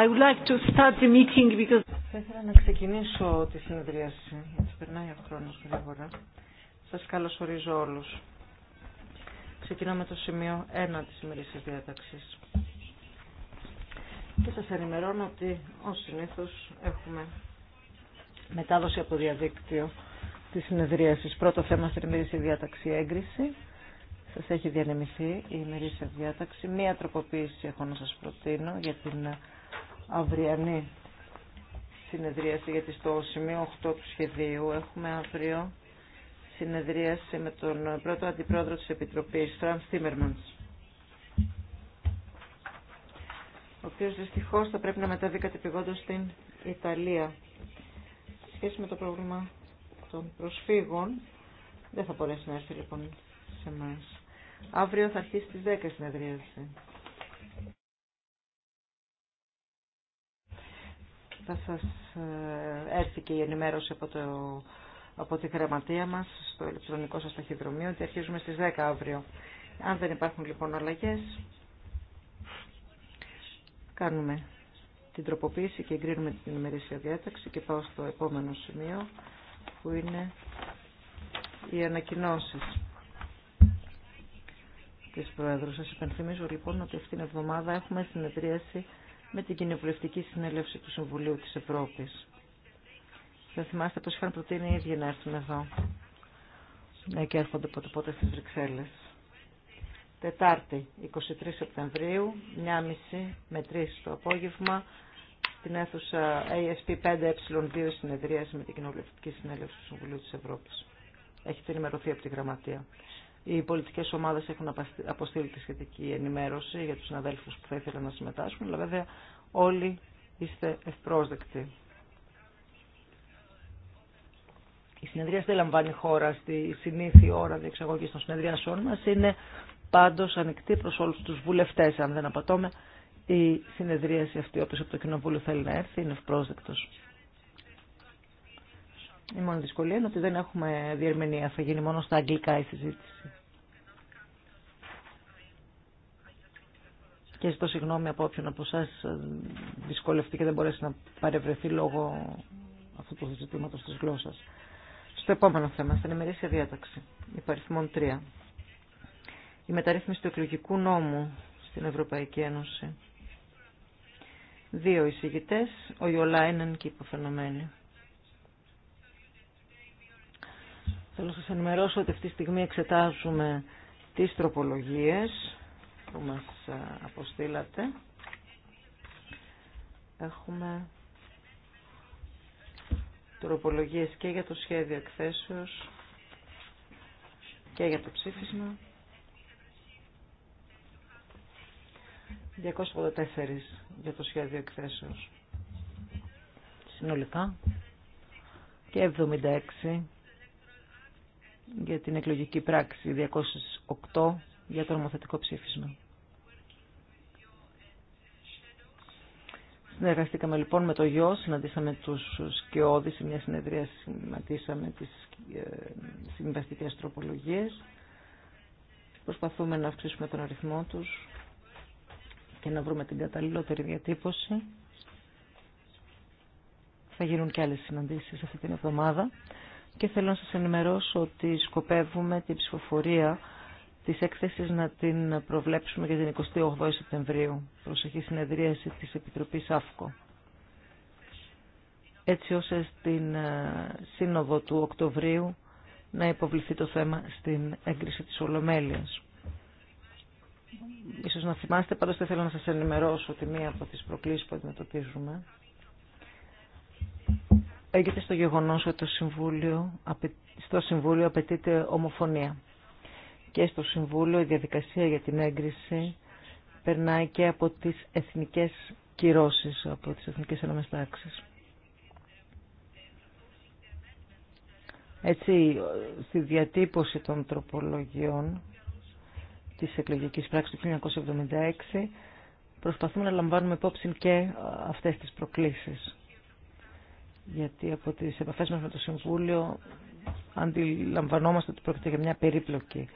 I would like to start the meeting because... Θα ήθελα να ξεκινήσω τη συνεδρίαση, γιατί περνάει ο χρόνος γρήγορα. Σας καλωσορίζω όλους. Ξεκινώ με το σημείο 1 της ημερήσιας διάταξης. Και σας ενημερώνω ότι, ως συνήθως, έχουμε μετάδοση από διαδίκτυο τη συνεδρίασης. Πρώτο θέμα στην ημερήσια διάταξη έγκριση. Σας έχει διανεμηθεί η ημερήσια διάταξη. Μία τροποποίηση έχω να σας προτείνω για την αυριανή συνεδρίαση, γιατί στο σημείο 8 του σχεδίου έχουμε αύριο συνεδρίαση με τον πρώτο αντιπρόεδρο της Επιτροπής, Φραν Τίμερμανς ο οποίος δυστυχώς θα πρέπει να μεταβεί κατεπηγόντως στην Ιταλία. Σχέση με το πρόβλημα των προσφύγων, δεν θα μπορέσει να έρθει λοιπόν σε εμάς. Αύριο θα αρχίσει τις 10 συνεδρίαση. θα σας ε, έρθει και η ενημέρωση από, το, από τη γραμματεία μας στο ηλεκτρονικό σας ταχυδρομείο ότι αρχίζουμε στις 10 αύριο. Αν δεν υπάρχουν λοιπόν αλλαγές, κάνουμε την τροποποίηση και εγκρίνουμε την ημερήσια διάταξη και πάω στο επόμενο σημείο που είναι οι ανακοινώσει της Πρόεδρου. Σας υπενθυμίζω λοιπόν ότι αυτήν την εβδομάδα έχουμε συνεδρίαση με την κοινοβουλευτική συνέλευση του Συμβουλίου της Ευρώπης. Θα θυμάστε πως είχαν προτείνει οι να έρθουν εδώ. Ναι, και έρχονται πότε πότε στις Βρυξέλλες. Τετάρτη, 23 Σεπτεμβρίου, 1.30 με 3 το απόγευμα, στην αίθουσα ASP 5Ε2 ε συνεδρίαση με την Κοινοβουλευτική Συνέλευση του Συμβουλίου της Ευρώπης. Έχετε ενημερωθεί από τη Γραμματεία. Οι πολιτικέ ομάδε έχουν αποστείλει τη σχετική ενημέρωση για του συναδέλφους που θα ήθελαν να συμμετάσχουν, αλλά βέβαια όλοι είστε ευπρόσδεκτοι. Η συνεδρία δεν λαμβάνει χώρα στη συνήθεια ώρα διεξαγωγή των συνεδριάσεών μα Είναι πάντω ανοιχτή προ όλου του βουλευτέ. αν δεν απατώμε. Η συνεδρίαση αυτή, όποιος από το Κοινοβούλιο θέλει να έρθει, είναι ευπρόσδεκτο. Η μόνη δυσκολία είναι ότι δεν έχουμε διερμηνία. Θα γίνει μόνο στα αγγλικά η συζήτηση. και ζητώ συγγνώμη από όποιον από εσά ε, δυσκολευτεί και δεν μπορέσει να παρευρεθεί λόγω αυτού του ζητήματο τη γλώσσα. Στο επόμενο θέμα, στην ημερήσια διάταξη, υπαριθμών 3. Η μεταρρύθμιση του εκλογικού νόμου στην Ευρωπαϊκή Ένωση. Δύο εισηγητέ, ο Ιωλάινεν και υποφαινομένοι. Θέλω να σας ενημερώσω ότι αυτή τη στιγμή εξετάζουμε τι τροπολογίε που μας ε, αποστήλατε. Έχουμε τροπολογίες και για το σχέδιο εκθέσεως και για το ψήφισμα. 284 για το σχέδιο εκθέσεως. Συνολικά. Και 76 για την εκλογική πράξη 208 για το νομοθετικό ψήφισμα. Συνεργαστήκαμε λοιπόν με το γιο, συναντήσαμε τους σκιώδεις, σε μια συνεδρία συναντήσαμε τις ε, συμβαστικές τροπολογίες. Προσπαθούμε να αυξήσουμε τον αριθμό τους και να βρούμε την καταλληλότερη διατύπωση. Θα γίνουν και άλλες συναντήσεις αυτή την εβδομάδα και θέλω να σας ενημερώσω ότι σκοπεύουμε την ψηφοφορία Τη έκθεση να την προβλέψουμε για την 28 Σεπτεμβρίου, προσεχή συνεδρίαση της Επιτροπής ΑΦΚΟ. Έτσι ώστε στην ε, σύνοδο του Οκτωβρίου να υποβληθεί το θέμα στην έγκριση της Ολομέλειας. Ίσως να θυμάστε, πάντως δεν θέλω να σας ενημερώσω ότι μία από τις προκλήσεις που αντιμετωπίζουμε έγκυται στο γεγονός ότι το στο Συμβούλιο απαιτείται ομοφωνία και στο Συμβούλιο η διαδικασία για την έγκριση περνάει και από τις εθνικές κυρώσεις, από τις εθνικές αναμεστάξεις. Έτσι, στη διατύπωση των τροπολογιών της εκλογικής πράξης του 1976 προσπαθούμε να λαμβάνουμε υπόψη και αυτές τις προκλήσεις. Γιατί από τις επαφές μας με το Συμβούλιο αντιλαμβανόμαστε ότι πρόκειται για μια περίπλοκη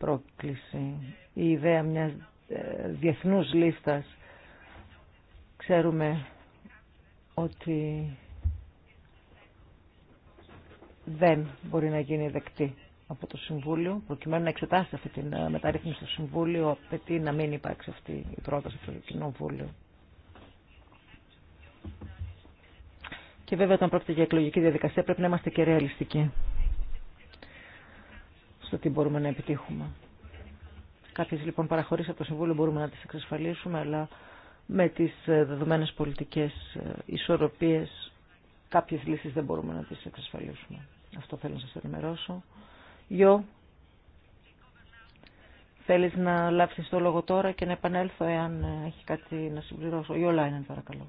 πρόκληση. Η ιδέα μιας ε, διεθνούς λίστας ξέρουμε ότι δεν μπορεί να γίνει δεκτή από το Συμβούλιο, προκειμένου να εξετάσει αυτή τη ε, μεταρρύθμιση στο Συμβούλιο, απαιτεί να μην υπάρξει αυτή η πρόταση στο Κοινοβούλιο. Και βέβαια όταν πρόκειται για εκλογική διαδικασία πρέπει να είμαστε και ρεαλιστικοί στο τι μπορούμε να επιτύχουμε. Κάποιες λοιπόν παραχωρήσει από το Συμβούλιο μπορούμε να τι εξασφαλίσουμε, αλλά με τις ε, δεδομένες πολιτικές ε, ισορροπίες κάποιες λύσεις δεν μπορούμε να τις εξασφαλίσουμε. Αυτό θέλω να σα ενημερώσω. Γιώ, θέλεις να λάβεις το λόγο τώρα και να επανέλθω εάν ε, έχει κάτι να συμπληρώσω. Γιώ Λάινεν παρακαλώ.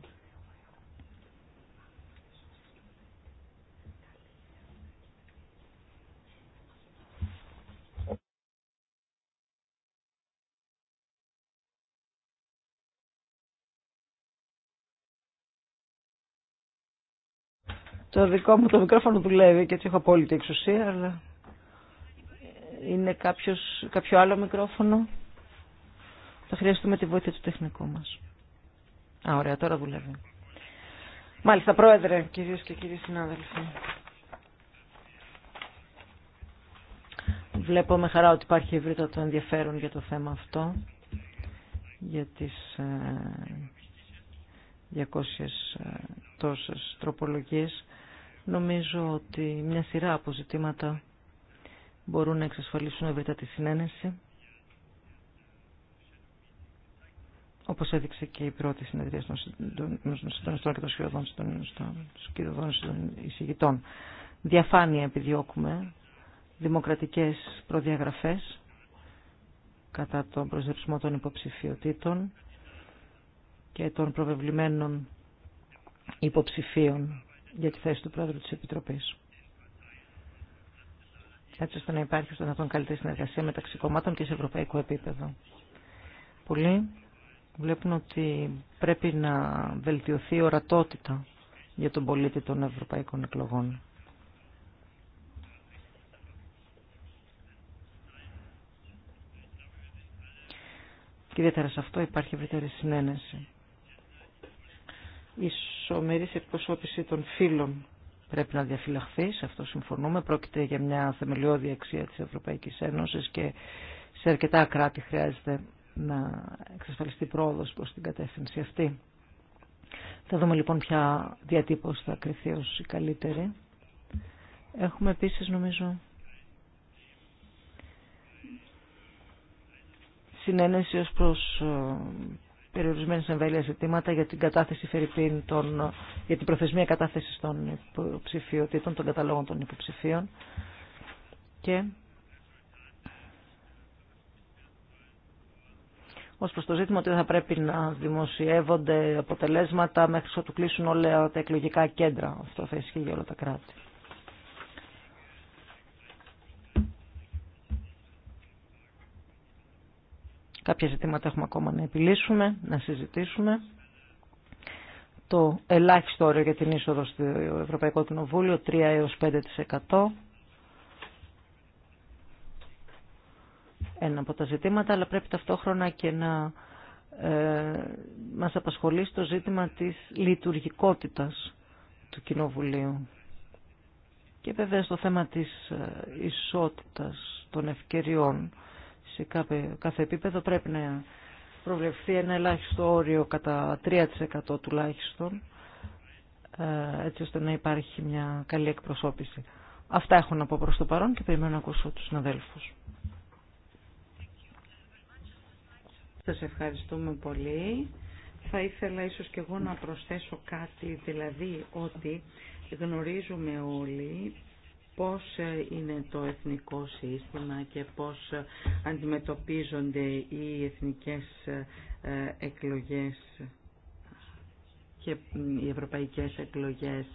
Το δικό μου το μικρόφωνο δουλεύει και έτσι έχω απόλυτη εξουσία, αλλά είναι κάποιος, κάποιο άλλο μικρόφωνο. Θα χρειαστούμε τη βοήθεια του τεχνικού μας. Α, ωραία, τώρα δουλεύει. Μάλιστα, Πρόεδρε, κυρίες και κύριοι συνάδελφοι. Βλέπω με χαρά ότι υπάρχει ευρύτατο ενδιαφέρον για το θέμα αυτό, για τις 200 ε, ε, τόσες τροπολογίες. Νομίζω ότι μια σειρά από ζητήματα μπορούν να εξασφαλίσουν ευρύτατη τη συνένεση. Όπως έδειξε και η πρώτη συνεδρία των συντονιστών και των σχεδόν των εισηγητών. Διαφάνεια επιδιώκουμε, δημοκρατικές προδιαγραφές κατά τον προσδιορισμό των υποψηφιοτήτων και των προβεβλημένων υποψηφίων για τη θέση του Πρόεδρου της Επιτροπής. Έτσι ώστε να υπάρχει στον αυτόν καλύτερη συνεργασία μεταξύ κομμάτων και σε ευρωπαϊκό επίπεδο. Πολλοί βλέπουν ότι πρέπει να βελτιωθεί η ορατότητα για τον πολίτη των ευρωπαϊκών εκλογών. Και ιδιαίτερα σε αυτό υπάρχει ευρύτερη συνένεση ισομερής εκπροσώπηση των φύλων πρέπει να διαφυλαχθεί, σε αυτό συμφωνούμε. Πρόκειται για μια θεμελιώδη αξία της Ευρωπαϊκής Ένωσης και σε αρκετά κράτη χρειάζεται να εξασφαλιστεί πρόοδος προς την κατεύθυνση αυτή. Θα δούμε λοιπόν ποια διατύπωση θα κρυθεί ως η καλύτερη. Έχουμε επίσης νομίζω συνένεση ως προς ε, περιορισμένες εμβέλειας ζητήματα για την κατάθεση φερρυπίν για την προθεσμία κατάθεση των υποψηφιωτήτων, των καταλόγων των υποψηφίων και ω προ το ζήτημα ότι δεν θα πρέπει να δημοσιεύονται αποτελέσματα μέχρι ότου κλείσουν όλα τα εκλογικά κέντρα. Αυτό θα ισχύει για όλα τα κράτη. Κάποια ζητήματα έχουμε ακόμα να επιλύσουμε, να συζητήσουμε. Το ελάχιστο όριο για την είσοδο στο Ευρωπαϊκό Κοινοβούλιο, 3 έως 5%. Ένα από τα ζητήματα, αλλά πρέπει ταυτόχρονα και να ε, μας απασχολεί στο ζήτημα της λειτουργικότητας του Κοινοβουλίου. Και βέβαια στο θέμα της ε, ισότητας των ευκαιριών σε κάθε, κάθε επίπεδο πρέπει να προβλεφθεί ένα ελάχιστο όριο κατά 3% τουλάχιστον ε, έτσι ώστε να υπάρχει μια καλή εκπροσώπηση. Αυτά έχω να πω προς το παρόν και περιμένω να ακούσω τους συναδέλφους. Σας ευχαριστούμε πολύ. Θα ήθελα ίσως και εγώ να προσθέσω κάτι, δηλαδή ότι γνωρίζουμε όλοι πώς είναι το εθνικό σύστημα και πώς αντιμετωπίζονται οι εθνικές ε, εκλογές και οι ευρωπαϊκές εκλογές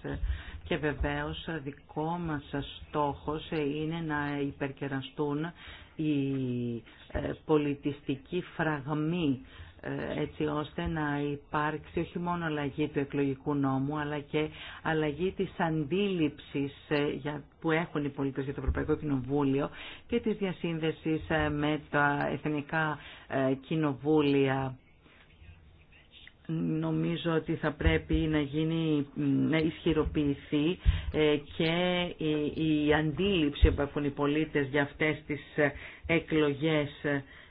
και βεβαίως δικό μας στόχος είναι να υπερκεραστούν οι ε, πολιτιστικοί φραγμοί ε, έτσι ώστε να υπάρξει όχι μόνο αλλαγή του εκλογικού νόμου αλλά και αλλαγή της αντίληψης ε, που έχουν οι πολίτες για το Ευρωπαϊκό Κοινοβούλιο και της διασύνδεσης ε, με τα εθνικά κοινοβούλια. Νομίζω ότι θα πρέπει να, γίνει, να ισχυροποιηθεί και η, αντίληψη που έχουν οι πολίτες για αυτές τις εκλογές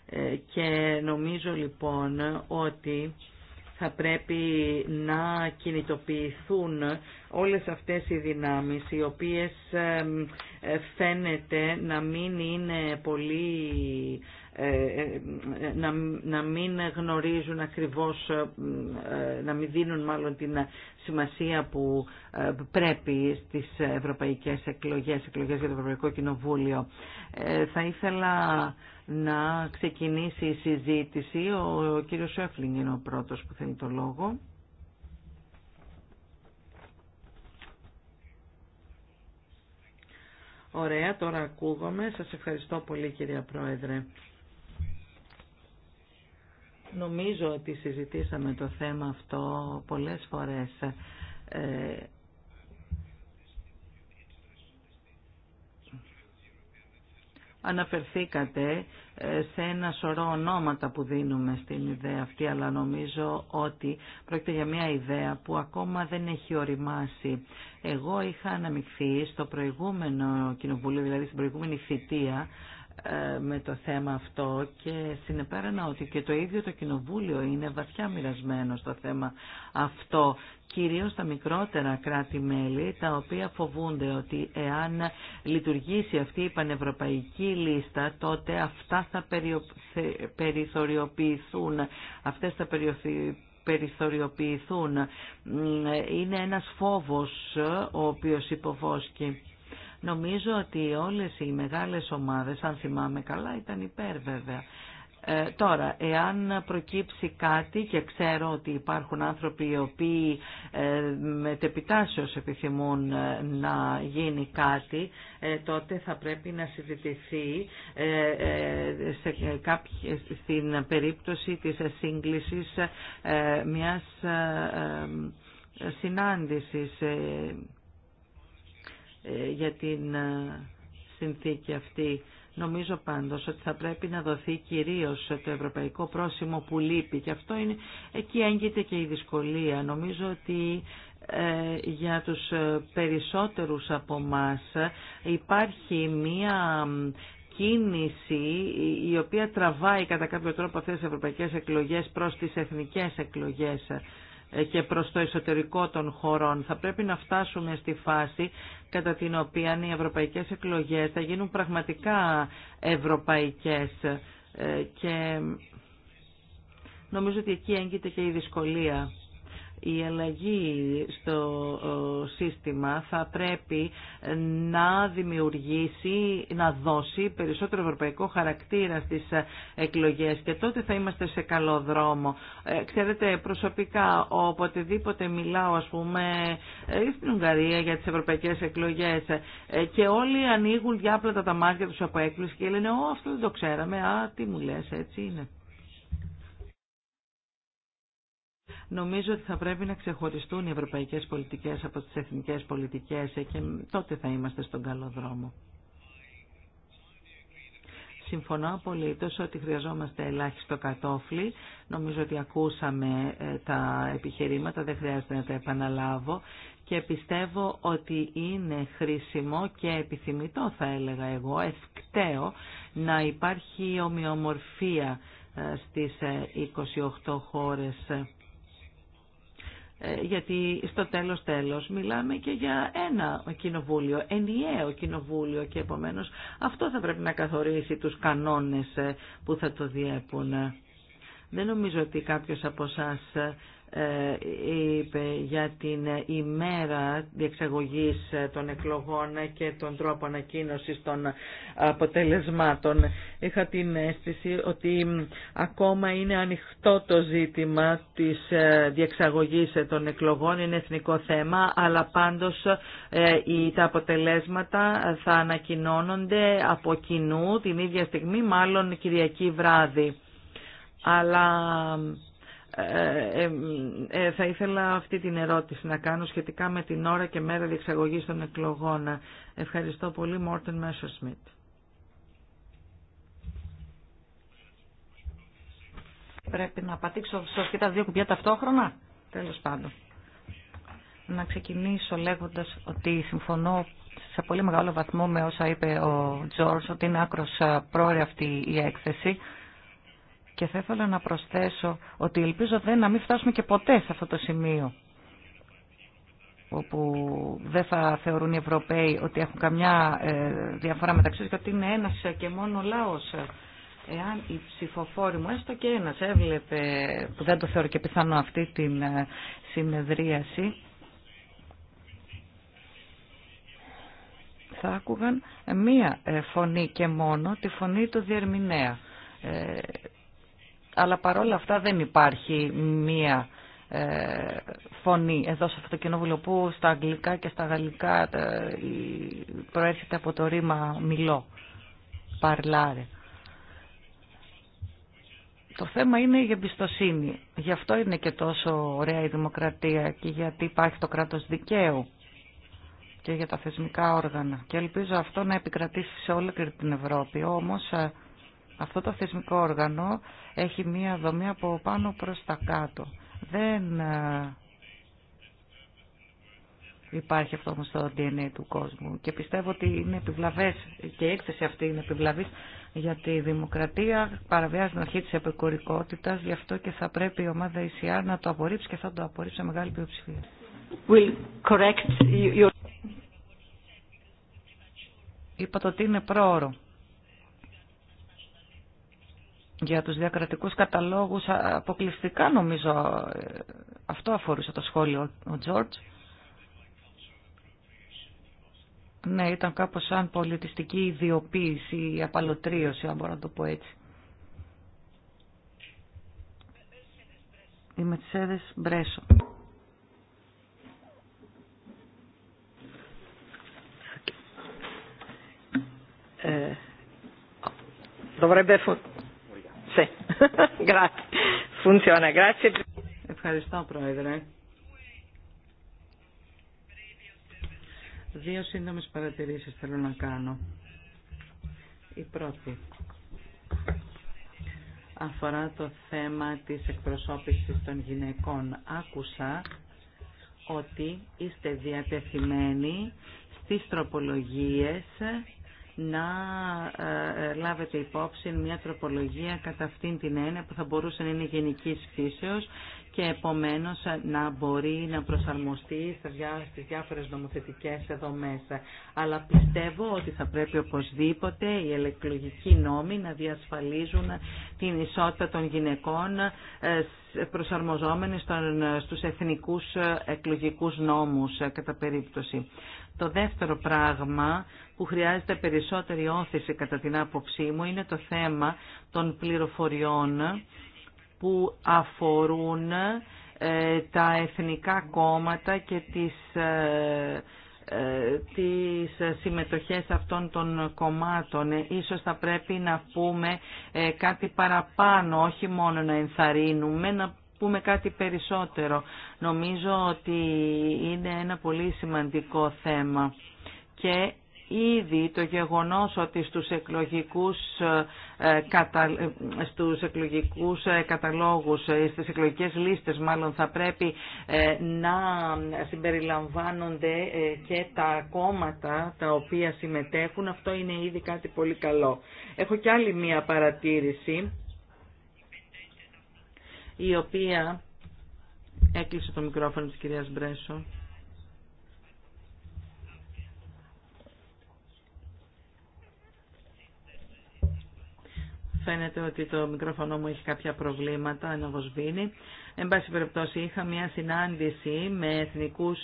ε, και νομίζω λοιπόν ότι θα πρέπει να κινητοποιηθούν όλες αυτές οι δυνάμεις οι οποίες ε, φαίνεται να μην είναι πολύ ε, ε, να, να μην γνωρίζουν ακριβώς, ε, να μην δίνουν μάλλον την σημασία που πρέπει στις ευρωπαϊκές εκλογές, εκλογές για το Ευρωπαϊκό Κοινοβούλιο. Θα ήθελα να ξεκινήσει η συζήτηση. Ο κύριος Σέφλινγκ είναι ο πρώτος που θέλει το λόγο. Ωραία, τώρα ακούγομαι. Σας ευχαριστώ πολύ κυρία Πρόεδρε. Νομίζω ότι συζητήσαμε το θέμα αυτό πολλές φορές. Ε, αναφερθήκατε ε, σε ένα σωρό ονόματα που δίνουμε στην ιδέα αυτή, αλλά νομίζω ότι πρόκειται για μια ιδέα που ακόμα δεν έχει οριμάσει. Εγώ είχα αναμειχθεί στο προηγούμενο κοινοβούλιο, δηλαδή στην προηγούμενη θητεία, ε, με το θέμα αυτό και συνεπέρανα ότι και το ίδιο το Κοινοβούλιο είναι βαθιά μοιρασμένο στο θέμα αυτό κυρίως τα μικρότερα κράτη-μέλη, τα οποία φοβούνται ότι εάν λειτουργήσει αυτή η πανευρωπαϊκή λίστα, τότε αυτά θα περιθωριοποιηθούν, αυτές θα περιθωριοποιηθούν. Είναι ένας φόβος ο οποίος υποβόσκει. Νομίζω ότι όλες οι μεγάλες ομάδες, αν θυμάμαι καλά, ήταν υπέρ βέβαια. Ε, τώρα, εάν προκύψει κάτι και ξέρω ότι υπάρχουν άνθρωποι οι οποίοι ε, με επιθυμούν ε, να γίνει κάτι, ε, τότε θα πρέπει να συζητηθεί σε στην περίπτωση της σύγκλησης μιας συνάντησης ε, για την ε, συνθήκη αυτή. Νομίζω πάντως ότι θα πρέπει να δοθεί κυρίως το ευρωπαϊκό πρόσημο που λείπει και αυτό είναι, εκεί έγκυται και η δυσκολία. Νομίζω ότι ε, για τους περισσότερους από μας υπάρχει μία κίνηση η οποία τραβάει κατά κάποιο τρόπο αυτές τις ευρωπαϊκές εκλογές προς τις εθνικές εκλογές. Ε, και προς το εσωτερικό των χωρών. Θα πρέπει να φτάσουμε στη φάση κατά την οποία οι ευρωπαϊκές εκλογές θα γίνουν πραγματικά ευρωπαϊκές ε, και νομίζω ότι εκεί έγκυται και η δυσκολία η αλλαγή στο σύστημα θα πρέπει να δημιουργήσει, να δώσει περισσότερο ευρωπαϊκό χαρακτήρα στις εκλογές και τότε θα είμαστε σε καλό δρόμο. Ε, ξέρετε, προσωπικά, οποτεδήποτε μιλάω, ας πούμε, ε, στην Ουγγαρία για τις ευρωπαϊκές εκλογές ε, και όλοι ανοίγουν διάπλατα τα μάτια τους από έκπληση και λένε ό, αυτό δεν το ξέραμε, α, τι μου λες, έτσι είναι». Νομίζω ότι θα πρέπει να ξεχωριστούν οι ευρωπαϊκές πολιτικές από τις εθνικές πολιτικές ε, και τότε θα είμαστε στον καλό δρόμο. Συμφωνώ απολύτως ότι χρειαζόμαστε ελάχιστο κατόφλι. Νομίζω ότι ακούσαμε ε, τα επιχειρήματα, δεν χρειάζεται να τα επαναλάβω και πιστεύω ότι είναι χρήσιμο και επιθυμητό θα έλεγα εγώ, ευκταίο, να υπάρχει ομοιομορφία ε, στις 28 χώρες ε, γιατί στο τέλος τέλος μιλάμε και για ένα κοινοβούλιο, ενιαίο κοινοβούλιο και επομένως αυτό θα πρέπει να καθορίσει τους κανόνες ε, που θα το διέπουν. Δεν νομίζω ότι κάποιος από εσά ε, ε, είπε για την ημέρα διεξαγωγής των εκλογών και τον τρόπο ανακοίνωση των αποτελεσμάτων. Είχα την αίσθηση ότι ακόμα είναι ανοιχτό το ζήτημα της ε, διεξαγωγής των εκλογών, είναι εθνικό θέμα, αλλά πάντως ε, τα αποτελέσματα θα ανακοινώνονται από κοινού την ίδια στιγμή, μάλλον Κυριακή βράδυ. Αλλά ε, ε, ε, θα ήθελα αυτή την ερώτηση να κάνω σχετικά με την ώρα και μέρα διεξαγωγής των εκλογών. Ευχαριστώ πολύ, Μόρτεν Μέσο Σμιτ. Πρέπει να πατήξω σωστή τα δύο κουμπιά ταυτόχρονα. Τέλος πάντων. Να ξεκινήσω λέγοντας ότι συμφωνώ σε πολύ μεγάλο βαθμό με όσα είπε ο Τζόρς, ότι είναι άκρος ε, αυτή η έκθεση. Και θα ήθελα να προσθέσω ότι ελπίζω δεν να μην φτάσουμε και ποτέ σε αυτό το σημείο όπου δεν θα θεωρούν οι Ευρωπαίοι ότι έχουν καμιά ε, διαφορά μεταξύ τους, γιατί είναι ένας και μόνο λαός. Εάν η ψηφοφόροι μου, έστω και ένας, έβλεπε, που δεν το θεωρώ και πιθανό αυτή την ε, συνεδρίαση, θα άκουγαν μία ε, φωνή και μόνο, τη φωνή του διερμηνέα αλλά παρόλα αυτά δεν υπάρχει μία ε, φωνή εδώ σε αυτό το κοινόβουλο που στα αγγλικά και στα γαλλικά ε, προέρχεται από το ρήμα μιλώ, παρλάρε. Το θέμα είναι η εμπιστοσύνη. Γι' αυτό είναι και τόσο ωραία η δημοκρατία και γιατί υπάρχει το κράτος δικαίου και για τα θεσμικά όργανα. Και ελπίζω αυτό να επικρατήσει σε όλη την Ευρώπη. Όμως ε, αυτό το θεσμικό όργανο έχει μία δομή από πάνω προς τα κάτω. Δεν ε, υπάρχει αυτό όμως στο DNA του κόσμου και πιστεύω ότι είναι επιβλαβές και η έκθεση αυτή είναι επιβλαβής γιατί η δημοκρατία, παραβιάζει την αρχή της γι' αυτό και θα πρέπει η ομάδα ECR να το απορρίψει και θα το απορρίψει σε μεγάλη πλειοψηφία. Will correct your... Είπατε ότι είναι πρόωρο για τους διακρατικούς καταλόγους αποκλειστικά νομίζω ε, αυτό αφορούσε το σχόλιο ο Τζόρτζ. Ναι, ήταν κάπως σαν πολιτιστική ιδιοποίηση ή απαλωτρίωση, αν μπορώ να το πω έτσι. Η Μετσέδες Μπρέσο. Dovrebbe Ευχαριστώ, Πρόεδρε. Δύο σύντομες παρατηρήσεις θέλω να κάνω. Η πρώτη αφορά το θέμα της εκπροσώπησης των γυναικών. Άκουσα ότι είστε διατεθειμένοι στις τροπολογίες να ε, ε, λάβετε υπόψη μια τροπολογία κατά αυτήν την έννοια που θα μπορούσε να είναι γενικής φύσεως και επομένω ε, να μπορεί να προσαρμοστεί στις διάφορες εδώ μέσα. Αλλά πιστεύω ότι θα πρέπει οπωσδήποτε οι ελεκλογικοί νόμοι να διασφαλίζουν την ισότητα των γυναικών προσαρμοζόμενοι στους εθνικούς εκλογικούς νόμους κατά περίπτωση. Το δεύτερο πράγμα που χρειάζεται περισσότερη όθηση κατά την άποψή μου είναι το θέμα των πληροφοριών που αφορούν ε, τα εθνικά κόμματα και τις ε, ε, τις συμμετοχές αυτών των κομμάτων. Ίσως θα πρέπει να πούμε κάτι παραπάνω, όχι μόνο να ενθαρρύνουμε, να πούμε κάτι περισσότερο. Νομίζω ότι είναι ένα πολύ σημαντικό θέμα και ήδη το γεγονός ότι στους εκλογικούς, ε, κατα... στους εκλογικούς ε, καταλόγους, ε, στις εκλογικές λίστες μάλλον θα πρέπει να συμπεριλαμβάνονται και τα κόμματα τα οποία συμμετέχουν, αυτό είναι ήδη κάτι πολύ καλό. Έχω και άλλη μία παρατήρηση η οποία έκλεισε το μικρόφωνο της κυρίας Μπρέσο. Φαίνεται ότι το μικρόφωνο μου έχει κάποια προβλήματα, ένα βοσβήνει. Εν πάση περιπτώσει, είχα μια συνάντηση με εθνικούς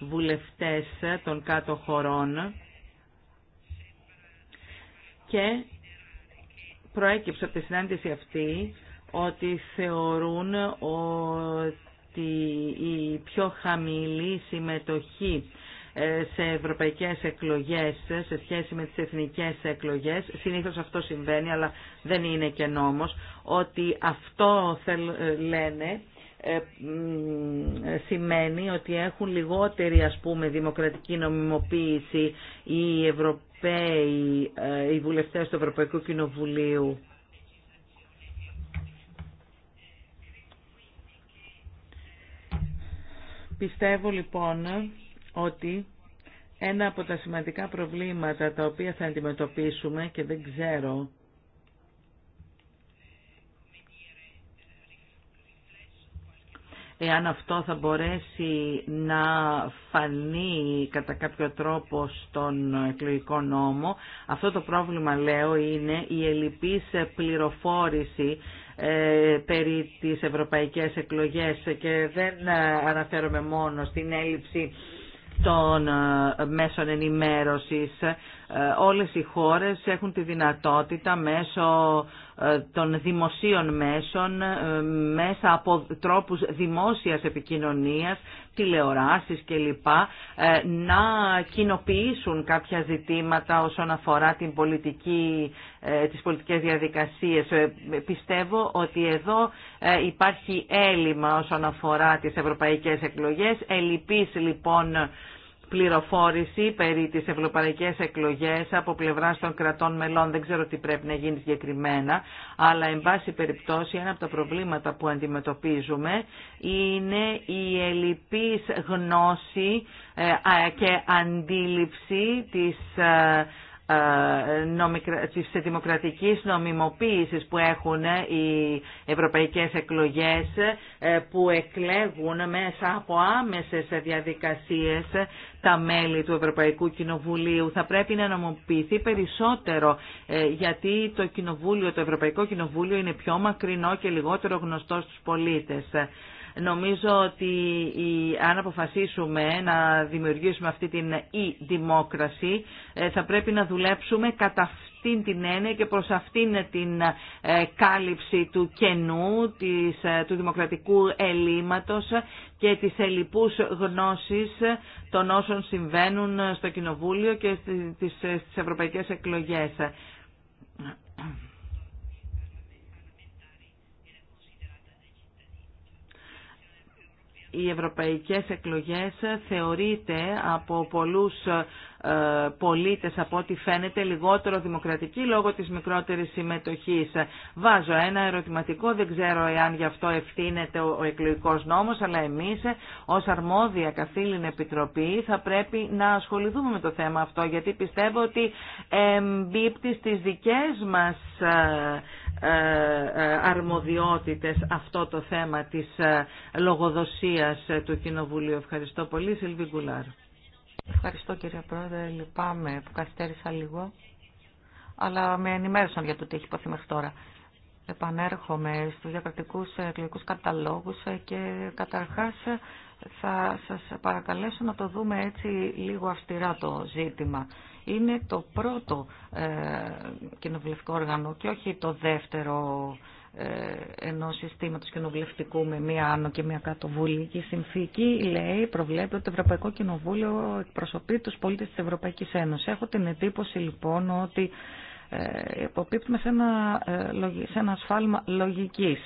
βουλευτές των κάτω χωρών και προέκυψε από τη συνάντηση αυτή ότι θεωρούν ότι η πιο χαμηλή συμμετοχή ε, σε ευρωπαϊκές εκλογές σε σχέση με τις εθνικές εκλογές συνήθως αυτό συμβαίνει αλλά δεν είναι και νόμος ότι αυτό ε, λένε ε, σημαίνει ότι έχουν λιγότερη ας πούμε δημοκρατική νομιμοποίηση οι Ευρωπαίοι οι βουλευτές του Ευρωπαϊκού Κοινοβουλίου Πιστεύω λοιπόν ότι ένα από τα σημαντικά προβλήματα τα οποία θα αντιμετωπίσουμε και δεν ξέρω εάν αυτό θα μπορέσει να φανεί κατά κάποιο τρόπο στον εκλογικό νόμο. Αυτό το πρόβλημα, λέω, είναι η ελλειπής πληροφόρηση ε, περί τις ευρωπαϊκές εκλογές και δεν ε, αναφέρομαι μόνο στην έλλειψη των ε, μέσων ενημέρωσης. Όλες οι χώρες έχουν τη δυνατότητα μέσω ε, των δημοσίων μέσων ε, μέσα από τρόπους δημόσιας επικοινωνίας, τηλεοράσεις κλπ. Ε, να κοινοποιήσουν κάποια ζητήματα όσον αφορά την πολιτική, τις πολιτικές διαδικασίες. Πιστεύω ότι εδώ υπάρχει έλλειμμα όσον αφορά τις ευρωπαϊκές εκλογές. Ελπίς λοιπόν πληροφόρηση περί τις ευρωπαϊκές εκλογές από πλευράς των κρατών μελών. Δεν ξέρω τι πρέπει να γίνει συγκεκριμένα, αλλά εν πάση περιπτώσει ένα από τα προβλήματα που αντιμετωπίζουμε είναι η ελλειπής γνώση ε, και αντίληψη της ε, ε, ε, σε δημοκρατική νομιμοποίηση που έχουν ε, οι ευρωπαϊκές εκλογές που εκλέγουν μέσα από άμεσες διαδικασίες τα μέλη του Ευρωπαϊκού Κοινοβουλίου. Θα πρέπει να νομοποιηθεί περισσότερο γιατί το, το Ευρωπαϊκό Κοινοβούλιο είναι πιο μακρινό και λιγότερο γνωστό στους πολίτες. Νομίζω ότι αν αποφασίσουμε να δημιουργήσουμε αυτή την e-δημόκραση ε, θα πρέπει να δουλέψουμε κατά αυτήν την έννοια και προς αυτήν την ε, κάλυψη του κενού, της, ε, του δημοκρατικού ελλείμματος και της ελλειπούς γνώσης των όσων συμβαίνουν στο Κοινοβούλιο και στις ευρωπαϊκές εκλογές. οι ευρωπαϊκές εκλογές θεωρείται από πολλούς ε, πολίτες από ό,τι φαίνεται λιγότερο δημοκρατική λόγω της μικρότερης συμμετοχής. Βάζω ένα ερωτηματικό, δεν ξέρω εάν γι' αυτό ευθύνεται ο εκλογικός νόμος, αλλά εμείς ως αρμόδια καθήλυν επιτροπή θα πρέπει να ασχοληθούμε με το θέμα αυτό, γιατί πιστεύω ότι εμπίπτει στις δικές μας ε, ε, ε, αρμοδιότητες αυτό το θέμα της ε, λογοδοσίας του Κοινοβουλίου. Ευχαριστώ πολύ. Σιλβί Γκουλάρ. Ευχαριστώ κύριε Πρόεδρε. Λυπάμαι που καθυστέρησα λίγο. Αλλά με ενημέρωσαν για το τι έχει υποθεί μέχρι τώρα. Επανέρχομαι στους διακρατικούς εκλογικούς καταλόγους και καταρχάς θα σας παρακαλέσω να το δούμε έτσι λίγο αυστηρά το ζήτημα είναι το πρώτο ε, κοινοβουλευτικό όργανο και όχι το δεύτερο ε, ενό συστήματο κοινοβουλευτικού με μία άνω και μία κάτω βουλή. Και η συνθήκη λέει, προβλέπει ότι το Ευρωπαϊκό Κοινοβούλιο εκπροσωπεί του πολίτε τη Ευρωπαϊκή Ένωση. Έχω την εντύπωση λοιπόν ότι ε, υποπίπτουμε σε ένα, ε, σε ένα ασφάλμα λογικής.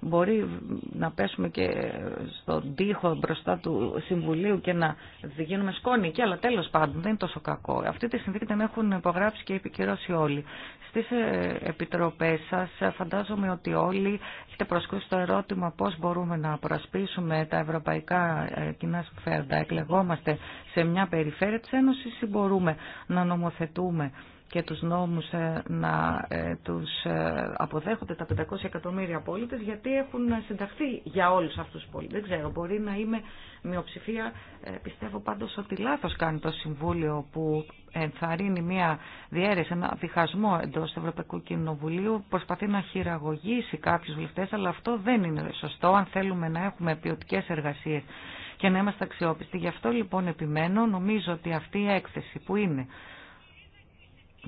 Μπορεί να πέσουμε και στον τοίχο μπροστά του Συμβουλίου και να γίνουμε σκόνη και αλλά τέλος πάντων δεν είναι τόσο κακό. Αυτή τη συνθήκη την έχουν υπογράψει και επικυρώσει όλοι. Στις ε, επιτροπές σας φαντάζομαι ότι όλοι έχετε προσκούσει το ερώτημα πώς μπορούμε να προασπίσουμε τα ευρωπαϊκά κοινά συμφέροντα. Εκλεγόμαστε σε μια περιφέρεια της Ένωσης ή μπορούμε να νομοθετούμε και τους νόμους ε, να ε, τους ε, αποδέχονται τα 500 εκατομμύρια πολίτες γιατί έχουν συνταχθεί για όλους αυτούς τους πολίτες. Δεν ξέρω, μπορεί να είμαι μειοψηφία. Πιστεύω πάντως ότι λάθος κάνει το Συμβούλιο που ενθαρρύνει μια διέρεση, ένα διχασμό εντός του Ευρωπαϊκού Κοινοβουλίου, προσπαθεί να χειραγωγήσει κάποιους βουλευτές, αλλά αυτό δεν είναι σωστό αν θέλουμε να έχουμε ποιοτικέ εργασίες και να είμαστε αξιόπιστοι. Γι' αυτό λοιπόν επιμένω, νομίζω ότι αυτή η έκθεση που είναι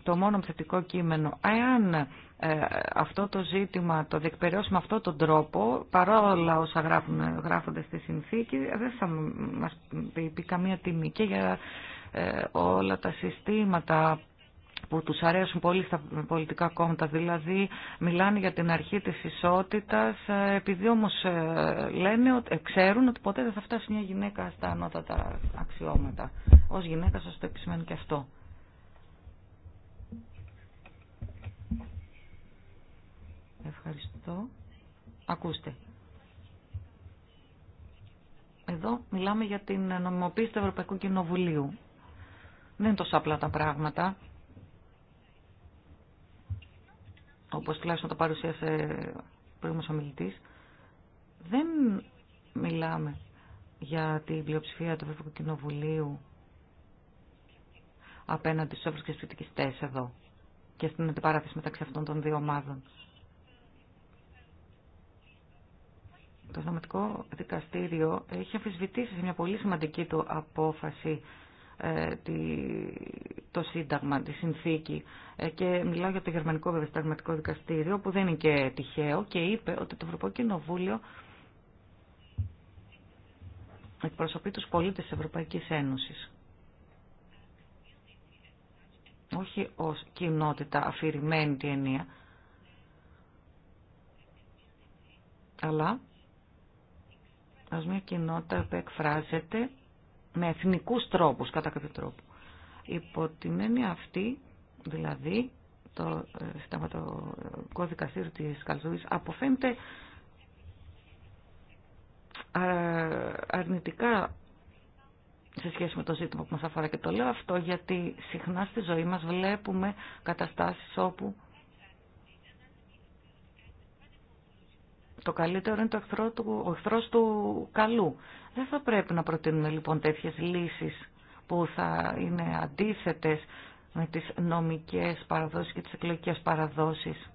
το μόνο θετικό κείμενο. Αν ε, αυτό το ζήτημα το διεκπαιρεώσουμε με αυτόν τον τρόπο, παρόλα όσα γράφονται στη συνθήκη, δεν θα μας πει, καμία τιμή και για ε, όλα τα συστήματα που τους αρέσουν πολύ στα πολιτικά κόμματα, δηλαδή μιλάνε για την αρχή της ισότητας, ε, επειδή όμως λένε, ξέρουν ότι ποτέ δεν θα φτάσει μια γυναίκα στα ανώτατα αξιώματα. Ως γυναίκα σας το επισημαίνει και αυτό. Ευχαριστώ. Ακούστε. Εδώ μιλάμε για την νομιμοποίηση του Ευρωπαϊκού Κοινοβουλίου. Δεν είναι τόσο απλά τα πράγματα. Όπως τουλάχιστον το παρουσίασε ο προηγούμενο ομιλητή. Δεν μιλάμε για την πλειοψηφία του Ευρωπαϊκού Κοινοβουλίου απέναντι στους ευρωσκεπτικιστές εδώ και στην αντιπαράθεση μεταξύ αυτών των δύο ομάδων. Το Συνταγματικό Δικαστήριο έχει αμφισβητήσει σε μια πολύ σημαντική του απόφαση ε, το Σύνταγμα, τη συνθήκη ε, και μιλάω για το Γερμανικό βέβαια Δικαστήριο που δεν είναι και τυχαίο και είπε ότι το Ευρωπαϊκό Κοινοβούλιο εκπροσωπεί τους πολίτες της Ευρωπαϊκής Ένωσης. Όχι ως κοινότητα αφηρημένη τη ενία, αλλά ως μια κοινότητα που εκφράζεται με εθνικούς τρόπους, κατά κάποιο τρόπο. Υπό την έννοια αυτή, δηλαδή, το ε, συνταγματικό ε, δικαστήριο της Καλσούδης αποφαίνεται ε, αρνητικά σε σχέση με το ζήτημα που μας αφορά και το λέω αυτό γιατί συχνά στη ζωή μας βλέπουμε καταστάσεις όπου Το καλύτερο είναι το εχθρό του, ο του καλού. Δεν θα πρέπει να προτείνουμε λοιπόν τέτοιες λύσεις που θα είναι αντίθετες με τις νομικές παραδόσεις και τις εκλογικές παραδόσεις.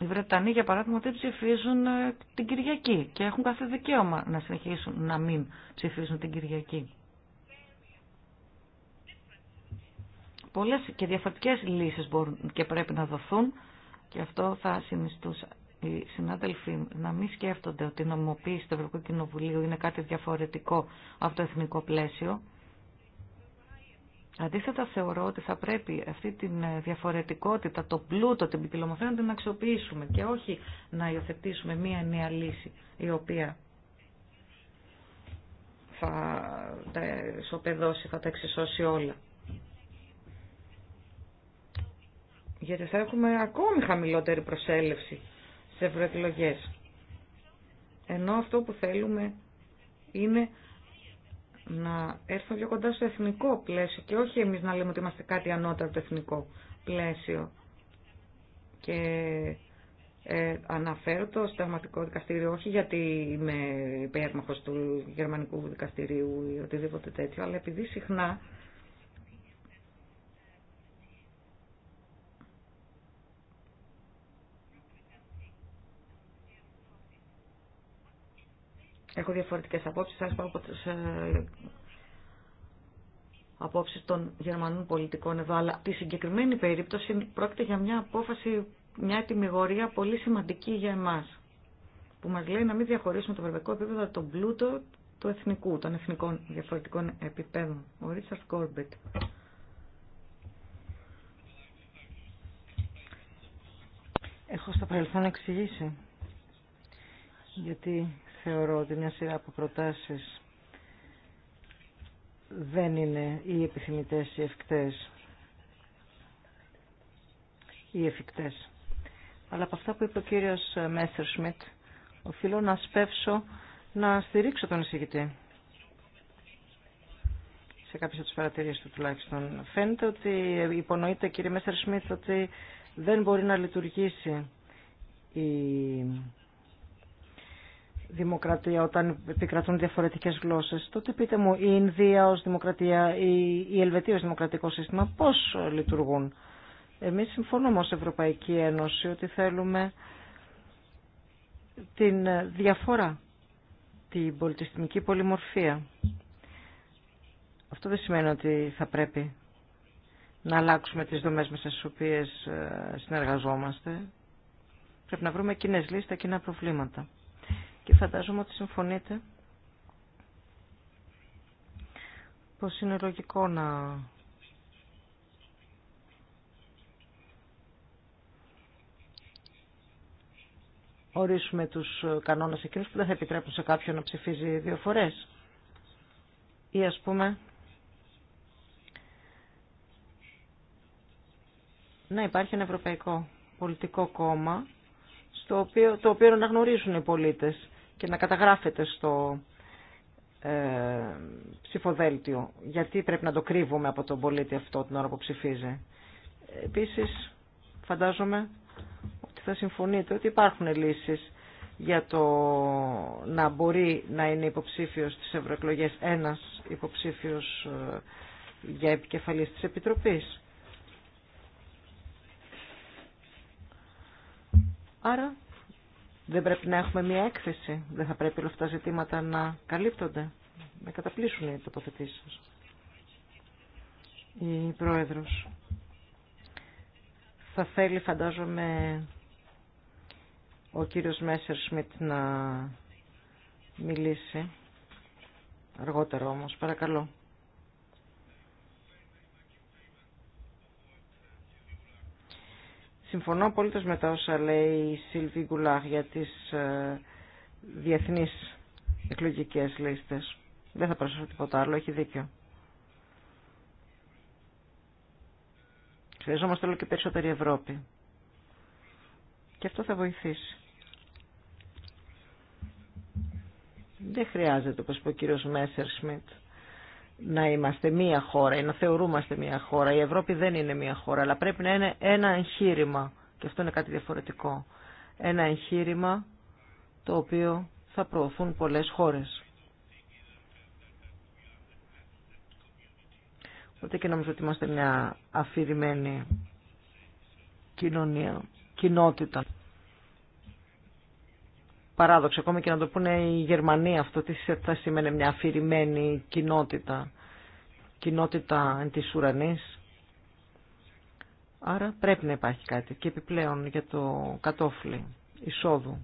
Οι Βρετανοί, για παράδειγμα, δεν ψηφίζουν ε, την Κυριακή και έχουν κάθε δικαίωμα να συνεχίσουν να μην ψηφίζουν την Κυριακή. Πολλές και διαφορετικές λύσεις μπορούν και πρέπει να δοθούν και αυτό θα συνιστούσα οι συνάδελφοι να μην σκέφτονται ότι η νομοποίηση του Ευρωπαϊκού Κοινοβουλίου είναι κάτι διαφορετικό από το εθνικό πλαίσιο. Αντίθετα θεωρώ ότι θα πρέπει αυτή τη ε, διαφορετικότητα, το πλούτο, την ποικιλομορφία να την αξιοποιήσουμε και όχι να υιοθετήσουμε μία νέα λύση η οποία θα θα τα εξισώσει όλα. γιατί θα έχουμε ακόμη χαμηλότερη προσέλευση σε ευρωεκλογέ. Ενώ αυτό που θέλουμε είναι να έρθουμε πιο κοντά στο εθνικό πλαίσιο και όχι εμείς να λέμε ότι είμαστε κάτι ανώτερο από το εθνικό πλαίσιο. Και ε, αναφέρω το σταγματικό δικαστήριο όχι γιατί είμαι υπέρμαχος του γερμανικού δικαστηρίου ή οτιδήποτε τέτοιο, αλλά επειδή συχνά έχω διαφορετικές απόψεις, θα πω από τις ε, απόψεις των Γερμανών πολιτικών εδώ, αλλά τη συγκεκριμένη περίπτωση πρόκειται για μια απόφαση, μια ετοιμιγωρία πολύ σημαντική για εμάς, που μας λέει να μην διαχωρίσουμε το ευρωπαϊκό επίπεδο τον πλούτο του εθνικού, των εθνικών διαφορετικών επιπέδων. Ο Ρίτσαρτ Κόρμπετ. Έχω στο παρελθόν εξηγήσει γιατί θεωρώ ότι μια σειρά από προτάσεις δεν είναι οι επιθυμητές ή ευκτές ή εφικτές. Αλλά από αυτά που είπε ο κύριος Μέστερ Σμιτ, οφείλω να σπεύσω να στηρίξω τον εισηγητή. Σε κάποιες από τις παρατηρήσεις του τουλάχιστον. Φαίνεται ότι υπονοείται κύριε Μέστερ Σμιτ ότι δεν μπορεί να λειτουργήσει η δημοκρατία όταν επικρατούν διαφορετικές γλώσσες. Τότε πείτε μου, η Ινδία ως δημοκρατία, η η Ελβετία ως δημοκρατικό σύστημα, πώς λειτουργούν. Εμείς συμφωνούμε ως Ευρωπαϊκή Ένωση ότι θέλουμε την διαφορά, την πολιτιστική πολυμορφία. Αυτό δεν σημαίνει ότι θα πρέπει να αλλάξουμε τις δομές μέσα στις οποίες ε, συνεργαζόμαστε. Πρέπει να βρούμε κοινέ λύσεις κοινά προβλήματα και φαντάζομαι ότι συμφωνείτε πως είναι λογικό να ορίσουμε τους κανόνες εκείνους που δεν θα επιτρέπουν σε κάποιον να ψηφίζει δύο φορές. Ή ας πούμε να υπάρχει ένα ευρωπαϊκό πολιτικό κόμμα στο οποίο, το οποίο να γνωρίζουν οι πολίτες και να καταγράφεται στο ε, ψηφοδέλτιο. Γιατί πρέπει να το κρύβουμε από τον πολίτη αυτό την ώρα που ψηφίζει. Επίσης, φαντάζομαι ότι θα συμφωνείτε ότι υπάρχουν λύσεις για το να μπορεί να είναι υποψήφιος στις ευρωεκλογέ ένας υποψήφιος ε, για επικεφαλής της Επιτροπής. Άρα δεν πρέπει να έχουμε μια έκθεση. Δεν θα πρέπει όλα αυτά τα ζητήματα να καλύπτονται. Να καταπλήσουν οι τοποθετήσει σα. Η Πρόεδρος. Θα θέλει φαντάζομαι ο κύριος Μέσερ Σμιτ να μιλήσει. Αργότερα όμως. Παρακαλώ. Συμφωνώ πολύ με τα όσα λέει η Σίλβι Γκουλάχ για τις ε, διεθνείς εκλογικές λίστες. Δεν θα προσθέσω τίποτα άλλο, έχει δίκιο. Χρειαζόμαστε όλο και περισσότερη Ευρώπη. Και αυτό θα βοηθήσει. Δεν χρειάζεται, όπως είπε ο κύριος Μέσερ Σμιτ, να είμαστε μία χώρα ή να θεωρούμαστε μία χώρα. Η Ευρώπη δεν είναι μία χώρα, αλλά πρέπει να είναι ένα εγχείρημα. Και αυτό είναι κάτι διαφορετικό. Ένα εγχείρημα το οποίο θα προωθούν πολλές χώρες. Οπότε και νομίζω ότι είμαστε μια αφηρημένη κοινωνία, κοινότητα παράδοξο. Ακόμη και να το πούνε οι Γερμανοί αυτό, τι θα σημαίνει μια αφηρημένη κοινότητα, κοινότητα της ουρανής. Άρα πρέπει να υπάρχει κάτι και επιπλέον για το κατόφλι εισόδου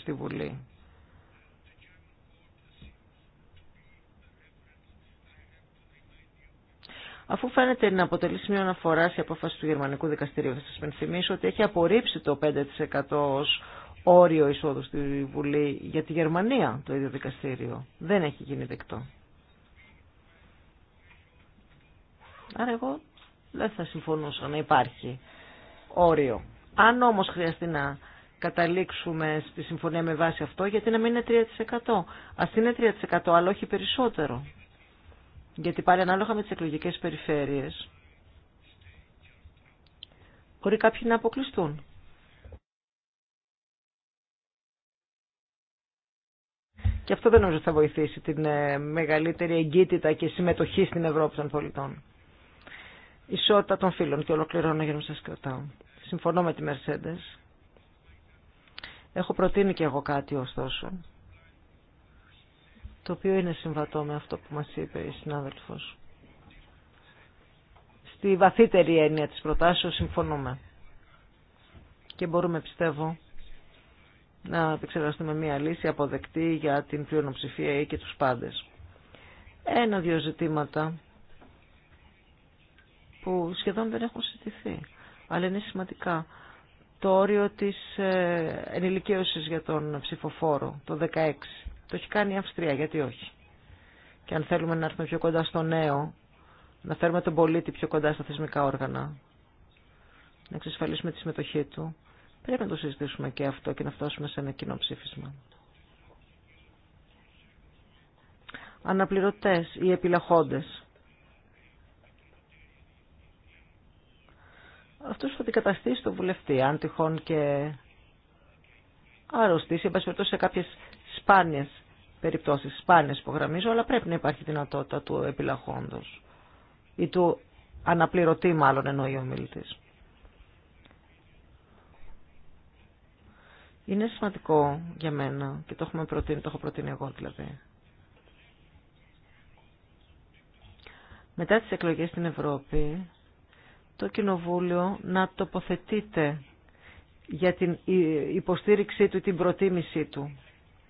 στη Βουλή. Αφού φαίνεται να αποτελεί σημείο αναφορά η απόφαση του Γερμανικού Δικαστηρίου, θα σα πενθυμίσω ότι έχει απορρίψει το 5% όριο εισόδου στη Βουλή για τη Γερμανία το ίδιο δικαστήριο. Δεν έχει γίνει δεκτό. Άρα εγώ δεν θα συμφωνούσα να υπάρχει όριο. Αν όμως χρειαστεί να καταλήξουμε στη συμφωνία με βάση αυτό, γιατί να μην είναι 3%. Ας είναι 3%, αλλά όχι περισσότερο. Γιατί πάλι ανάλογα με τις εκλογικές περιφέρειες, μπορεί κάποιοι να αποκλειστούν. Και αυτό δεν νομίζω θα βοηθήσει την ε, μεγαλύτερη εγκύτητα και συμμετοχή στην Ευρώπη των πολιτών. Ισότητα των φίλων και ολοκληρώνω για να σας κρατάω. Συμφωνώ με τη Mercedes. Έχω προτείνει και εγώ κάτι ωστόσο, το οποίο είναι συμβατό με αυτό που μας είπε η συνάδελφος. Στη βαθύτερη έννοια της προτάσεως συμφωνούμε. Και μπορούμε πιστεύω να επεξεργαστούμε μια λύση αποδεκτή για την πλειονοψηφία ή και τους πάντες. Ένα-δύο ζητήματα που σχεδόν δεν έχουν συζητηθεί, αλλά είναι σημαντικά. Το όριο της ε, ενηλικίωσης για τον ψηφοφόρο, το 16, το έχει κάνει η Αυστρία, γιατί όχι. Και αν θέλουμε να έρθουμε πιο κοντά στο νέο, να φέρουμε τον πολίτη πιο κοντά στα θεσμικά όργανα, να εξασφαλίσουμε τη συμμετοχή του, Πρέπει να το συζητήσουμε και αυτό και να φτάσουμε σε ένα κοινό ψήφισμα. Αναπληρωτές ή επιλαχόντες. Αυτός θα αντικαταστήσει τον βουλευτή, αν τυχόν και αρρωστήσει, εν σε κάποιες σπάνιες περιπτώσεις, σπάνιες γραμμίζω, αλλά πρέπει να υπάρχει δυνατότητα του επιλαχόντος ή του αναπληρωτή μάλλον εννοεί ο μιλητής. Είναι σημαντικό για μένα και το, έχουμε το έχω προτείνει εγώ δηλαδή. Μετά τις εκλογές στην Ευρώπη, το Κοινοβούλιο να τοποθετείται για την υποστήριξή του ή την προτίμησή του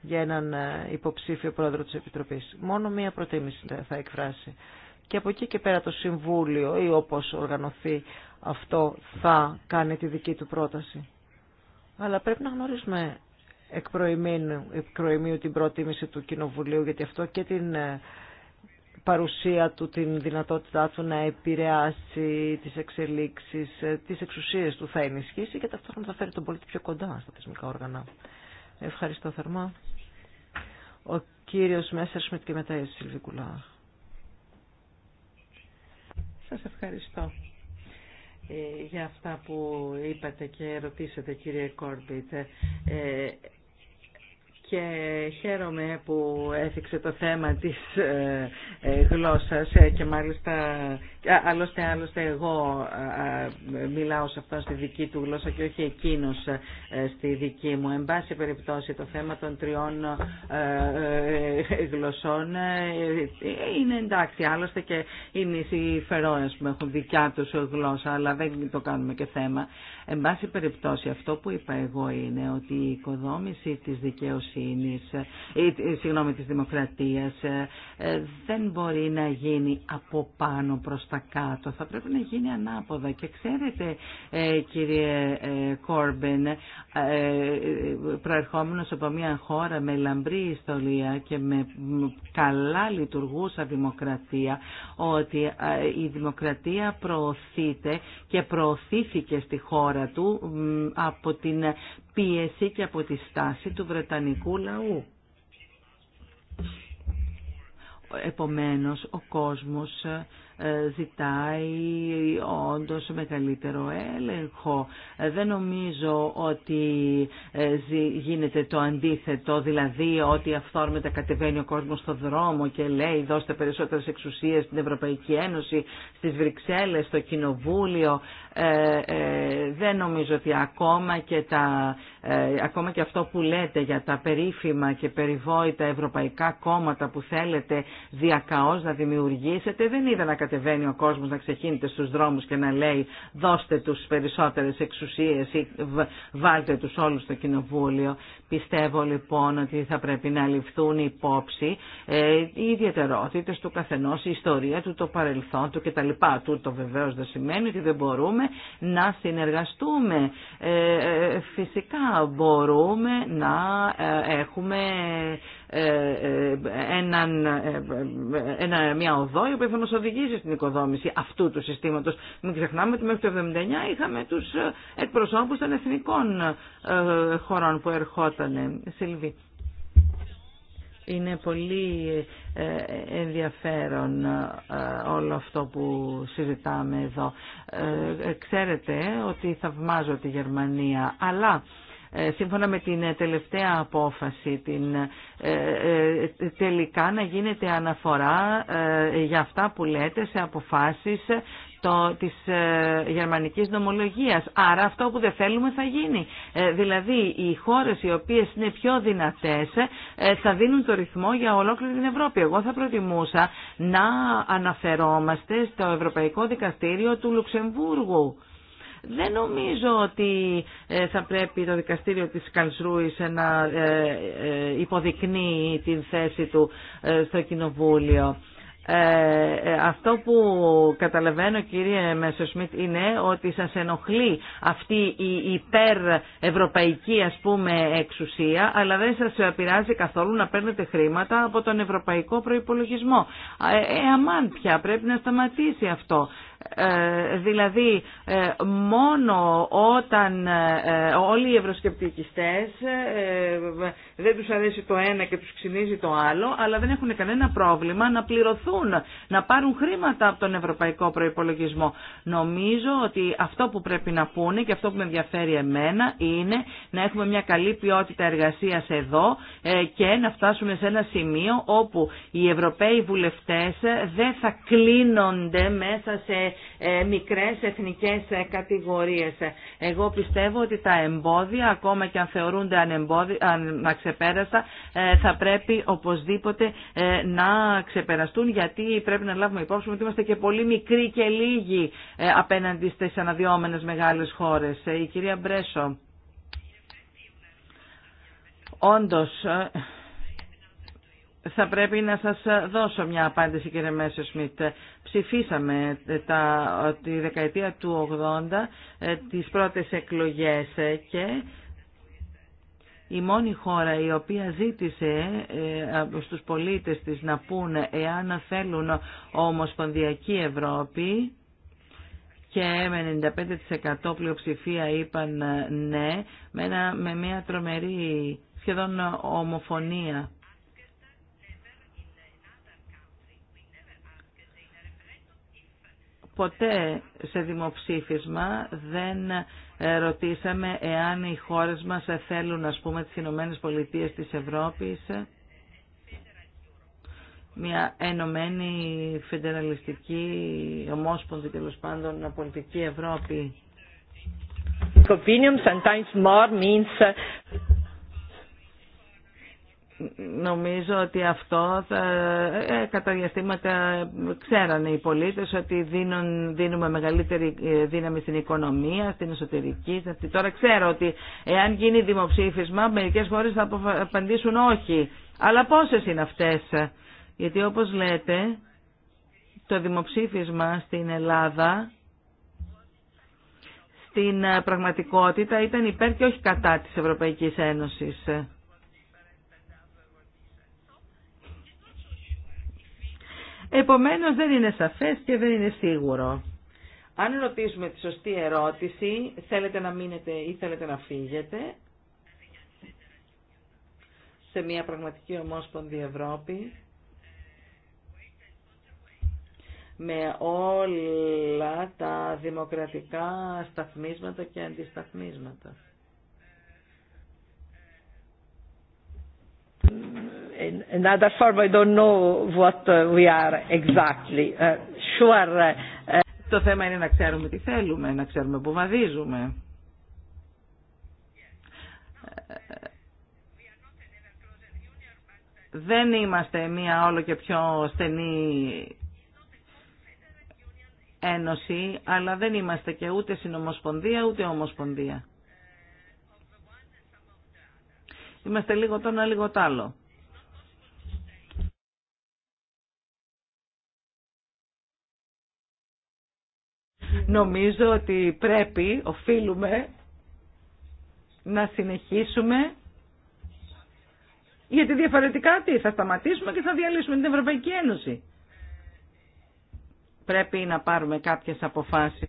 για έναν ε, υποψήφιο πρόεδρο της Επιτροπής. Μόνο μία προτίμηση θα εκφράσει. Και από εκεί και πέρα το Συμβούλιο ή όπως οργανωθεί αυτό θα κάνει τη δική του πρόταση. Αλλά πρέπει να γνωρίζουμε εκ προημίου την προτίμηση του Κοινοβουλίου, γιατί αυτό και την ε, παρουσία του, την δυνατότητά του να επηρεάσει τις εξελίξεις, ε, τις εξουσίες του θα ενισχύσει και ταυτόχρονα θα φέρει τον πολίτη πιο κοντά στα θεσμικά όργανα. Ευχαριστώ θερμά. Ο κύριος Μέσσερ Σμιτ και μετά η Σιλβικουλά. Σας ευχαριστώ. Ε, για αυτά που είπατε και ρωτήσατε κύριε Κόρμπιτ. Ε, και χαίρομαι που έθιξε το θέμα της ε, ε, γλώσσας ε, και μάλιστα άλλωστε, άλλωστε εγώ μιλάω σε αυτόν στη δική του γλώσσα και όχι εκείνος στη δική μου. Εν πάση περιπτώσει το θέμα των τριών γλωσσών είναι εντάξει άλλωστε και είναι οι φερόες που έχουν δικιά τους γλώσσα αλλά δεν το κάνουμε και θέμα. Εν πάση περιπτώσει αυτό που είπα εγώ είναι ότι η οικοδόμηση της δικαιοσύνης ε, ε, συγγνώμη της δημοκρατίας, ε, δεν μπορεί να γίνει από πάνω προς τα κάτω. Θα πρέπει να γίνει ανάποδα. Και ξέρετε κύριε Κόρμπεν, προερχόμενος από μια χώρα με λαμπρή ιστορία και με καλά λειτουργούσα δημοκρατία, ότι η δημοκρατία προωθείται και προωθήθηκε στη χώρα του από την πίεση και από τη στάση του Βρετανικού λαού. Επομένως, ο κόσμος ε, ε, ζητάει όντως μεγαλύτερο έλεγχο. Ε, δεν νομίζω ότι ε, γίνεται το αντίθετο, δηλαδή ότι αυθόρμητα κατεβαίνει ο κόσμος στο δρόμο και λέει δώστε περισσότερες εξουσίες στην Ευρωπαϊκή Ένωση, στις Βρυξέλλες, στο Κοινοβούλιο. Ε, δεν νομίζω ότι ακόμα και, τα, ακόμα και αυτό που λέτε για τα περίφημα και περιβόητα ευρωπαϊκά κόμματα που θέλετε διακαώς να δημιουργήσετε, δεν είδα να κατεβαίνει ο κόσμο να ξεχύνεται στου δρόμους και να λέει δώστε τους περισσότερες εξουσίες ή βάλτε τους όλου στο κοινοβούλιο. Πιστεύω λοιπόν ότι θα πρέπει να ληφθούν υπόψη ε, οι ιδιαιτερότητε του καθενό, η ιστορία του, το παρελθόν του κτλ. Τούτο βεβαίω δεν σημαίνει ότι δεν μπορούμε να συνεργαστούμε. Ε, ε, ε, φυσικά μπορούμε να έχουμε ε, ε, έναν, ε, ένα, μια οδό η οποία θα μας οδηγήσει στην οικοδόμηση αυτού του συστήματος. Μην ξεχνάμε ότι μέχρι το 1979 είχαμε τους εκπροσώπους των εθνικών χωρών που ερχόταν. Σιλβί. Είναι πολύ ενδιαφέρον όλο αυτό που συζητάμε εδώ. Ξέρετε ότι θαυμάζω τη Γερμανία, αλλά ε, σύμφωνα με την ε, τελευταία απόφαση την, ε, τελικά να γίνεται αναφορά για αυτά που λέτε σε αποφάσεις το, της ε, γερμανικής νομολογίας. Άρα αυτό που δεν θέλουμε θα γίνει. δηλαδή οι χώρες οι οποίες είναι πιο δυνατές θα δίνουν το ρυθμό για ολόκληρη την Ευρώπη. Εγώ θα προτιμούσα να αναφερόμαστε στο Ευρωπαϊκό Δικαστήριο του Λουξεμβούργου δεν νομίζω ότι ε, θα πρέπει το δικαστήριο της Καλσρούης να ε, ε, υποδεικνύει την θέση του στο Κοινοβούλιο. αυτό που καταλαβαίνω κύριε Μέσοσμιτ είναι ότι σας ενοχλεί αυτή η υπερευρωπαϊκή ευρωπαικη ας πούμε εξουσία αλλά δεν σας πειράζει καθόλου να παίρνετε χρήματα από τον ευρωπαϊκό προϋπολογισμό. Ε, αμάν πια πρέπει να σταματήσει αυτό. Ε, δηλαδή ε, μόνο όταν ε, όλοι οι ευρωσκεπτικιστές δεν τους αρέσει το ένα και τους ξυνίζει το άλλο, αλλά δεν έχουν κανένα πρόβλημα να πληρωθούν, να πάρουν χρήματα από τον ευρωπαϊκό προϋπολογισμό. Νομίζω ότι αυτό που πρέπει να πούνε και αυτό που με ενδιαφέρει εμένα είναι να έχουμε μια καλή ποιότητα εργασίας εδώ και να φτάσουμε σε ένα σημείο όπου οι Ευρωπαίοι βουλευτές δεν θα κλείνονται μέσα σε ε, μικρές εθνικές ε, κατηγορίες. Εγώ πιστεύω ότι τα εμπόδια, ακόμα και αν θεωρούνται αναξεπέραστα, ε, θα πρέπει οπωσδήποτε να ξεπεραστούν, γιατί πρέπει να λάβουμε υπόψη ότι είμαστε και πολύ μικροί και λίγοι απέναντι στις αναδυόμενες μεγάλες χώρες. Η κυρία Μπρέσο. Όντως, θα πρέπει να σας δώσω μια απάντηση κύριε Μέσο Σμιτ. Ψηφίσαμε τα, τη δεκαετία του 80 ε, τις πρώτες εκλογές ε, και η μόνη χώρα η οποία ζήτησε ε, στους πολίτες της να πούνε εάν θέλουν ομοσπονδιακή Ευρώπη και με 95% πλειοψηφία είπαν ναι με, με μια τρομερή σχεδόν ομοφωνία. ποτέ σε δημοψήφισμα δεν ε, ρωτήσαμε εάν οι χώρες μας ε, θέλουν, ας πούμε, τις Ηνωμένε Πολιτείε της Ευρώπης, ε, μια ενωμένη φεντεραλιστική, ομόσπονδη τέλο πάντων, πολιτική Ευρώπη. more νομίζω ότι αυτό θα, ε, κατά διαστήματα ξέρανε οι πολίτες ότι δίνουν, δίνουμε μεγαλύτερη ε, δύναμη στην οικονομία, στην εσωτερική. Τώρα ξέρω ότι εάν γίνει δημοψήφισμα μερικές χώρες θα απαντήσουν όχι. Αλλά πόσες είναι αυτές. Γιατί όπως λέτε το δημοψήφισμα στην Ελλάδα στην ε, πραγματικότητα ήταν υπέρ και όχι κατά της Ευρωπαϊκής Ένωσης. Επομένως δεν είναι σαφές και δεν είναι σίγουρο. Αν ρωτήσουμε τη σωστή ερώτηση, θέλετε να μείνετε ή θέλετε να φύγετε, σε μια πραγματική ομόσπονδη Ευρώπη, με όλα τα δημοκρατικά σταθμίσματα και αντισταθμίσματα. another form I don't know what uh, we are exactly. Uh, sure. Uh, το θέμα είναι να ξέρουμε τι θέλουμε, να ξέρουμε που βαδίζουμε. Δεν είμαστε μία όλο και πιο στενή ένωση, αλλά δεν είμαστε και ούτε συνομοσπονδία ούτε ομοσπονδία. Είμαστε λίγο το λίγο τ' άλλο. Νομίζω ότι πρέπει, οφείλουμε, να συνεχίσουμε γιατί διαφορετικά τι, θα σταματήσουμε και θα διαλύσουμε την Ευρωπαϊκή Ένωση. Πρέπει να πάρουμε κάποιες αποφάσεις.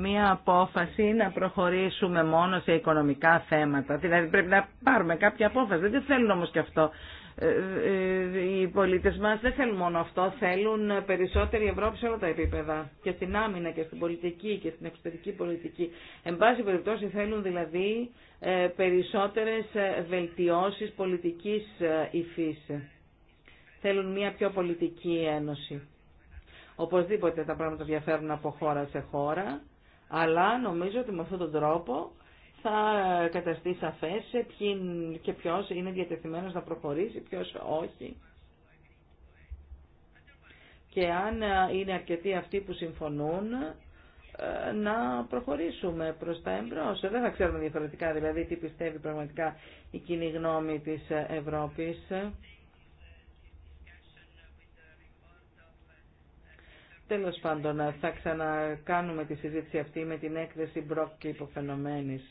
μία απόφαση να προχωρήσουμε μόνο σε οικονομικά θέματα. Δηλαδή πρέπει να πάρουμε κάποια απόφαση. Δεν θέλουν όμως και αυτό ε, ε, ε, οι πολίτες μας δεν θέλουν μόνο αυτό, θέλουν περισσότερη Ευρώπη σε όλα τα επίπεδα. Και στην άμυνα και στην πολιτική και στην εξωτερική πολιτική. Εν πάση περιπτώσει θέλουν δηλαδή περισσότερες βελτιώσεις πολιτικής υφής. Θέλουν μια πιο πολιτική ένωση. Οπωσδήποτε τα πράγματα διαφέρουν από χώρα σε χώρα, αλλά νομίζω ότι με αυτόν τον τρόπο θα καταστεί σαφές και ποιος είναι διατεθειμένος να προχωρήσει, ποιος όχι. Και αν είναι αρκετοί αυτοί που συμφωνούν, ε, να προχωρήσουμε προς τα εμπρός. Δεν θα ξέρουμε διαφορετικά δηλαδή τι πιστεύει πραγματικά η κοινή γνώμη της Ευρώπης. Τέλος πάντων, θα ξανακάνουμε τη συζήτηση αυτή με την έκθεση Μπροκ και υποφαινομένης.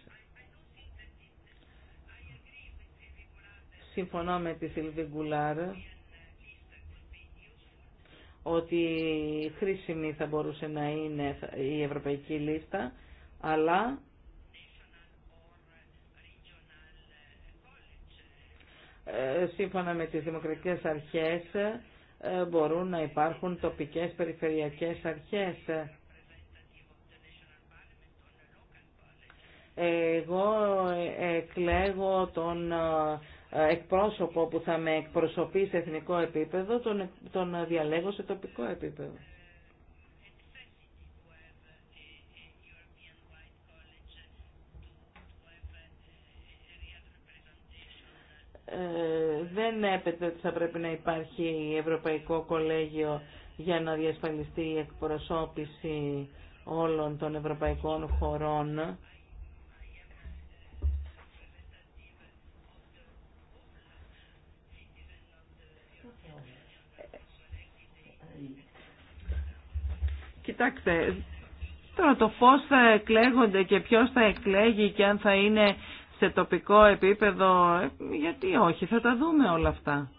συμφωνώ με τη Σιλβί Γκουλάρ ότι χρήσιμη θα μπορούσε να είναι η ευρωπαϊκή λίστα, αλλά ε, σύμφωνα με τις δημοκρατικές αρχές ε, μπορούν να υπάρχουν τοπικές περιφερειακές αρχές. Εγώ εκλέγω τον ε, ε, εκπρόσωπο που θα με εκπροσωπεί σε εθνικό επίπεδο, τον, τον διαλέγω σε τοπικό επίπεδο. Ε, δεν έπεται ότι θα πρέπει να υπάρχει Ευρωπαϊκό Κολέγιο για να διασφαλιστεί η εκπροσώπηση όλων των ευρωπαϊκών χωρών Κοιτάξτε, τώρα το πώς θα εκλέγονται και ποιος θα εκλέγει και αν θα είναι σε τοπικό επίπεδο, γιατί όχι, θα τα δούμε όλα αυτά.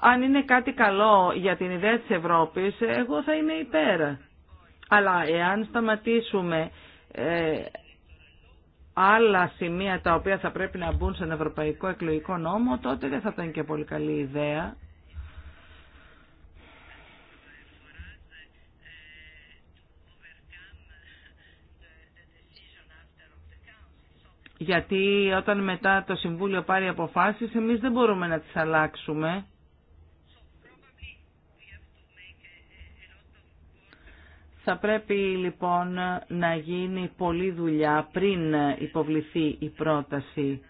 Αν είναι κάτι καλό για την ιδέα της Ευρώπης, εγώ θα είμαι υπέρ. Αλλά εάν σταματήσουμε ε, άλλα σημεία τα οποία θα πρέπει να μπουν στον Ευρωπαϊκό Εκλογικό Νόμο, τότε δεν θα ήταν και πολύ καλή ιδέα. γιατί όταν μετά το Συμβούλιο πάρει αποφάσεις εμείς δεν μπορούμε να τις αλλάξουμε. Θα πρέπει λοιπόν να γίνει πολλή δουλειά πριν υποβληθεί η πρόταση.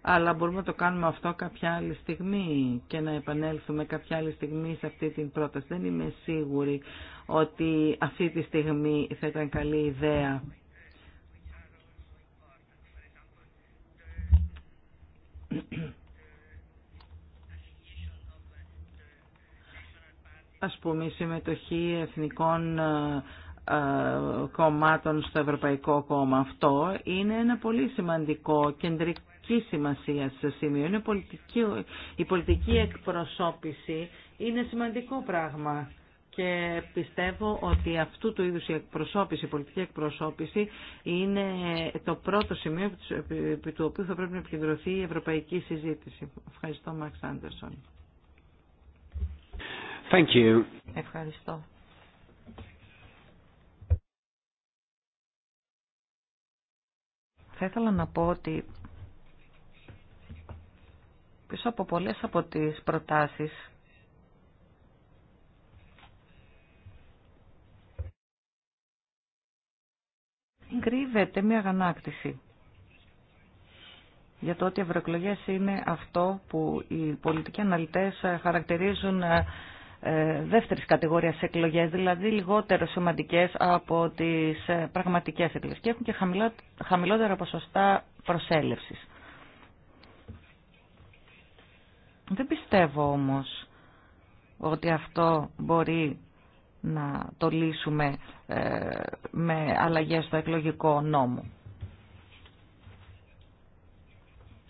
Αλλά μπορούμε να το κάνουμε αυτό κάποια άλλη στιγμή και να επανέλθουμε κάποια άλλη στιγμή σε αυτή την πρόταση. Δεν είμαι σίγουρη ότι αυτή τη στιγμή θα ήταν καλή ιδέα. ας πούμε η συμμετοχή εθνικών ε, ε, κομμάτων στο Ευρωπαϊκό Κόμμα. Αυτό είναι ένα πολύ σημαντικό κεντρική σημασία σε σημείο. Είναι πολιτική, η πολιτική εκπροσώπηση είναι σημαντικό πράγμα και πιστεύω ότι αυτού του είδους η εκπροσώπηση, η πολιτική εκπροσώπηση είναι το πρώτο σημείο του οποίου θα πρέπει να επικεντρωθεί η ευρωπαϊκή συζήτηση. Ευχαριστώ Μαξ Άντερσον. Ευχαριστώ. Θα ήθελα να πω ότι πίσω από πολλές από τις προτάσεις κρύβεται μια αγανάκτηση για το ότι οι ευρωεκλογέ είναι αυτό που οι πολιτικοί αναλυτές χαρακτηρίζουν ε, ε, δεύτερης κατηγορίας εκλογές, δηλαδή λιγότερο σημαντικές από τις ε, πραγματικές εκλογές και έχουν και χαμηλότερα ποσοστά προσέλευσης. Δεν πιστεύω όμως ότι αυτό μπορεί να το λύσουμε ε, με αλλαγές στο εκλογικό νόμο.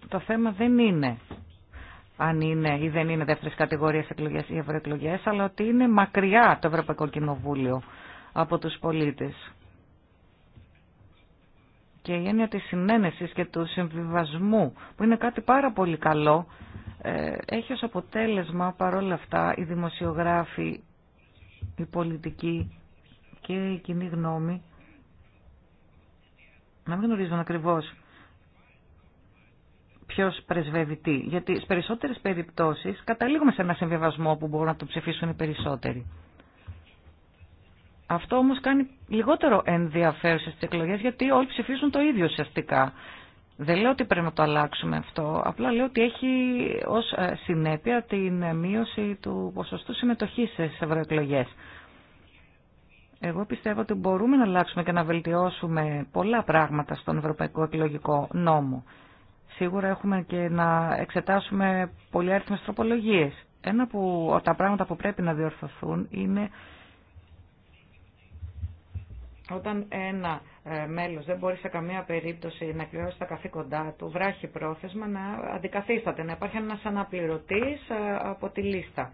Το θέμα δεν είναι αν είναι ή δεν είναι δεύτερες κατηγορίες εκλογές ή ευρωεκλογές, αλλά ότι είναι μακριά το Ευρωπαϊκό Κοινοβούλιο από τους πολίτες. Και η έννοια της συνένεσης και του συμβιβασμού, που είναι κάτι πάρα πολύ καλό, ε, έχει ως αποτέλεσμα παρόλα αυτά οι δημοσιογράφοι η πολιτική και η κοινή γνώμη να μην γνωρίζουν ακριβώς ποιο πρεσβεύει τι. Γιατί στι περισσότερε περιπτώσει καταλήγουμε σε ένα συμβιβασμό που μπορούν να το ψηφίσουν οι περισσότεροι. Αυτό όμω κάνει λιγότερο ενδιαφέρουσε τι εκλογέ γιατί όλοι ψηφίζουν το ίδιο ουσιαστικά. Δεν λέω ότι πρέπει να το αλλάξουμε αυτό, απλά λέω ότι έχει ως ε, συνέπεια την μείωση του ποσοστού συμμετοχής στις ευρωεκλογέ. Εγώ πιστεύω ότι μπορούμε να αλλάξουμε και να βελτιώσουμε πολλά πράγματα στον Ευρωπαϊκό Εκλογικό Νόμο. Σίγουρα έχουμε και να εξετάσουμε πολλοί τροπολογίες. Ένα από τα πράγματα που πρέπει να διορθωθούν είναι όταν ένα ε, μέλος δεν μπορεί σε καμία περίπτωση να εκπληρώσει τα καθήκοντά του, βράχει πρόθεσμα να αντικαθίσταται, να υπάρχει ένας αναπληρωτής ε, από τη λίστα.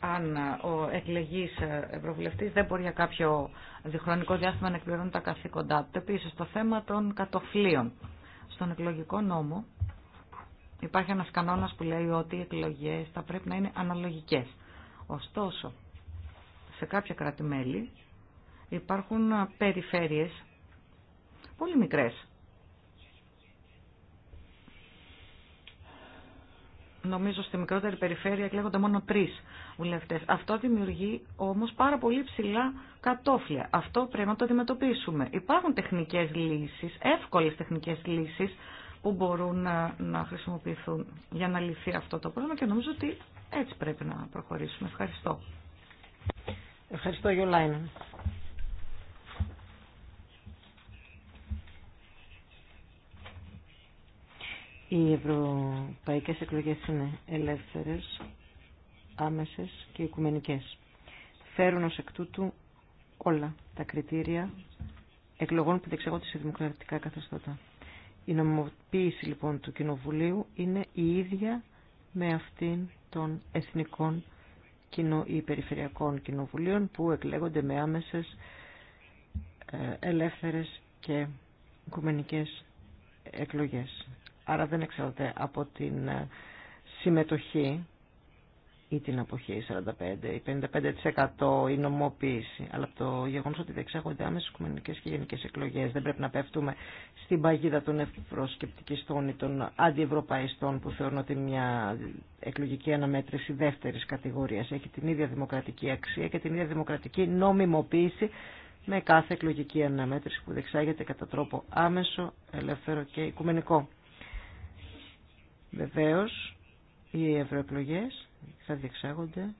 Αν ε, ο εκλεγής ευρωβουλευτής δεν μπορεί για κάποιο διχρονικό διάστημα να εκπληρώνει τα καθήκοντά του. Επίσης, το θέμα των κατοφλίων. Στον εκλογικό νόμο υπάρχει ένας κανόνας που λέει ότι οι εκλογές θα πρέπει να είναι αναλογικές. Ωστόσο, σε κάποια κράτη-μέλη υπάρχουν περιφέρειες πολύ μικρές. Νομίζω στη μικρότερη περιφέρεια εκλέγονται μόνο τρεις βουλευτές. Αυτό δημιουργεί όμως πάρα πολύ ψηλά κατόφλια. Αυτό πρέπει να το αντιμετωπίσουμε. Υπάρχουν τεχνικές λύσεις, εύκολες τεχνικές λύσεις που μπορούν να, να χρησιμοποιηθούν για να λυθεί αυτό το πρόβλημα και νομίζω ότι έτσι πρέπει να προχωρήσουμε. Ευχαριστώ. Ευχαριστώ Γιολάινα. Οι ευρωπαϊκές εκλογές είναι ελεύθερες, άμεσες και οικουμενικές. Φέρουν ως εκ τούτου όλα τα κριτήρια εκλογών που διεξαγόνται σε δημοκρατικά καθεστώτα. Η νομοποίηση λοιπόν του Κοινοβουλίου είναι η ίδια με αυτήν των εθνικών κοινο ή περιφερειακών κοινοβουλίων που εκλέγονται με άμεσες ε, ελεύθερες και οικουμενικές εκλογές. Άρα δεν εξαρτάται από την ε, συμμετοχή ή την αποχή 45. Η 55% η νομοποίηση. Αλλά από το γεγονό ότι δεξάγονται άμεσε οικουμενικέ και γενικέ εκλογέ δεν πρέπει να πέφτουμε στην παγίδα των ευρωσκεπτικιστών ή των αντιευρωπαϊστών που θεωρούν ότι μια εκλογική αναμέτρηση δεύτερη κατηγορία έχει την ίδια δημοκρατική αξία και την ίδια δημοκρατική νομιμοποίηση με κάθε εκλογική αναμέτρηση που δεξάγεται κατά τρόπο άμεσο, ελεύθερο και οικουμενικό. Βεβαίως, οι ευρωεκλογές θα διεξάγονται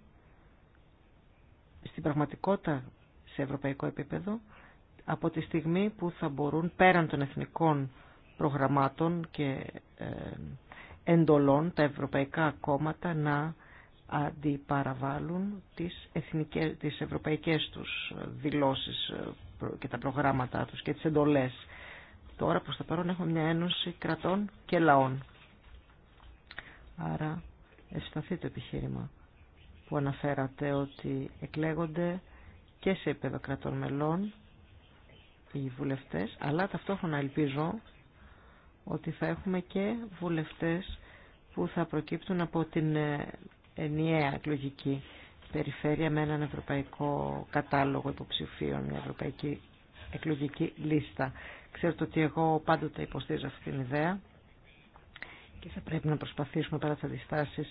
στην πραγματικότητα σε ευρωπαϊκό επίπεδο από τη στιγμή που θα μπορούν πέραν των εθνικών προγραμμάτων και ε, εντολών τα ευρωπαϊκά κόμματα να αντιπαραβάλουν τις, εθνικές, τις ευρωπαϊκές τους δηλώσεις ε, και τα προγράμματά τους και τις εντολές. Τώρα προς τα παρόν έχουμε μια ένωση κρατών και λαών. Άρα Εσπαθεί το επιχείρημα που αναφέρατε ότι εκλέγονται και σε επίπεδο κρατών μελών οι βουλευτές, αλλά ταυτόχρονα ελπίζω ότι θα έχουμε και βουλευτές που θα προκύπτουν από την ε, ενιαία εκλογική περιφέρεια με έναν ευρωπαϊκό κατάλογο υποψηφίων, μια ευρωπαϊκή εκλογική λίστα. Ξέρετε ότι εγώ πάντοτε υποστήριζα αυτή την ιδέα και θα πρέπει να προσπαθήσουμε παρά τι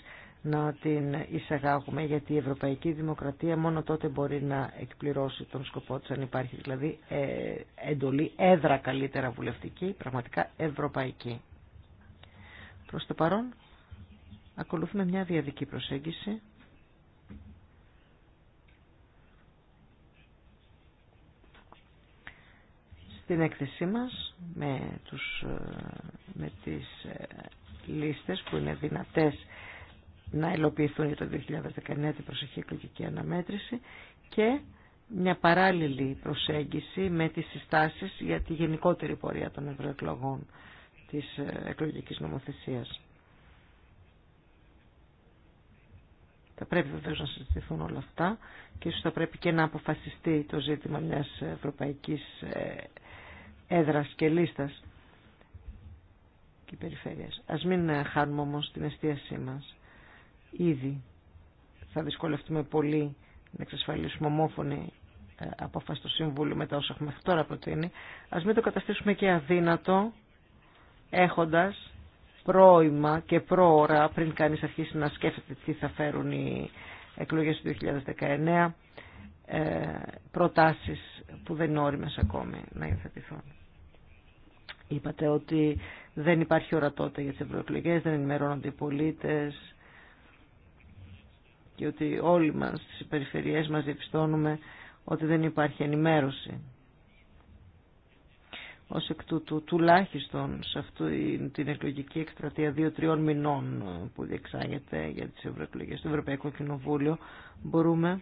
να την εισαγάγουμε γιατί η Ευρωπαϊκή Δημοκρατία μόνο τότε μπορεί να εκπληρώσει τον σκοπό της αν υπάρχει δηλαδή ε, εντολή έδρα καλύτερα βουλευτική, πραγματικά ευρωπαϊκή. Προς το παρόν ακολουθούμε μια διαδική προσέγγιση στην έκθεσή μας με, τους, ε, με τις ε, λίστες που είναι δυνατές να υλοποιηθούν για το 2019 την προσεχή εκλογική αναμέτρηση και μια παράλληλη προσέγγιση με τις συστάσεις για τη γενικότερη πορεία των ευρωεκλογών της ε, εκλογικής νομοθεσίας. Θα πρέπει βεβαίω να συζητηθούν όλα αυτά και ίσως θα πρέπει και να αποφασιστεί το ζήτημα μιας ευρωπαϊκής ε, έδρας και λίστας και Ας μην ε, χάνουμε όμως την εστίασή μας. Ήδη θα δυσκολευτούμε πολύ να εξασφαλίσουμε ομόφωνη ε, απόφαση στο Συμβούλιο μετά όσα έχουμε τώρα προτείνει. Ας μην το καταστήσουμε και αδύνατο έχοντας πρόημα και πρόωρα πριν κανείς αρχίσει να σκέφτεται τι θα φέρουν οι εκλογές του 2019 ε, προτάσεις που δεν είναι όριμες ακόμη να υιοθετηθούν. Είπατε ότι δεν υπάρχει ορατότητα για τις ευρωεκλογέ, δεν ενημερώνονται οι πολίτες και ότι όλοι μας στις περιφερειές μας διαπιστώνουμε ότι δεν υπάρχει ενημέρωση. Ως εκ τούτου, τουλάχιστον σε αυτή την εκλογική εκστρατεία δύο-τριών μηνών που διεξάγεται για τις ευρωεκλογέ στο Ευρωπαϊκό Κοινοβούλιο, μπορούμε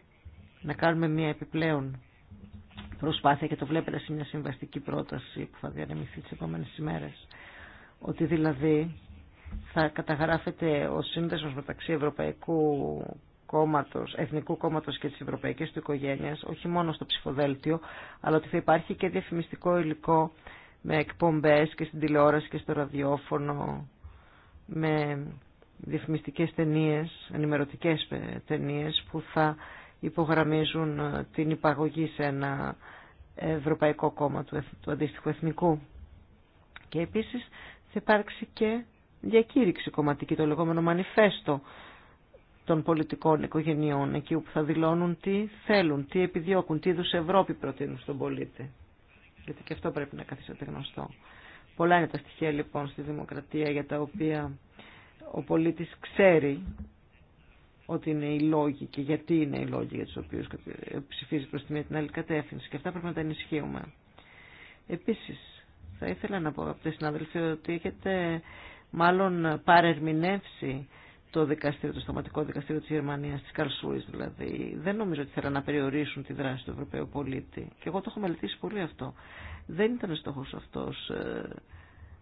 να κάνουμε μια επιπλέον προσπάθεια και το βλέπετε σε μια συμβαστική πρόταση που θα διανεμηθεί τις επόμενες ημέρες. Ότι δηλαδή θα καταγράφεται ο σύνδεσμος μεταξύ Ευρωπαϊκού κόμματος, Εθνικού Κόμματος και της Ευρωπαϊκής του Οικογένειας, όχι μόνο στο ψηφοδέλτιο, αλλά ότι θα υπάρχει και διαφημιστικό υλικό με εκπομπές και στην τηλεόραση και στο ραδιόφωνο, με διαφημιστικές ταινίες, ενημερωτικές ταινίες που θα υπογραμμίζουν ε, την υπαγωγή σε ένα ευρωπαϊκό κόμμα του, του αντίστοιχου εθνικού. Και επίσης θα υπάρξει και διακήρυξη κομματική, το λεγόμενο μανιφέστο των πολιτικών οικογενειών, εκεί όπου θα δηλώνουν τι θέλουν, τι επιδιώκουν, τι είδου Ευρώπη προτείνουν στον πολίτη. Γιατί και αυτό πρέπει να καθίσετε γνωστό. Πολλά είναι τα στοιχεία λοιπόν στη δημοκρατία για τα οποία ο πολίτης ξέρει ότι είναι οι λόγοι και γιατί είναι οι λόγοι για τους οποίους ψηφίζει προς τη μία την άλλη κατεύθυνση και αυτά πρέπει να τα ενισχύουμε. Επίσης, θα ήθελα να πω από τη συνάδελφη ότι έχετε μάλλον παρερμηνεύσει το δικαστήριο, το σταματικό δικαστήριο της Γερμανίας, της Καρσούης δηλαδή. Δεν νομίζω ότι θέλαν να περιορίσουν τη δράση του Ευρωπαίου πολίτη. Και εγώ το έχω μελετήσει πολύ αυτό. Δεν ήταν στόχος αυτός. Ε,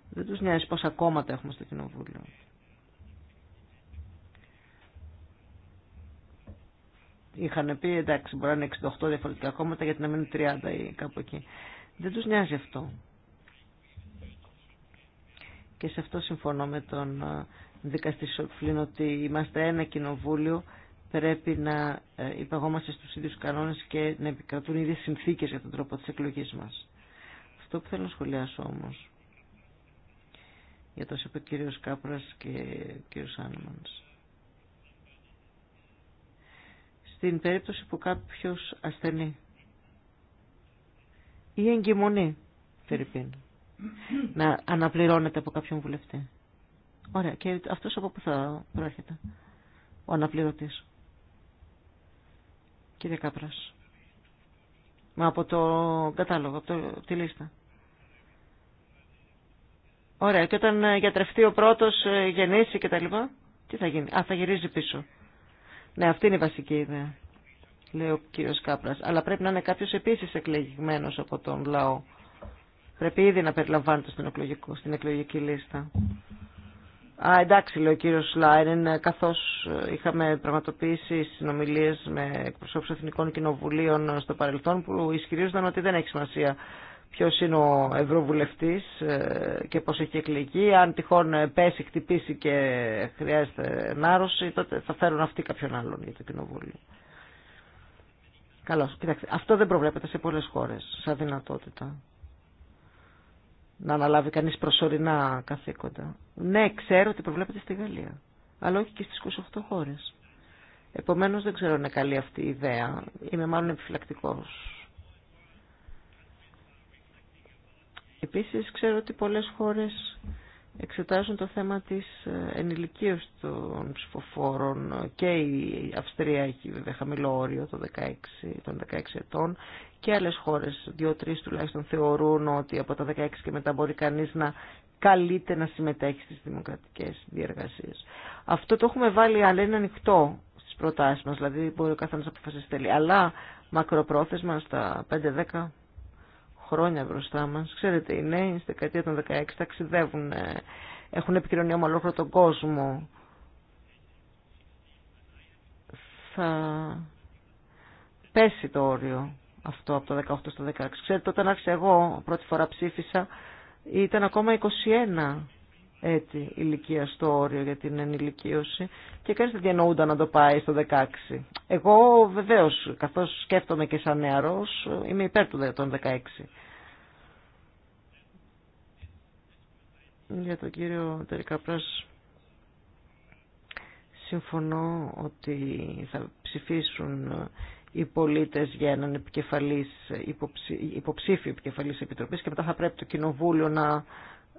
δεν τους νοιάζει πόσα κόμματα έχουμε στο Κοινοβούλιο. είχαν πει εντάξει μπορεί να είναι 68 διαφορετικά κόμματα γιατί να μείνουν 30 ή κάπου εκεί. Δεν τους νοιάζει αυτό. Και σε αυτό συμφωνώ με τον ε, δικαστή Σοπφλίν ότι είμαστε ένα κοινοβούλιο πρέπει να ε, υπαγόμαστε στους ίδιους κανόνες και να επικρατούν οι ίδιες συνθήκες για τον τρόπο της εκλογής μας. Αυτό που θέλω να σχολιάσω όμως, για το είπε ο κύριος Κάπρας και ο κύριος Άνεμανς, στην περίπτωση που κάποιος ασθενεί ή εγκυμονεί, Φερρυπίν, να αναπληρώνεται από κάποιον βουλευτή. Ωραία. Και αυτός από πού θα προέρχεται, ο αναπληρωτής. Κύριε Κάπρας. Μα από το κατάλογο, από, το, από τη λίστα. Ωραία. Και όταν ε, γιατρευτεί ο πρώτος, ε, γεννήσει κτλ. Τι θα γίνει. Α, θα γυρίζει πίσω. Ναι, αυτή είναι η βασική ιδέα, λέει ο κύριος Κάπρας. Αλλά πρέπει να είναι κάποιος επίσης εκλεγμένος από τον λαό. Πρέπει ήδη να περιλαμβάνεται στην, εκλογικό, στην εκλογική λίστα. Α, εντάξει, λέει ο κύριο Λάινεν, ε, καθώ ε, είχαμε πραγματοποιήσει συνομιλίε με εκπροσώπου εθνικών κοινοβουλίων στο παρελθόν που ισχυρίζονταν ότι δεν έχει σημασία Ποιο είναι ο ευρωβουλευτή ε, και πώ έχει εκλεγεί. Αν τυχόν πέσει, χτυπήσει και χρειάζεται ενάρρωση, τότε θα φέρουν αυτοί κάποιον άλλον για το κοινοβούλιο. Καλώ. Κοιτάξτε, αυτό δεν προβλέπεται σε πολλέ χώρε σαν δυνατότητα. Να αναλάβει κανεί προσωρινά καθήκοντα. Ναι, ξέρω ότι προβλέπεται στη Γαλλία, αλλά όχι και στι 28 χώρε. Επομένω, δεν ξέρω αν είναι καλή αυτή η ιδέα. Είμαι μάλλον επιφυλακτικό. Επίσης ξέρω ότι πολλές χώρες εξετάζουν το θέμα της ε, ενηλικίωσης των ψηφοφόρων και η Αυστρία έχει βέβαια χαμηλό όριο το 16, των 16 ετών και άλλες χώρες, δύο-τρεις τουλάχιστον θεωρούν ότι από τα 16 και μετά μπορεί κανείς να καλείται να συμμετέχει στις δημοκρατικές διεργασίες. Αυτό το έχουμε βάλει αλλά είναι ανοιχτό στις προτάσεις μας, δηλαδή μπορεί ο καθένας να αποφασίσει θέλει. Αλλά μακροπρόθεσμα στα 5-10 χρόνια μπροστά μα. Ξέρετε, οι νέοι στη δεκαετία των 16 ταξιδεύουν, ε, έχουν επικοινωνία με ολόκληρο τον κόσμο. Θα πέσει το όριο αυτό από το 18 στο 16. Ξέρετε, όταν άρχισα εγώ, πρώτη φορά ψήφισα, ήταν ακόμα 21 έτσι ηλικία στο όριο για την ενηλικίωση και κανείς δεν διανοούνταν να το πάει στο 16. Εγώ βεβαίως, καθώς σκέφτομαι και σαν νεαρός, είμαι υπέρ του των 16. Για τον κύριο Τερικαπράς συμφωνώ ότι θα ψηφίσουν οι πολίτες για έναν επικεφαλής υποψήφιο επικεφαλής επιτροπής και μετά θα πρέπει το κοινοβούλιο να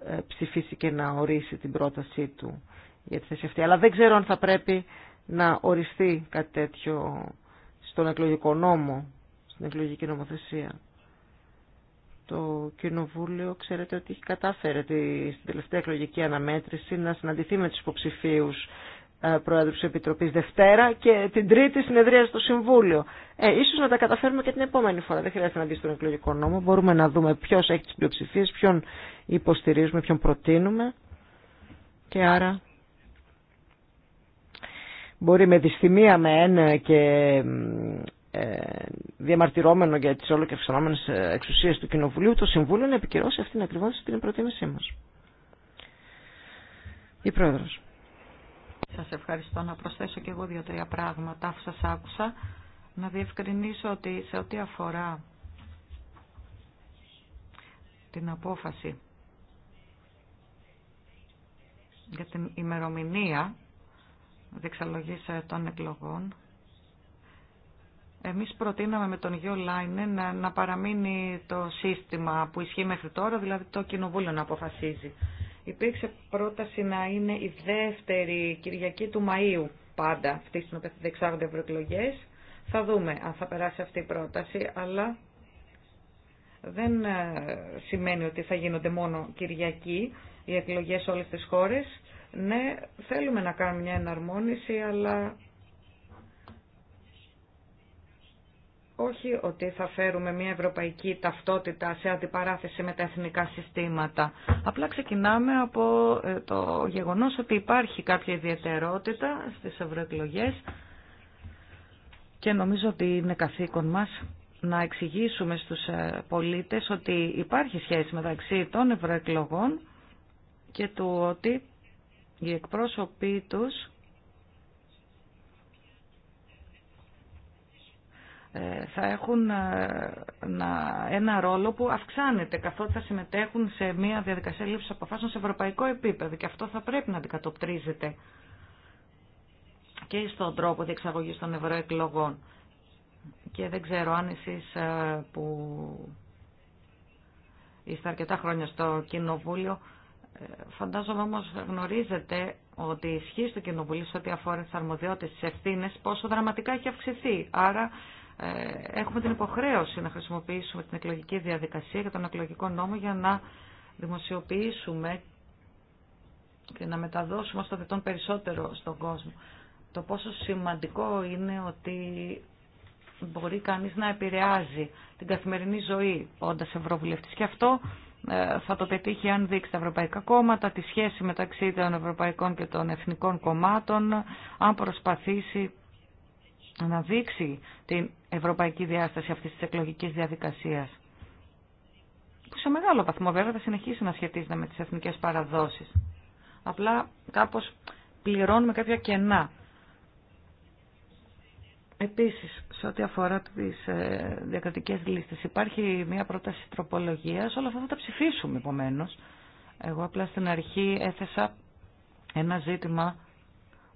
ε, ψηφίσει και να ορίσει την πρότασή του για τη θέση αυτή. Αλλά δεν ξέρω αν θα πρέπει να οριστεί κάτι τέτοιο στον εκλογικό νόμο, στην εκλογική νομοθεσία. Το Κοινοβούλιο ξέρετε ότι έχει κατάφερε στην τελευταία εκλογική αναμέτρηση να συναντηθεί με τους υποψηφίου ε, πρόεδρο τη Επιτροπή Δευτέρα και την Τρίτη συνεδρία στο Συμβούλιο. Ε, ίσως να τα καταφέρουμε και την επόμενη φορά. Δεν χρειάζεται να μπει στον εκλογικό νόμο. Μπορούμε να δούμε ποιο έχει τι πλειοψηφίε, ποιον υποστηρίζουμε, ποιον προτείνουμε. Και άρα μπορεί με δυστημία με ένα και ε, διαμαρτυρώμενο για τι όλο και αυξανόμενε ε, εξουσίες του Κοινοβουλίου το Συμβούλιο να επικυρώσει αυτήν ακριβώ την προτίμησή μα. Η πρόεδρο. Σας ευχαριστώ να προσθέσω και εγώ δύο-τρία πράγματα που σας άκουσα. Να διευκρινίσω ότι σε ό,τι αφορά την απόφαση για την ημερομηνία διεξαλλογής των εκλογών, εμείς προτείναμε με τον Γιώ να, να παραμείνει το σύστημα που ισχύει μέχρι τώρα, δηλαδή το κοινοβούλιο να αποφασίζει Υπήρξε πρόταση να είναι η δεύτερη Κυριακή του Μαΐου πάντα αυτή στην οποία θα διεξάγονται ευρωεκλογέ. Θα δούμε αν θα περάσει αυτή η πρόταση, αλλά δεν ε, σημαίνει ότι θα γίνονται μόνο Κυριακή οι εκλογές σε όλες τις χώρες. Ναι, θέλουμε να κάνουμε μια εναρμόνιση, αλλά όχι ότι θα φέρουμε μια ευρωπαϊκή ταυτότητα σε αντιπαράθεση με τα εθνικά συστήματα. Απλά ξεκινάμε από ε, το γεγονός ότι υπάρχει κάποια ιδιαιτερότητα στις ευρωεκλογέ και νομίζω ότι είναι καθήκον μας να εξηγήσουμε στους ε, πολίτες ότι υπάρχει σχέση μεταξύ των ευρωεκλογών και του ότι οι εκπρόσωποι τους Ε, θα έχουν ε, ένα ρόλο που αυξάνεται καθότι θα συμμετέχουν σε μια διαδικασία λήψης αποφάσεων σε ευρωπαϊκό επίπεδο και αυτό θα πρέπει να αντικατοπτρίζεται και στον τρόπο διεξαγωγής των ευρωεκλογών. Και δεν ξέρω αν εσείς ε, που είστε αρκετά χρόνια στο Κοινοβούλιο φαντάζομαι όμως γνωρίζετε ότι η ισχύ στο Κοινοβουλίου σε ό,τι αφορά τις αρμοδιότητες, τις ευθύνες, πόσο δραματικά έχει αυξηθεί. Άρα ε, έχουμε την υποχρέωση να χρησιμοποιήσουμε την εκλογική διαδικασία και τον εκλογικό νόμο για να δημοσιοποιήσουμε και να μεταδώσουμε στο δυνατόν περισσότερο στον κόσμο το πόσο σημαντικό είναι ότι μπορεί κανείς να επηρεάζει την καθημερινή ζωή όντας ευρωβουλευτής. Και αυτό ε, θα το πετύχει αν δείξει τα ευρωπαϊκά κόμματα, τη σχέση μεταξύ των ευρωπαϊκών και των εθνικών κομμάτων, αν προσπαθήσει ...να δείξει την ευρωπαϊκή διάσταση αυτής της εκλογικής διαδικασίας. Που σε μεγάλο βαθμό βέβαια θα συνεχίσει να σχετίζεται με τις εθνικές παραδόσεις. Απλά κάπως πληρώνουμε κάποια κενά. Επίσης, σε ό,τι αφορά τις ε, διακρατικές λίστες, υπάρχει μια πρόταση τροπολογίας. Όλα αυτά θα τα ψηφίσουμε, επομένω. Εγώ απλά στην αρχή έθεσα ένα ζήτημα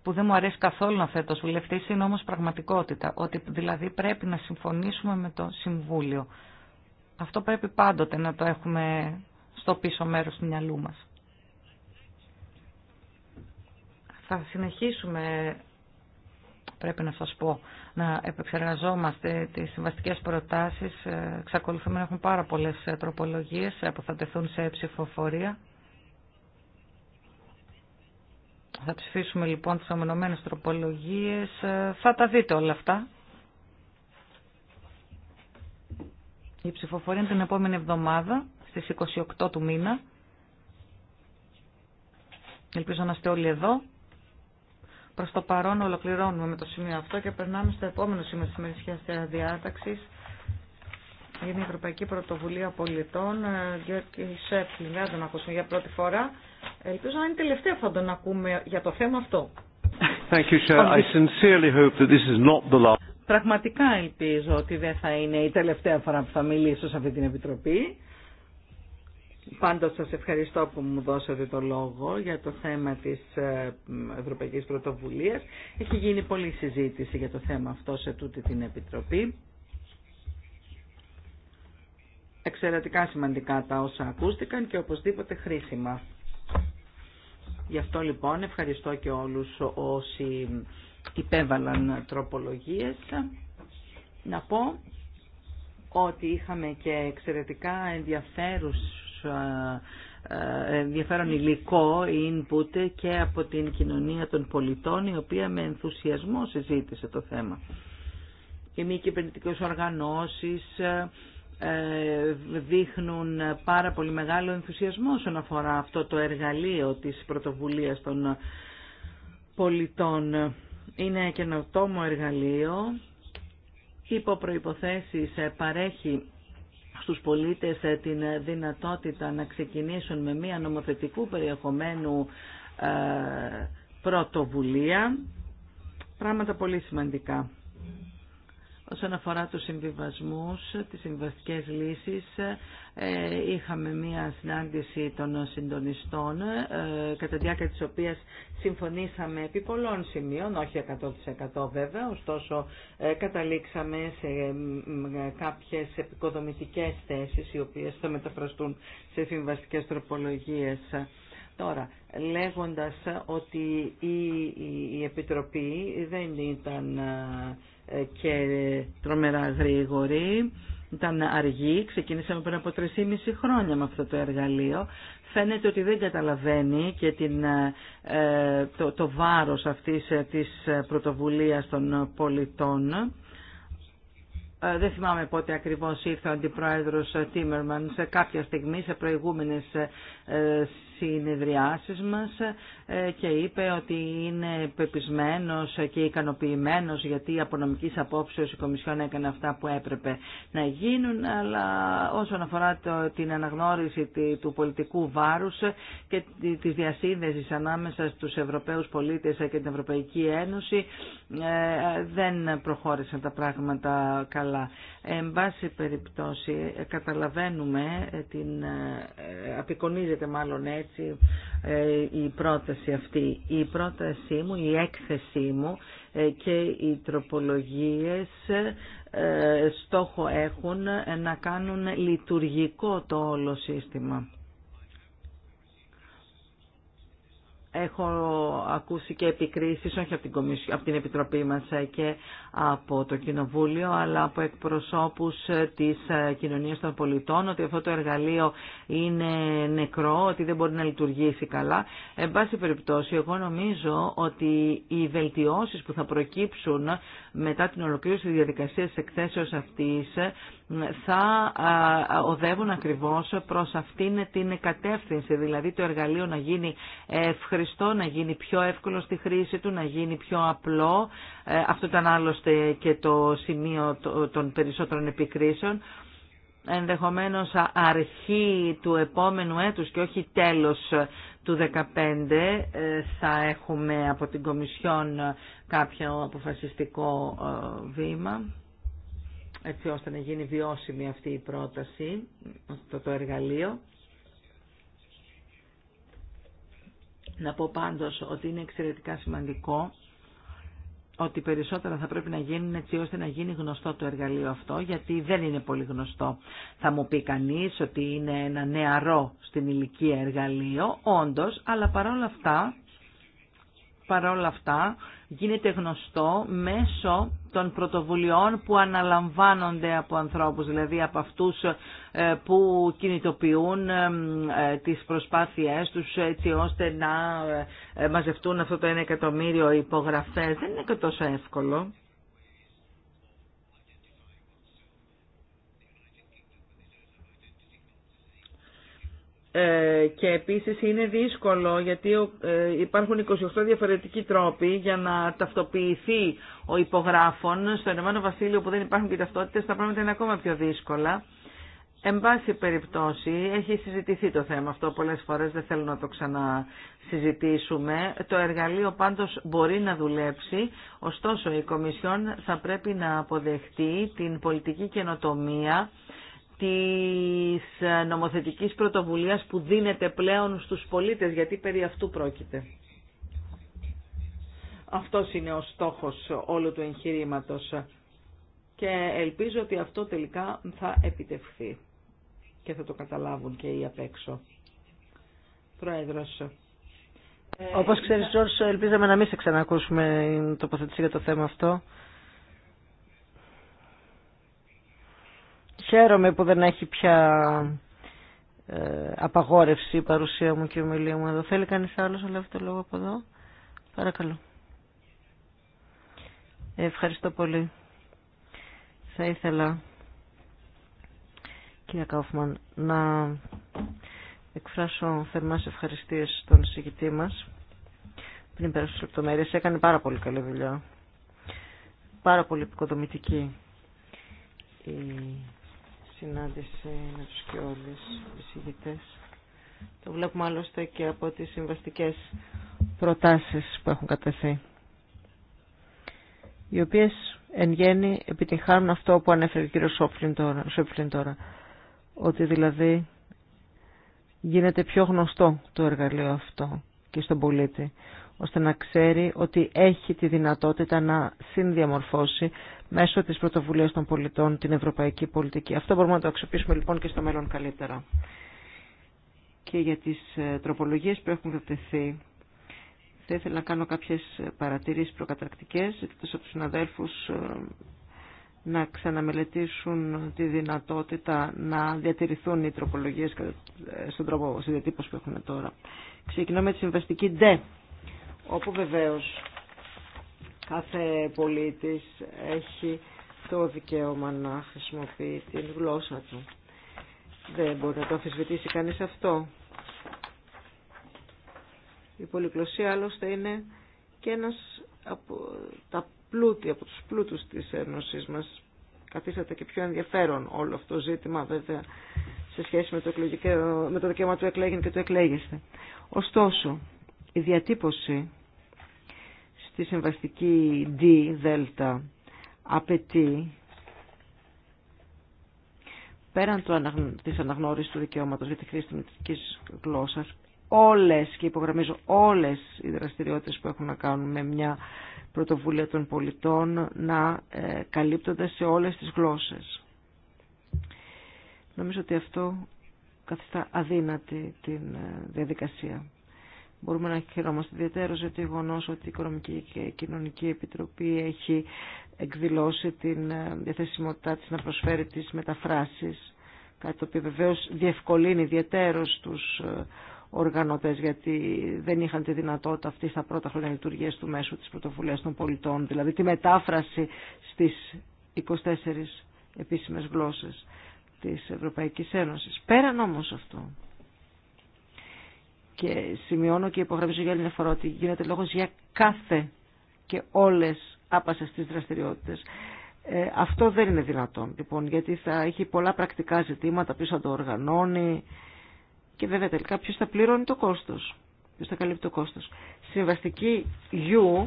που δεν μου αρέσει καθόλου να θέτω βουλευτή, είναι όμως πραγματικότητα. Ότι δηλαδή πρέπει να συμφωνήσουμε με το Συμβούλιο. Αυτό πρέπει πάντοτε να το έχουμε στο πίσω μέρος του μυαλού μας. Θα συνεχίσουμε, πρέπει να σας πω, να επεξεργαζόμαστε τις συμβαστικές προτάσεις. Ε, Ξακολουθούμε να έχουμε πάρα πολλές ε, τροπολογίες ε, που θα τεθούν σε ψηφοφορία. Θα ψηφίσουμε λοιπόν τις ομονωμένες τροπολογίες. Ε, θα τα δείτε όλα αυτά. Η ψηφοφορία είναι την επόμενη εβδομάδα, στις 28 του μήνα. Ελπίζω να είστε όλοι εδώ. Προς το παρόν ολοκληρώνουμε με το σημείο αυτό και περνάμε στο επόμενο σημείο της μερισιάς διάταξης. Είναι η Ευρωπαϊκή Πρωτοβουλία Πολιτών. Ε, Γιώργη Σέφλινγκ, να ακούσουμε για πρώτη φορά. Ελπίζω να είναι τελευταία που θα τον ακούμε για το θέμα αυτό. Πραγματικά ελπίζω ότι δεν θα είναι η τελευταία φορά που θα μιλήσω σε αυτή την Επιτροπή. Πάντως σας ευχαριστώ που μου δώσατε το λόγο για το θέμα της ε, Ευρωπαϊκής Πρωτοβουλίας. Έχει γίνει πολλή συζήτηση για το θέμα αυτό σε τούτη την Επιτροπή. Εξαιρετικά σημαντικά τα όσα ακούστηκαν και οπωσδήποτε χρήσιμα. Γι' αυτό λοιπόν ευχαριστώ και όλους όσοι υπέβαλαν τροπολογίες. Να πω ότι είχαμε και εξαιρετικά ενδιαφέρους ε, ενδιαφέρον υλικό, input και από την κοινωνία των πολιτών η οποία με ενθουσιασμό συζήτησε το θέμα. Και μη κυβερνητικέ οργανώσεις, ε, δείχνουν πάρα πολύ μεγάλο ενθουσιασμό όσον αφορά αυτό το εργαλείο της πρωτοβουλίας των πολιτών. Είναι καινοτόμο εργαλείο, υπό προϋποθέσεις ε, παρέχει στους πολίτες ε, την δυνατότητα να ξεκινήσουν με μία νομοθετικού περιεχομένου πρωτοβουλία, πράγματα πολύ σημαντικά. Όσον αφορά τους συμβιβασμούς, τις συμβαστικές λύσεις, ε, είχαμε μία συνάντηση των συντονιστών, ε, κατά διάρκεια της οποίας συμφωνήσαμε επί πολλών σημείων, όχι 100% βέβαια, ωστόσο ε, καταλήξαμε σε κάποιες επικοδομητικές θέσεις, οι οποίες θα μεταφραστούν σε συμβαστικές τροπολογίες. Τώρα, λέγοντας ότι η, η, η Επιτροπή δεν ήταν ε, και τρομερά γρήγορη. Ήταν αργή, ξεκινήσαμε πριν από 3,5 χρόνια με αυτό το εργαλείο. Φαίνεται ότι δεν καταλαβαίνει και την, ε, ε, το, το βάρος αυτής της πρωτοβουλίας των πολιτών. Δεν θυμάμαι πότε ακριβώς ήρθε ο Αντιπρόεδρος Τίμερμαν σε κάποια στιγμή, σε προηγούμενες συνεδριάσεις μας ε, και είπε ότι είναι πεπισμένος και ικανοποιημένος γιατί από νομικής απόψεως η Κομισιόν έκανε αυτά που έπρεπε να γίνουν αλλά όσον αφορά την αναγνώριση του πολιτικού βάρους και της διασύνδεσης ανάμεσα στους Ευρωπαίους πολίτες και την Ευρωπαϊκή Ένωση ε, ε, δεν προχώρησαν τα πράγματα καλά. Εν πάση περιπτώσει ε, καταλαβαίνουμε, ε, την, ε, απεικονίζεται μάλλον έτσι η πρόταση αυτή. Η πρότασή μου, η έκθεσή μου και οι τροπολογίες στόχο έχουν να κάνουν λειτουργικό το όλο σύστημα. Έχω ακούσει και επικρίσεις, όχι από την, την Επιτροπή μας ε, και από το Κοινοβούλιο, αλλά από εκπροσώπους ε, της ε, κοινωνίας των πολιτών, ότι αυτό το εργαλείο είναι νεκρό, ότι δεν μπορεί να λειτουργήσει καλά. Εν πάση περιπτώσει, εγώ νομίζω ότι οι βελτιώσεις που θα προκύψουν μετά την ολοκλήρωση της διαδικασίας της εκθέσεως αυτής, θα οδεύουν ακριβώς προς αυτήν την κατεύθυνση, δηλαδή το εργαλείο να γίνει να γίνει πιο εύκολο στη χρήση του, να γίνει πιο απλό. Ε, αυτό ήταν άλλωστε και το σημείο των περισσότερων επικρίσεων. Ενδεχομένως αρχή του επόμενου έτους και όχι τέλος του 2015 ε, θα έχουμε από την Κομισιόν κάποιο αποφασιστικό ε, βήμα έτσι ώστε να γίνει βιώσιμη αυτή η πρόταση, αυτό το εργαλείο. Να πω πάντως ότι είναι εξαιρετικά σημαντικό ότι περισσότερα θα πρέπει να γίνουν έτσι ώστε να γίνει γνωστό το εργαλείο αυτό, γιατί δεν είναι πολύ γνωστό. Θα μου πει κανείς ότι είναι ένα νεαρό στην ηλικία εργαλείο, όντως, αλλά παρόλα αυτά παρόλα αυτά γίνεται γνωστό μέσω των πρωτοβουλειών που αναλαμβάνονται από ανθρώπους, δηλαδή από αυτούς ε, που κινητοποιούν ε, ε, τις προσπάθειές τους έτσι ώστε να μαζευτούν αυτό το 1 εκατομμύριο υπογραφές. Δεν είναι και τόσο εύκολο. Ε, και επίσης είναι δύσκολο γιατί ε, υπάρχουν 28 διαφορετικοί τρόποι για να ταυτοποιηθεί ο υπογράφων. Στο Ηνωμένο Βασίλειο που δεν υπάρχουν και ταυτότητες τα πράγματα είναι ακόμα πιο δύσκολα. Εν πάση περιπτώσει, έχει συζητηθεί το θέμα αυτό πολλές φορές, δεν θέλω να το ξανασυζητήσουμε. Το εργαλείο πάντως μπορεί να δουλέψει, ωστόσο η Κομισιόν θα πρέπει να αποδεχτεί την πολιτική καινοτομία της ε, νομοθετικής πρωτοβουλίας που δίνεται πλέον στους πολίτες, γιατί περί αυτού πρόκειται. Αυτός είναι ο στόχος όλου του εγχειρήματος και ελπίζω ότι αυτό τελικά θα επιτευχθεί και θα το καταλάβουν και οι απ' έξω. Πρόεδρος. Όπως ξέρεις, ελπίζαμε να μην σε ξανακούσουμε τοποθετήσει για το θέμα αυτό. Χαίρομαι που δεν έχει πια ε, απαγόρευση η παρουσία μου και η ομιλία μου εδώ. Θέλει κανείς άλλος να λάβει το λόγο από εδώ. Παρακαλώ. Ευχαριστώ πολύ. Θα ήθελα, κυρία Κάουφμαν, να εκφράσω θερμά ευχαριστίες στον συγκητή μα Πριν πέρασε στις λεπτομέρειες, έκανε πάρα πολύ καλή δουλειά. Πάρα πολύ επικοδομητική η συνάντηση με τους και όλες τους Το βλέπουμε άλλωστε και από τις συμβαστικές προτάσεις που έχουν κατεθεί. Οι οποίες εν γέννη επιτυγχάνουν αυτό που ανέφερε ο κύριο Σόπφλιν τώρα. Ότι δηλαδή γίνεται πιο γνωστό το εργαλείο αυτό και στον πολίτη ώστε να ξέρει ότι έχει τη δυνατότητα να συνδιαμορφώσει μέσω της πρωτοβουλίας των πολιτών την ευρωπαϊκή πολιτική. Αυτό μπορούμε να το αξιοποιήσουμε λοιπόν και στο μέλλον καλύτερα. Και για τις ε, τροπολογίες που έχουν δοτεθεί θα ήθελα να κάνω κάποιες παρατηρήσεις προκαταρκτικές εκτός από τους συναδέλφους ε, να ξαναμελετήσουν τη δυνατότητα να διατηρηθούν οι τροπολογίες ε, στον τρόπο, στη διατύπωση που έχουν τώρα. Ξεκινώ με τη συμβαστική D, όπου βεβαίως Κάθε πολίτης έχει το δικαίωμα να χρησιμοποιεί την γλώσσα του. Δεν μπορεί να το αφισβητήσει κανείς αυτό. Η πολυκλωσία άλλωστε είναι και ένας από τα πλούτη, από τους πλούτους της Ένωσης μας. Καθίσατε και πιο ενδιαφέρον όλο αυτό το ζήτημα βέβαια σε σχέση με το, εκλογικό, με το δικαίωμα του εκλέγην και του εκλέγεστε. Ωστόσο, η διατύπωση στη συμβαστική D, δέλτα, απαιτεί πέραν του της αναγνώρισης του δικαιώματος για τη χρήση της μητρικής γλώσσας, όλες και υπογραμμίζω όλες οι δραστηριότητες που έχουν να κάνουν με μια πρωτοβουλία των πολιτών να ε, καλύπτονται σε όλες τις γλώσσες. Νομίζω ότι αυτό καθιστά αδύνατη την ε, διαδικασία μπορούμε να χαιρόμαστε ιδιαίτερο για το γεγονό ότι η Οικονομική και Κοινωνική Επιτροπή έχει εκδηλώσει την ε, διαθεσιμότητά της να προσφέρει τις μεταφράσεις, κάτι το οποίο βεβαίως διευκολύνει ιδιαίτερο τους ε, οργανωτές γιατί δεν είχαν τη δυνατότητα αυτή στα πρώτα χρόνια λειτουργία του μέσου της πρωτοβουλία των πολιτών, δηλαδή τη μετάφραση στις 24 επίσημες γλώσσες της Ευρωπαϊκής Ένωσης. Πέραν όμως αυτό, και σημειώνω και υπογραμμίζω για άλλη μια φορά ότι γίνεται λόγος για κάθε και όλες άπασες τις δραστηριότητες. Ε, αυτό δεν είναι δυνατόν, λοιπόν, γιατί θα έχει πολλά πρακτικά ζητήματα, ποιος θα το οργανώνει και βέβαια τελικά ποιος θα πληρώνει το κόστος, ποιος θα καλύπτει το κόστος. Συμβαστική U,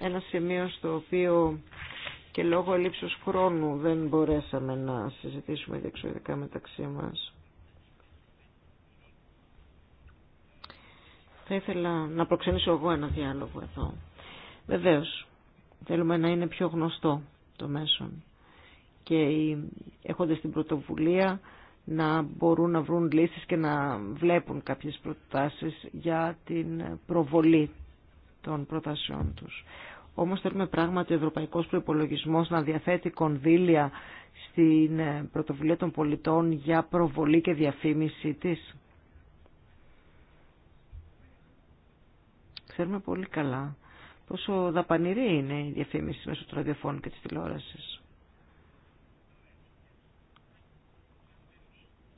ένα σημείο στο οποίο και λόγω ελλείψεως χρόνου δεν μπορέσαμε να συζητήσουμε διεξοδικά μεταξύ μας. Θα ήθελα να προξενήσω εγώ ένα διάλογο εδώ. Βεβαίω, θέλουμε να είναι πιο γνωστό το μέσον και έχοντα την πρωτοβουλία να μπορούν να βρουν λύσεις και να βλέπουν κάποιες προτάσεις για την προβολή των προτάσεών τους. Όμως θέλουμε πράγματι ο Ευρωπαϊκός Προϋπολογισμός να διαθέτει κονδύλια στην ε, πρωτοβουλία των πολιτών για προβολή και διαφήμιση της. ξέρουμε πολύ καλά πόσο δαπανηρή είναι η διαφήμιση μέσω του ραδιοφώνου και της τηλεόρασης.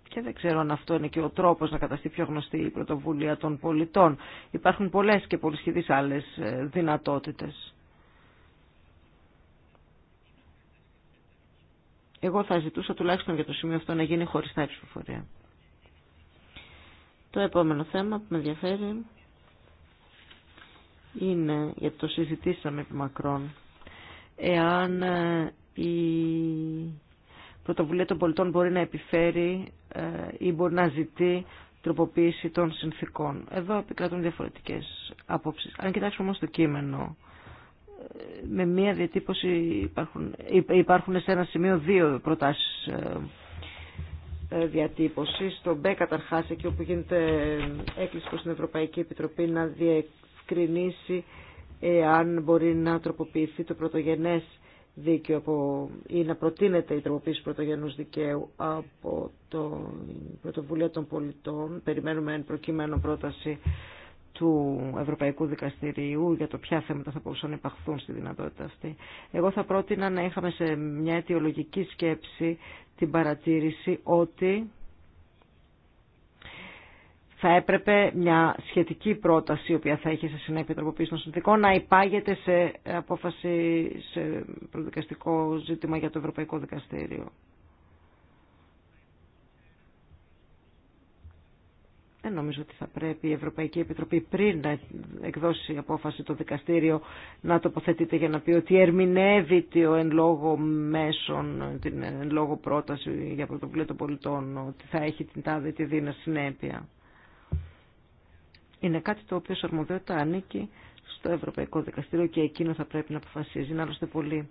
Και δεν ξέρω αν αυτό είναι και ο τρόπος να καταστεί πιο γνωστή η πρωτοβουλία των πολιτών. Υπάρχουν πολλές και πολυσχεδείς άλλες ε, δυνατότητες. Εγώ θα ζητούσα τουλάχιστον για το σημείο αυτό να γίνει χωριστά η ψηφοφορία. Το επόμενο θέμα που με ενδιαφέρει είναι, γιατί το συζητήσαμε επί μακρόν, εάν ε, η πρωτοβουλία των πολιτών μπορεί να επιφέρει ε, ή μπορεί να ζητεί τροποποίηση των συνθήκων. Εδώ επικρατούν διαφορετικές απόψεις. Αν κοιτάξουμε όμως το κείμενο, ε, με μία διατύπωση υπάρχουν, υπάρχουν σε ένα σημείο δύο προτάσεις διατύπωση. Στον ΜΠΕ καταρχάς εκεί όπου γίνεται έκκληση προ την Ευρωπαϊκή Επιτροπή να διευκρινίσει αν μπορεί να τροποποιηθεί το πρωτογενές δίκαιο από, ή να προτείνεται η τροποποίηση πρωτογενούς δικαίου από το Πρωτοβουλία των Πολιτών. Περιμένουμε εν προκειμένου πρόταση του Ευρωπαϊκού Δικαστηρίου για το ποια θέματα θα μπορούσαν να υπαχθούν στη δυνατότητα αυτή. Εγώ θα πρότεινα να είχαμε σε μια αιτιολογική σκέψη την παρατήρηση ότι θα έπρεπε μια σχετική πρόταση, η οποία θα έχει σε συνέπεια τροποποίηση των συνθηκών, να υπάγεται σε απόφαση, σε προδικαστικό ζήτημα για το Ευρωπαϊκό Δικαστήριο. Δεν νομίζω ότι θα πρέπει η Ευρωπαϊκή Επιτροπή πριν να εκδώσει απόφαση το δικαστήριο να τοποθετείται για να πει ότι ερμηνεύει το εν λόγω μέσων, την εν λόγω πρόταση για πρωτοβουλία των πολιτών, ότι θα έχει την τάδε τη δίνα συνέπεια είναι κάτι το οποίο σε αρμοδιότητα ανήκει στο Ευρωπαϊκό Δικαστήριο και εκείνο θα πρέπει να αποφασίζει. Είναι άλλωστε πολύ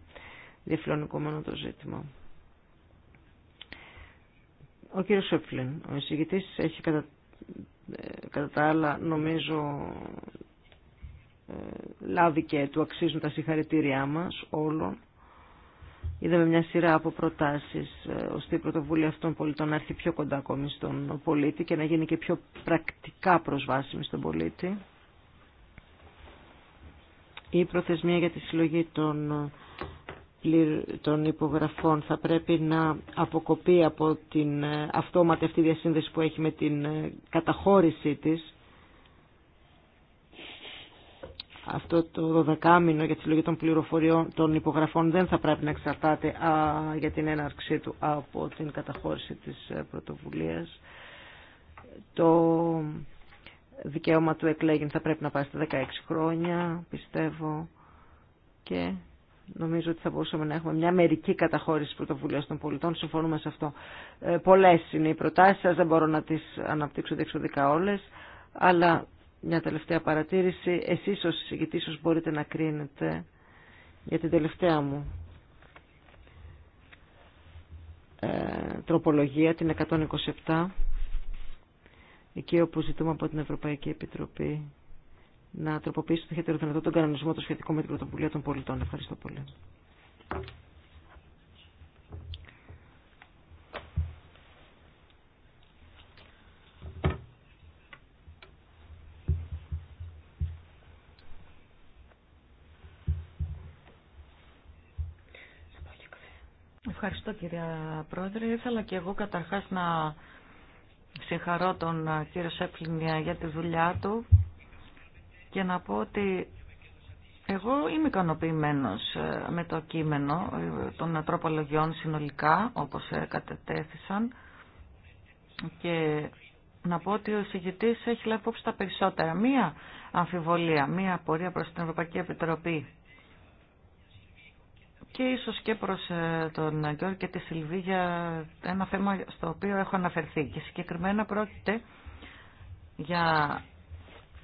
διαφιλονικόμενο το ζήτημα. Ο κύριος Σοφλίν, ο εισηγητής, έχει κατά, ε, κατά τα άλλα νομίζω ε, λάβει και του αξίζουν τα συγχαρητήριά μας όλων Είδαμε μια σειρά από προτάσεις ε, ώστε η πρωτοβουλία αυτών πολιτών να έρθει πιο κοντά ακόμη στον πολίτη και να γίνει και πιο πρακτικά προσβάσιμη στον πολίτη. Η προθεσμία για τη συλλογή των, των υπογραφών θα πρέπει να αποκοπεί από την ε, αυτόματη αυτή διασύνδεση που έχει με την ε, καταχώρησή της αυτό το δωδεκάμινο για τη συλλογή των πληροφοριών των υπογραφών δεν θα πρέπει να εξαρτάται για την έναρξή του από την καταχώρηση της ε, πρωτοβουλίας. Το δικαίωμα του εκλέγην θα πρέπει να πάει στα 16 χρόνια, πιστεύω, και νομίζω ότι θα μπορούσαμε να έχουμε μια μερική καταχώρηση πρωτοβουλία των πολιτών. Συμφωνούμε σε αυτό. Ε, Πολλέ είναι οι προτάσει σας. δεν μπορώ να τι αναπτύξω διεξοδικά όλε, αλλά μια τελευταία παρατήρηση. Εσείς ως γιατί ως μπορείτε να κρίνετε για την τελευταία μου ε, τροπολογία, την 127, εκεί όπου ζητούμε από την Ευρωπαϊκή Επιτροπή να τροποποιήσει το χέτερο δυνατό τον κανονισμό του σχετικό με την πρωτοβουλία των πολιτών. Ευχαριστώ πολύ. Ευχαριστώ κυρία Πρόεδρε. Ήθελα και εγώ καταρχάς να συγχαρώ τον ε, κύριο Σέφλιν ε, για τη δουλειά του και να πω ότι εγώ είμαι ικανοποιημένο ε, με το κείμενο των τροπολογιών συνολικά όπως κατετέθησαν και να πω ότι ο συγκητής έχει λάβει υπόψη τα περισσότερα. Μία αμφιβολία, μία απορία προς την Ευρωπαϊκή Επιτροπή και ίσως και προς ε, τον Γιώργο και τη Σιλβή για ένα θέμα στο οποίο έχω αναφερθεί και συγκεκριμένα πρόκειται για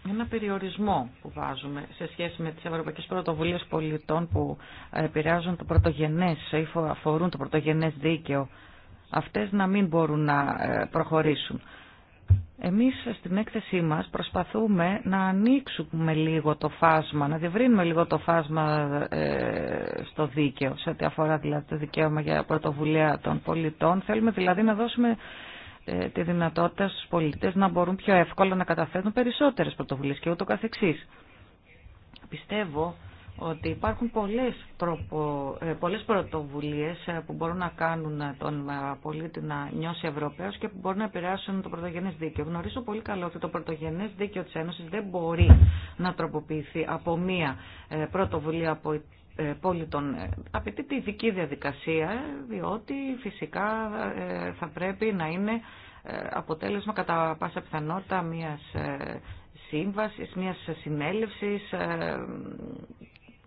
ένα περιορισμό που βάζουμε σε σχέση με τις Ευρωπαϊκές Πρωτοβουλίες Πολιτών που επηρεάζουν το πρωτογενές ή αφορούν το πρωτογενές δίκαιο αυτές να μην μπορούν να ε, προχωρήσουν. Εμείς στην έκθεσή μας προσπαθούμε να ανοίξουμε λίγο το φάσμα, να διευρύνουμε λίγο το φάσμα ε, στο δίκαιο, σε ό,τι αφορά δηλαδή το δικαίωμα για πρωτοβουλία των πολιτών. Θέλουμε δηλαδή να δώσουμε ε, τη δυνατότητα στους πολίτες να μπορούν πιο εύκολα να καταθέτουν περισσότερες πρωτοβουλίες και ούτω καθεξής. Πιστεύω ότι υπάρχουν πολλές, προπο, ε, πολλές πρωτοβουλίες ε, που μπορούν να κάνουν ε, τον πολίτη να νιώσει Ευρωπαίος και που μπορούν να επηρεάσουν το πρωτογενές δίκαιο. Γνωρίζω πολύ καλό ότι το πρωτογενές δίκαιο της Ένωσης δεν μπορεί να τροποποιηθεί από μία πρωτοβουλία από πολιτών. Απαιτείται ειδική διαδικασία, διότι φυσικά θα πρέπει να είναι αποτέλεσμα κατά πάσα πιθανότητα μιας σύμβασης, μιας συνέλευσης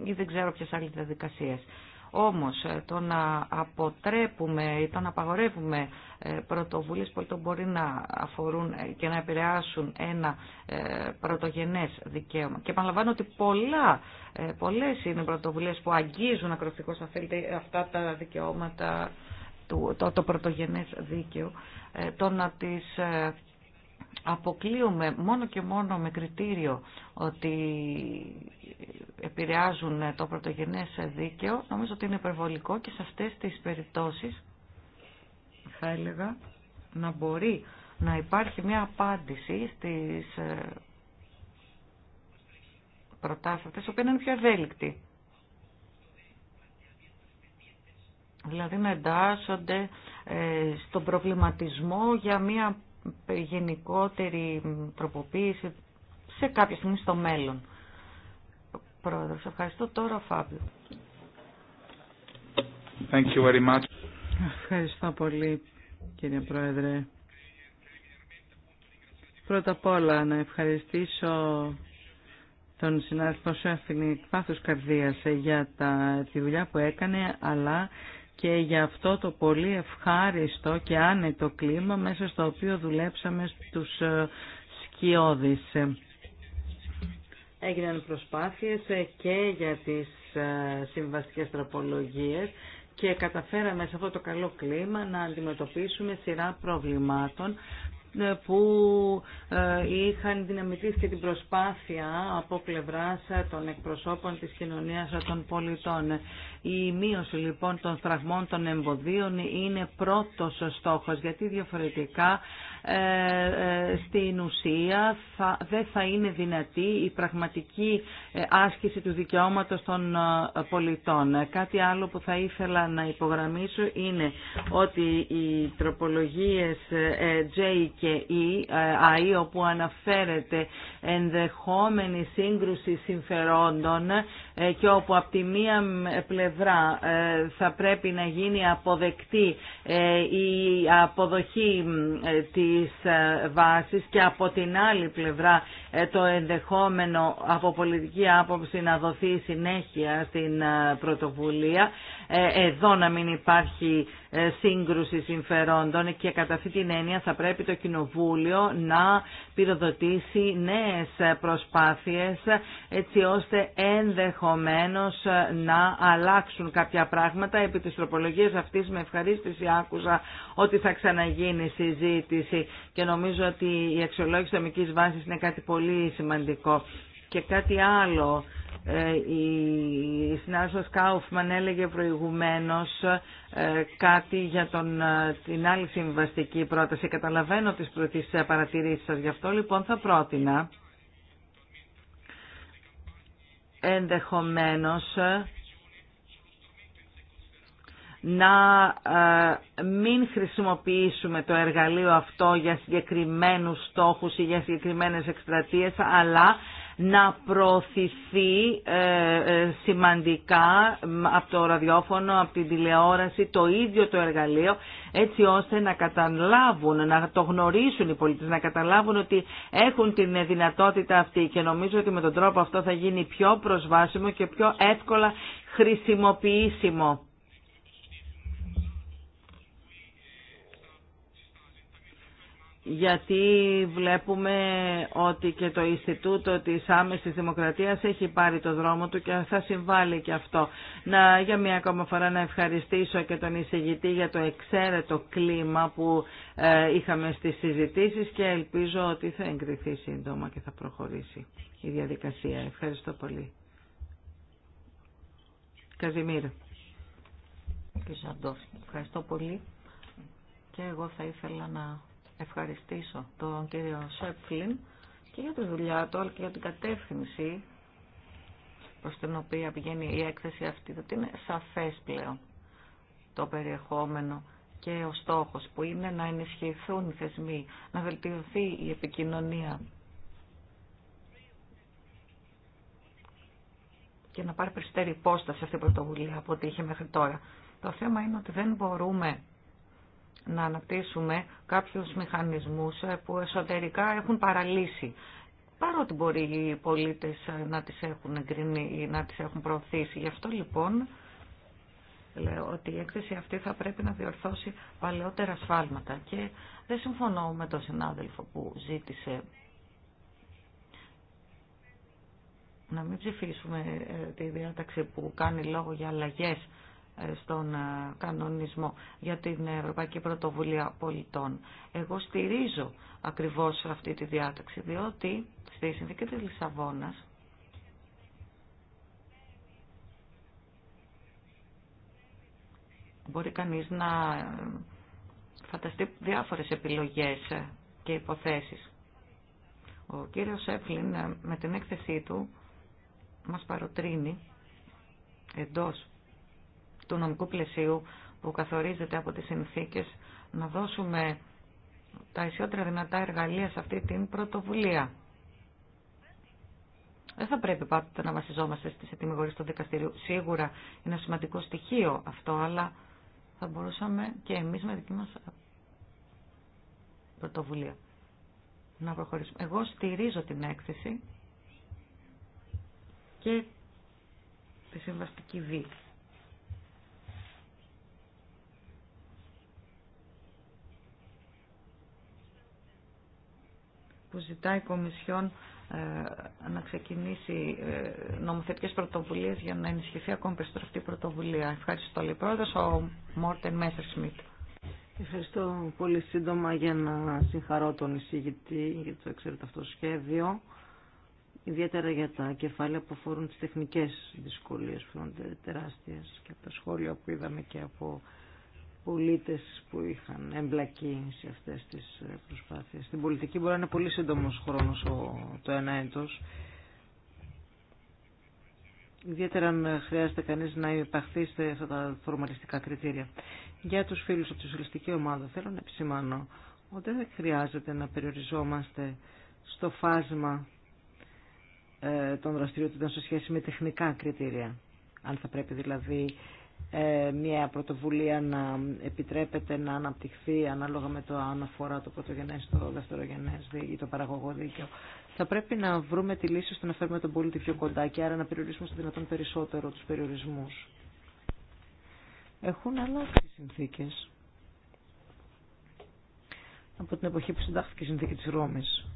ή δεν ξέρω ποιες άλλες διαδικασίες. Όμως ε, το να αποτρέπουμε ή το να απαγορεύουμε ε, πρωτοβουλίες που μπορεί να αφορούν ε, και να επηρεάσουν ένα πρωτογενές δικαίωμα. Και επαναλαμβάνω ότι πολλά, πολλές είναι πρωτοβουλίες που αγγίζουν ακροθυγώς αυτά τα δικαιώματα, το, το, το πρωτογενές δίκαιο, το να τις αποκλείουμε μόνο και μόνο με κριτήριο ότι επηρεάζουν το πρωτογενές δίκαιο, νομίζω ότι είναι υπερβολικό και σε αυτές τις περιπτώσεις θα έλεγα να μπορεί να υπάρχει μια απάντηση στις ε, προτάσεις αυτές, είναι πιο ευέλικτη. Δηλαδή να εντάσσονται ε, στον προβληματισμό για μια γενικότερη τροποποίηση σε κάποια στιγμή στο μέλλον. Πρόεδρος, ευχαριστώ τώρα Φάμπιο. Thank Ευχαριστώ πολύ κύριε Πρόεδρε. Πρώτα απ' όλα να ευχαριστήσω τον συνάδελφο Σέφινη εκ πάθους καρδίας για τα, τη δουλειά που έκανε αλλά και για αυτό το πολύ ευχάριστο και άνετο κλίμα μέσα στο οποίο δουλέψαμε στους ε, σκιώδεις. Έγιναν προσπάθειες ε, και για τις ε, συμβαστικές τροπολογίες και καταφέραμε σε αυτό το καλό κλίμα να αντιμετωπίσουμε σειρά προβλημάτων που ε, είχαν δυναμητήσει και την προσπάθεια από πλευρά των εκπροσώπων της κοινωνίας των πολιτών. Η μείωση λοιπόν των φραγμών των εμποδίων είναι πρώτος στόχος γιατί διαφορετικά ε, ε, στην ουσία θα, δεν θα είναι δυνατή η πραγματική ε, άσκηση του δικαιώματος των πολιτών. Κάτι άλλο που θα ήθελα να υπογραμμίσω είναι ότι οι τροπολογίες J και I, e, e, όπου αναφέρεται ενδεχόμενη σύγκρουση συμφερόντων ε, και όπου από τη μία πλευρά ε, θα πρέπει να γίνει αποδεκτή ε, η αποδοχή της βάσης και από την άλλη πλευρά ε, το ενδεχόμενο από πολιτική άποψη να δοθεί συνέχεια στην ε, πρωτοβουλία, ε, εδώ να μην υπάρχει σύγκρουση συμφερόντων και κατά αυτή την έννοια θα πρέπει το Κοινοβούλιο να πυροδοτήσει νέες προσπάθειες έτσι ώστε ενδεχομένως να αλλάξουν κάποια πράγματα. Επί της τροπολογίας αυτής με ευχαρίστηση άκουσα ότι θα ξαναγίνει συζήτηση και νομίζω ότι η αξιολόγηση βάσης είναι κάτι πολύ πολύ σημαντικό. Και κάτι άλλο, ε, η συνάδελφος Κάουφμαν έλεγε προηγουμένως ε, κάτι για τον, ε, την άλλη συμβαστική πρόταση. Καταλαβαίνω τις πρώτες παρατηρήσεις Γι' αυτό λοιπόν θα πρότεινα ενδεχομένως να ε, μην χρησιμοποιήσουμε το εργαλείο αυτό για συγκεκριμένους στόχους ή για συγκεκριμένες εκστρατείες, αλλά να προωθηθεί ε, ε, σημαντικά από το ραδιόφωνο, από την τηλεόραση, το ίδιο το εργαλείο, έτσι ώστε να καταλάβουν, να το γνωρίσουν οι πολίτες, να καταλάβουν ότι έχουν την δυνατότητα αυτή και νομίζω ότι με τον τρόπο αυτό θα γίνει πιο προσβάσιμο και πιο εύκολα χρησιμοποιήσιμο. γιατί βλέπουμε ότι και το Ινστιτούτο της Άμεσης Δημοκρατίας έχει πάρει το δρόμο του και θα συμβάλλει και αυτό. Να, για μια ακόμα φορά να ευχαριστήσω και τον εισηγητή για το εξαίρετο κλίμα που ε, είχαμε στις συζητήσεις και ελπίζω ότι θα εγκριθεί σύντομα και θα προχωρήσει η διαδικασία. Ευχαριστώ πολύ. Καζιμίρ. Ευχαριστώ πολύ. Και εγώ θα ήθελα να ευχαριστήσω τον κύριο Σέπφλιν και για τη δουλειά του, αλλά και για την κατεύθυνση προς την οποία πηγαίνει η έκθεση αυτή, ότι είναι σαφές πλέον το περιεχόμενο και ο στόχος που είναι να ενισχυθούν οι θεσμοί, να βελτιωθεί η επικοινωνία και να πάρει περισσότερη υπόσταση αυτή η πρωτοβουλία από ό,τι είχε μέχρι τώρα. Το θέμα είναι ότι δεν μπορούμε να αναπτύσσουμε κάποιους μηχανισμούς ε, που εσωτερικά έχουν παραλύσει. Παρότι μπορεί οι πολίτες ε, να τις έχουν εγκρινεί ή να τις έχουν προωθήσει. Γι' αυτό λοιπόν λέω ότι η έκθεση αυτή θα πρέπει να διορθώσει παλαιότερα σφάλματα. Και δεν συμφωνώ με τον συνάδελφο που ζήτησε να μην ψηφίσουμε ε, τη διάταξη που κάνει λόγο για αλλαγές στον ε, κανονισμό για την Ευρωπαϊκή Πρωτοβουλία Πολιτών. Εγώ στηρίζω ακριβώς αυτή τη διάταξη, διότι στη συνθήκη της Λισαβόνας μπορεί κανείς να ε, φανταστεί διάφορες επιλογές και υποθέσεις. Ο κύριος Σέφλιν ε, με την έκθεσή του μας παροτρύνει εντός του νομικού πλαισίου που καθορίζεται από τις συνθήκες να δώσουμε τα ισιότερα δυνατά εργαλεία σε αυτή την πρωτοβουλία. Δεν θα πρέπει πάντοτε να βασιζόμαστε στις ετοιμιγορίες του δικαστηρίου. Σίγουρα είναι ένα σημαντικό στοιχείο αυτό, αλλά θα μπορούσαμε και εμείς με δική μας πρωτοβουλία να προχωρήσουμε. Εγώ στηρίζω την έκθεση και τη συμβαστική βή. που ζητάει η Κομισιόν ε, να ξεκινήσει ε, νομοθετικές πρωτοβουλίες για να ενισχυθεί ακόμη περισσότερο αυτή η πρωτοβουλία. Ευχαριστώ λοιπόν πρόεδρος, ο Μόρτεν Μέσερ Σμιτ. Ευχαριστώ πολύ σύντομα για να συγχαρώ τον εισηγητή για το εξαιρετικό αυτό σχέδιο ιδιαίτερα για τα κεφάλαια που αφορούν τις τεχνικές δυσκολίες που είναι τεράστιες και από τα σχόλια που είδαμε και από πολίτες που είχαν εμπλακεί σε αυτές τις ε, προσπάθειες. Στην πολιτική μπορεί να είναι πολύ σύντομος χρόνος το ένα έτος. Ιδιαίτερα αν χρειάζεται κανείς να υπαχθεί σε αυτά τα φορμαλιστικά κριτήρια. Για τους φίλους από τη σοσιαλιστική ομάδα θέλω να επισημάνω ότι δεν χρειάζεται να περιοριζόμαστε στο φάσμα ε, των δραστηριοτήτων σε σχέση με τεχνικά κριτήρια. Αν θα πρέπει δηλαδή ε, μια πρωτοβουλία να επιτρέπεται να αναπτυχθεί ανάλογα με το αν αφορά το πρωτογενές, το δευτερογενές ή το παραγωγό δίκαιο. Θα πρέπει να βρούμε τη λύση στο να φέρουμε τον πολίτη πιο κοντά και άρα να περιορίσουμε στο δυνατόν περισσότερο τους περιορισμούς. Έχουν αλλάξει οι συνθήκες από την εποχή που συντάχθηκε η συνθήκη της Ρώμης.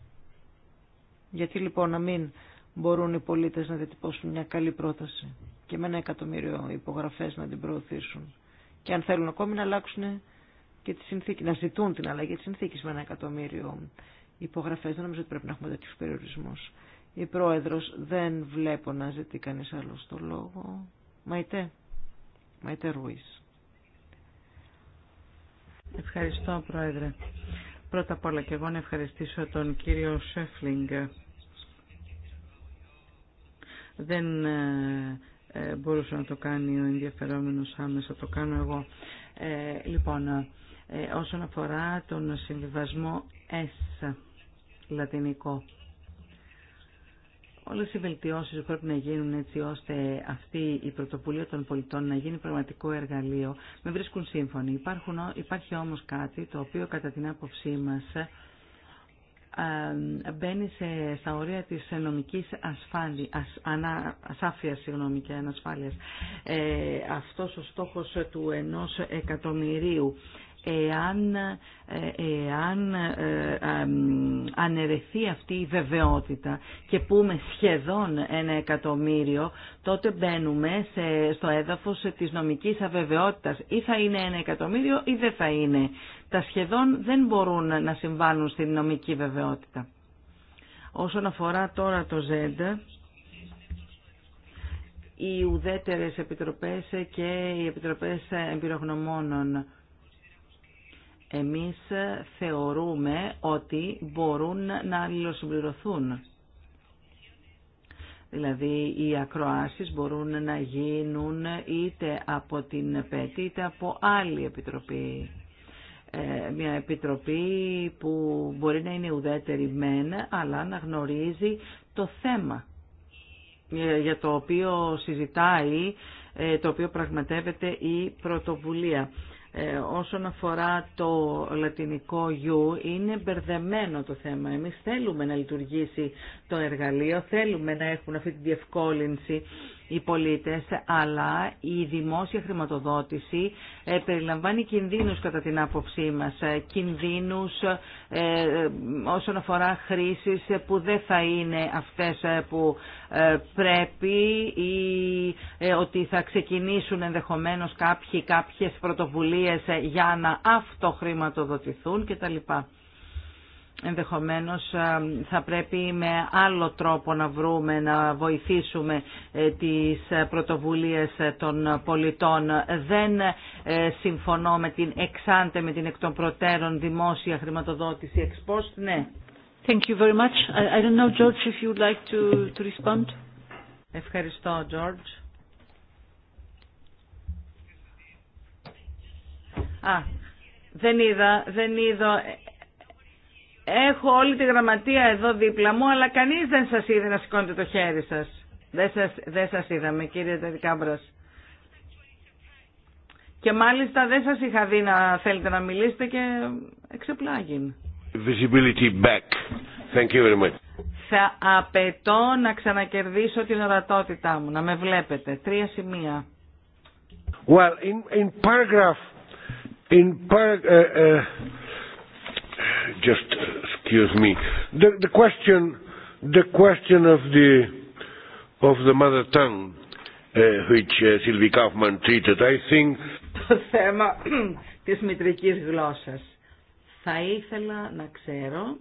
Γιατί λοιπόν να μην μπορούν οι πολίτες να διατυπώσουν μια καλή πρόταση και με ένα εκατομμύριο υπογραφές να την προωθήσουν. Και αν θέλουν ακόμη να αλλάξουν και τη συνθήκη, να ζητούν την αλλαγή τη συνθήκη με ένα εκατομμύριο υπογραφές. Δεν νομίζω ότι πρέπει να έχουμε τέτοιου περιορισμού. Η πρόεδρος δεν βλέπω να ζητεί κανεί άλλο το λόγο. Μαϊτέ. Μαϊτέ Ρουίς. Ευχαριστώ πρόεδρε. Πρώτα απ' όλα και εγώ να ευχαριστήσω τον κύριο Σέφλινγκ. Δεν ε, ε, μπορούσε να το κάνει ο ενδιαφερόμενος άμεσα, το κάνω εγώ. Ε, λοιπόν, ε, όσον αφορά τον συμβιβασμό S, λατινικό, όλες οι βελτιώσεις πρέπει να γίνουν έτσι ώστε αυτή η πρωτοβουλία των πολιτών να γίνει πραγματικό εργαλείο, με βρίσκουν σύμφωνοι. Υπάρχουν, υπάρχει όμως κάτι το οποίο κατά την άποψή μας μπαίνει σε, στα όρια της νομικής ασφάλειας, ανα, ασάφειας συγγνώμη, και ανασφάλειας. Ε, αυτός ο στόχος του ενός εκατομμυρίου εάν, εάν ε, ε αναιρεθεί αυτή η βεβαιότητα και πούμε σχεδόν ένα εκατομμύριο, τότε μπαίνουμε σε, στο έδαφος της νομικής αβεβαιότητας. Ή θα είναι ένα εκατομμύριο ή δεν θα είναι. Τα σχεδόν δεν μπορούν να συμβάλλουν στην νομική βεβαιότητα. Όσον αφορά τώρα το ΖΕΝΤΑ, οι ουδέτερες επιτροπές και οι επιτροπές εμπειρογνωμόνων εμείς θεωρούμε ότι μπορούν να αλληλοσυμπληρωθούν. Δηλαδή οι ακροάσεις μπορούν να γίνουν είτε από την ΠΕΤ είτε από άλλη επιτροπή. Ε, μια επιτροπή που μπορεί να είναι ουδέτερη μεν, αλλά να γνωρίζει το θέμα ε, για το οποίο συζητάει, ε, το οποίο πραγματεύεται η πρωτοβουλία. Ε, όσον αφορά το λατινικό γιου είναι μπερδεμένο το θέμα. Εμείς θέλουμε να λειτουργήσει το εργαλείο, θέλουμε να έχουν αυτή τη διευκόλυνση οι πολίτες, αλλά η δημόσια χρηματοδότηση ε, περιλαμβάνει κινδύνους κατά την άποψή μας, ε, κινδύνους ε, όσον αφορά χρήσεις που δεν θα είναι αυτές που πρέπει ή ότι θα ξεκινήσουν ενδεχομένως κάποιοι κάποιες πρωτοβουλίες για να αυτοχρηματοδοτηθούν κτλ ενδεχομένως θα πρέπει με άλλο τρόπο να βρούμε, να βοηθήσουμε ε, τις πρωτοβουλίες των πολιτών. Δεν ε, συμφωνώ με την εξάντε, με την εκ των προτέρων δημόσια χρηματοδότηση εξπόστ, ναι. Thank you very much. I, don't know, George, if like to, to respond. Ευχαριστώ, George. Α, δεν είδα, δεν είδα Έχω όλη τη γραμματεία εδώ δίπλα μου, αλλά κανείς δεν σας είδε να σηκώνετε το χέρι σας. Δεν σας, δεν σας είδαμε, κύριε Τερικάμπρας. Και μάλιστα δεν σας είχα δει να θέλετε να μιλήσετε και εξεπλάγει. Visibility back. Thank you very much. Θα απαιτώ να ξανακερδίσω την ορατότητά μου, να με βλέπετε. Τρία σημεία. Well, in, paragraph, in par, ε, ε, just excuse me. The, the question, the question of the of the mother tongue, uh, which uh, Sylvie Kaufman treated, I think. Το θέμα της μητρικής γλώσσας. Θα ήθελα να ξέρω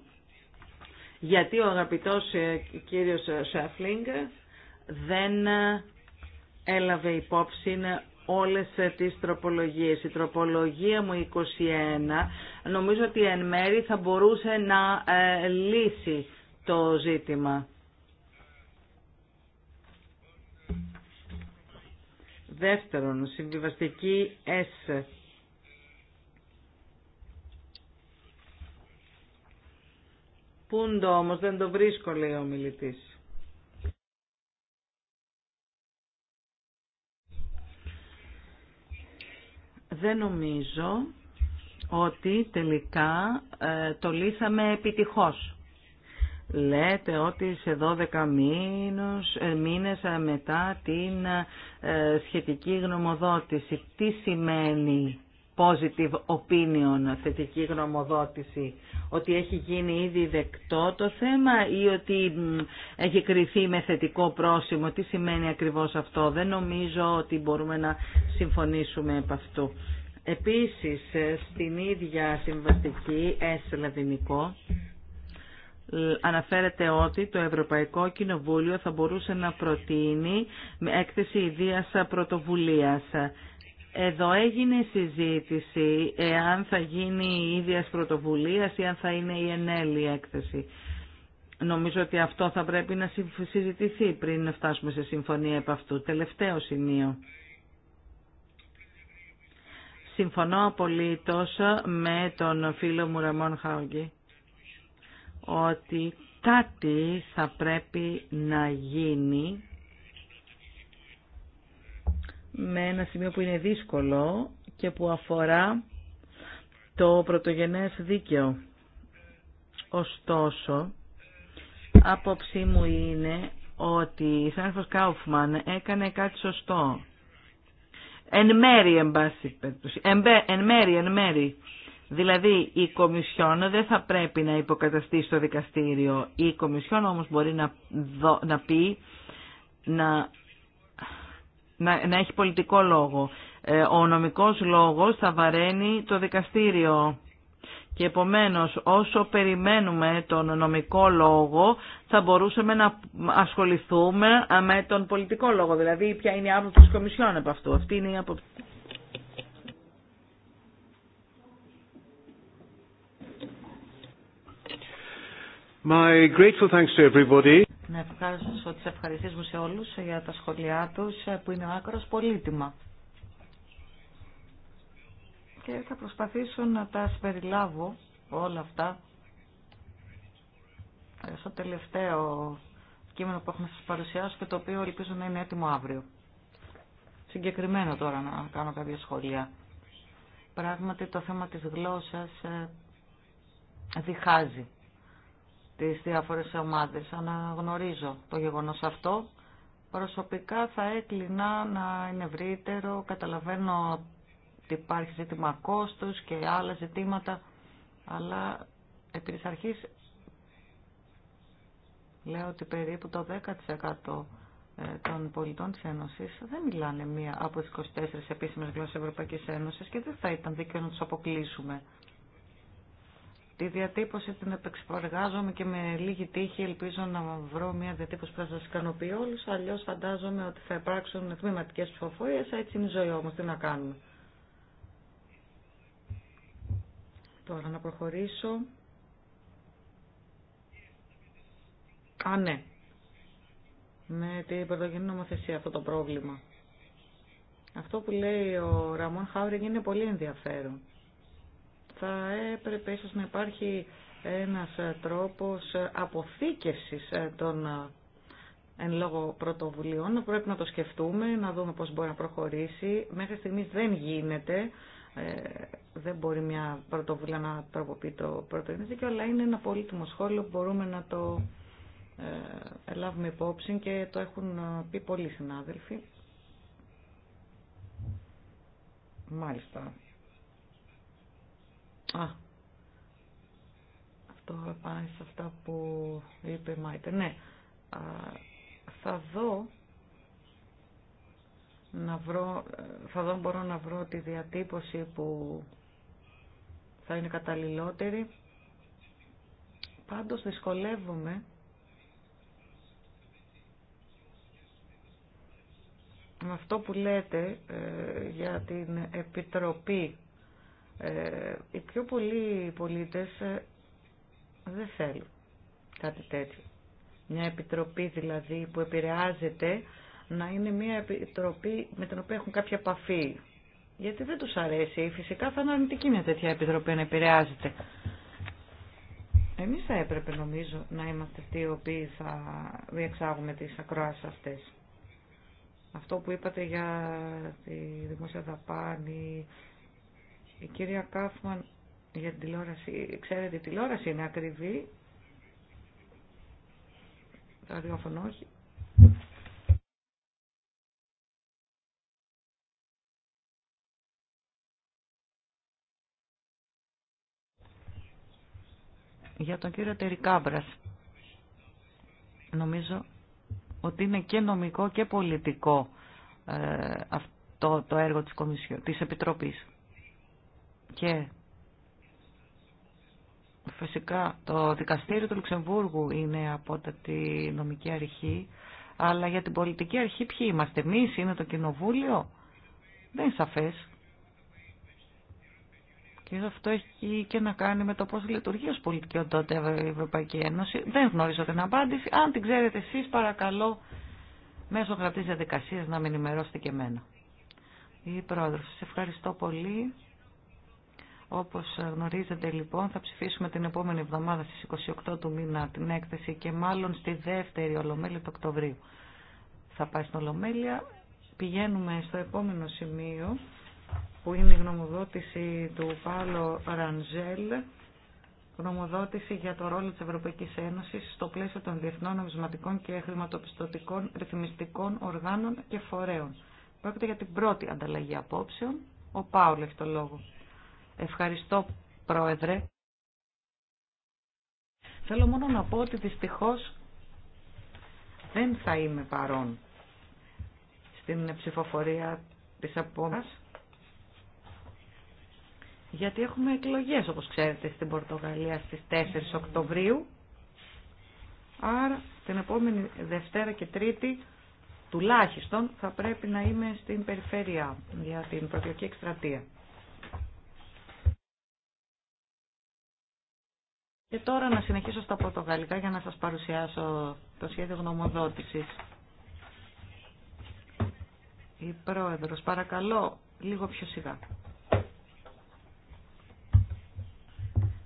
γιατί ο αγαπητός κύριος Σέφλινγκ δεν έλαβε υπόψη όλες ε, τις τροπολογίες. Η τροπολογία μου 21 νομίζω ότι εν μέρη θα μπορούσε να ε, λύσει το ζήτημα. Δεύτερον, συμβιβαστική S. Πούντο όμως δεν το βρίσκω λέει ο μιλητής. δεν νομίζω ότι τελικά ε, το λύσαμε επιτυχώς. Λέτε ότι σε 12 μήνους, ε, μήνες μετά την ε, σχετική γνωμοδότηση. Τι σημαίνει positive opinion, θετική γνωμοδότηση, ότι έχει γίνει ήδη δεκτό το θέμα ή ότι έχει κριθεί με θετικό πρόσημο. Τι σημαίνει ακριβώς αυτό. Δεν νομίζω ότι μπορούμε να συμφωνήσουμε επ' αυτού. Επίσης, ε, στην ίδια συμβαστική, S ε, αναφέρεται ότι το Ευρωπαϊκό Κοινοβούλιο θα μπορούσε να προτείνει με έκθεση ιδίας πρωτοβουλίας. Εδώ έγινε συζήτηση εάν θα γίνει η ίδια πρωτοβουλία ή αν θα είναι η ενέλη έκθεση. Νομίζω ότι αυτό θα πρέπει να συζητηθεί πριν φτάσουμε σε συμφωνία επ' αυτού. Τελευταίο σημείο. Συμφωνώ απολύτως με τον φίλο μου Ραμόν Χάουγκη, ότι κάτι θα πρέπει να γίνει με ένα σημείο που είναι δύσκολο και που αφορά το πρωτογενές δίκαιο. Ωστόσο, άποψή μου είναι ότι ο Σάρφος Κάουφμαν έκανε κάτι σωστό. Εν μέρη, εν πάση Εν μέρη, εν μέρη. Δηλαδή, η Κομισιόν δεν θα πρέπει να υποκαταστήσει το δικαστήριο. Η Κομισιόν όμως μπορεί να, να πει να να, έχει πολιτικό λόγο. Ε, ο νομικός λόγος θα βαραίνει το δικαστήριο. Και επομένως όσο περιμένουμε τον νομικό λόγο θα μπορούσαμε να ασχοληθούμε με τον πολιτικό λόγο. Δηλαδή ποια είναι η άποψη της Κομισιόν από αυτού. Αυτή είναι η άποψη. My grateful thanks να ευχαριστήσω τις ευχαριστήσεις μου σε όλους για τα σχόλιά τους που είναι άκρος πολύτιμα. Και θα προσπαθήσω να τα συμπεριλάβω όλα αυτά στο τελευταίο κείμενο που έχουμε σας παρουσιάσει και το οποίο ελπίζω να είναι έτοιμο αύριο. Συγκεκριμένο τώρα να κάνω κάποια σχόλια. Πράγματι το θέμα της γλώσσας ε, διχάζει τις διάφορες ομάδες. Αναγνωρίζω το γεγονός αυτό. Προσωπικά θα έκλεινα να είναι ευρύτερο. Καταλαβαίνω ότι υπάρχει ζήτημα κόστος και άλλα ζητήματα, αλλά επί της αρχής λέω ότι περίπου το 10% ε, των πολιτών της Ένωσης δεν μιλάνε μία από τις 24 επίσημες γλώσσες Ευρωπαϊκής Ένωσης και δεν θα ήταν δίκαιο να τους αποκλείσουμε. Τη διατύπωση την επεξεργάζομαι και με λίγη τύχη ελπίζω να βρω μια διατύπωση που θα σας ικανοποιεί όλους, αλλιώς φαντάζομαι ότι θα υπάρξουν τμήματικές ψηφοφορίες, έτσι είναι η ζωή όμως, τι να κάνουμε. Τώρα να προχωρήσω. Α, ναι. Με την πρωτογενή νομοθεσία αυτό το πρόβλημα. Αυτό που λέει ο Ραμόν Χάουριγκ είναι πολύ ενδιαφέρον θα έπρεπε ίσως να υπάρχει ένας τρόπος αποθήκευσης των ε, εν λόγω πρωτοβουλειών. Πρέπει να το σκεφτούμε, να δούμε πώς μπορεί να προχωρήσει. Μέχρι στιγμής δεν γίνεται. Ε, δεν μπορεί μια πρωτοβουλία να τροποποιεί το πρώτο δίκαιο, αλλά είναι ένα πολύτιμο σχόλιο που μπορούμε να το ε, λάβουμε υπόψη και το έχουν πει πολλοί συνάδελφοι. Μάλιστα. Α, αυτό πάει σε αυτά που είπε η Μάιτε. Ναι, θα δω να βρω, ε, θα δω μπορώ να βρω τη διατύπωση που θα είναι καταλληλότερη. Πάντως δυσκολεύομαι με αυτό που λέτε ε, για την Επιτροπή ε, οι πιο πολλοί πολίτες ε, δεν θέλουν κάτι τέτοιο. Μια επιτροπή δηλαδή που επηρεάζεται να είναι μια επιτροπή με την οποία έχουν κάποια επαφή. Γιατί δεν τους αρέσει. Φυσικά θα είναι αρνητική μια τέτοια επιτροπή να επηρεάζεται. Εμείς θα έπρεπε νομίζω να είμαστε αυτοί οι οποίοι θα διεξάγουμε τις ακροάσεις αυτές. Αυτό που είπατε για τη δημόσια δαπάνη, η κυρία Κάφμαν για την τηλεόραση, ξέρετε η τηλεόραση είναι ακριβή. Τα ραδιόφωνο όχι. Για τον κύριο Τερικάμπρας. Νομίζω ότι είναι και νομικό και πολιτικό ε, αυτό το έργο της, Κομισιό, της Επιτροπής. Και φυσικά το δικαστήριο του Λουξεμβούργου είναι από τη νομική αρχή, αλλά για την πολιτική αρχή ποιοι είμαστε εμείς, είναι το κοινοβούλιο. Δεν είναι σαφές. Και αυτό έχει και να κάνει με το πώς λειτουργεί ως πολιτική οντότητα η Ευρωπαϊκή Ένωση. Δεν γνωρίζω την απάντηση. Αν την ξέρετε εσείς παρακαλώ μέσω γραπτής διαδικασίας να με ενημερώσετε και εμένα. Η Πρόεδρος, ευχαριστώ πολύ. Όπως γνωρίζετε λοιπόν θα ψηφίσουμε την επόμενη εβδομάδα στις 28 του μήνα την έκθεση και μάλλον στη δεύτερη Ολομέλεια του Οκτωβρίου. Θα πάει στην Ολομέλεια. Πηγαίνουμε στο επόμενο σημείο που είναι η γνωμοδότηση του Πάλο Ρανζέλ γνωμοδότηση για το ρόλο της Ευρωπαϊκής Ένωσης στο πλαίσιο των διεθνών νομισματικών και χρηματοπιστωτικών ρυθμιστικών οργάνων και φορέων. Πρόκειται για την πρώτη ανταλλαγή απόψεων. Ο Πάουλ έχει το λόγο. Ευχαριστώ, Πρόεδρε. Θέλω μόνο να πω ότι δυστυχώς δεν θα είμαι παρόν στην ψηφοφορία της απόμας γιατί έχουμε εκλογές όπως ξέρετε στην Πορτογαλία στις 4 Οκτωβρίου άρα την επόμενη Δευτέρα και Τρίτη τουλάχιστον θα πρέπει να είμαι στην περιφέρεια για την προεκλογική εκστρατεία. Και τώρα να συνεχίσω στα πορτογαλικά για να σας παρουσιάσω το σχέδιο γνωμοδότησης. Η πρόεδρος, παρακαλώ, λίγο πιο σιγά.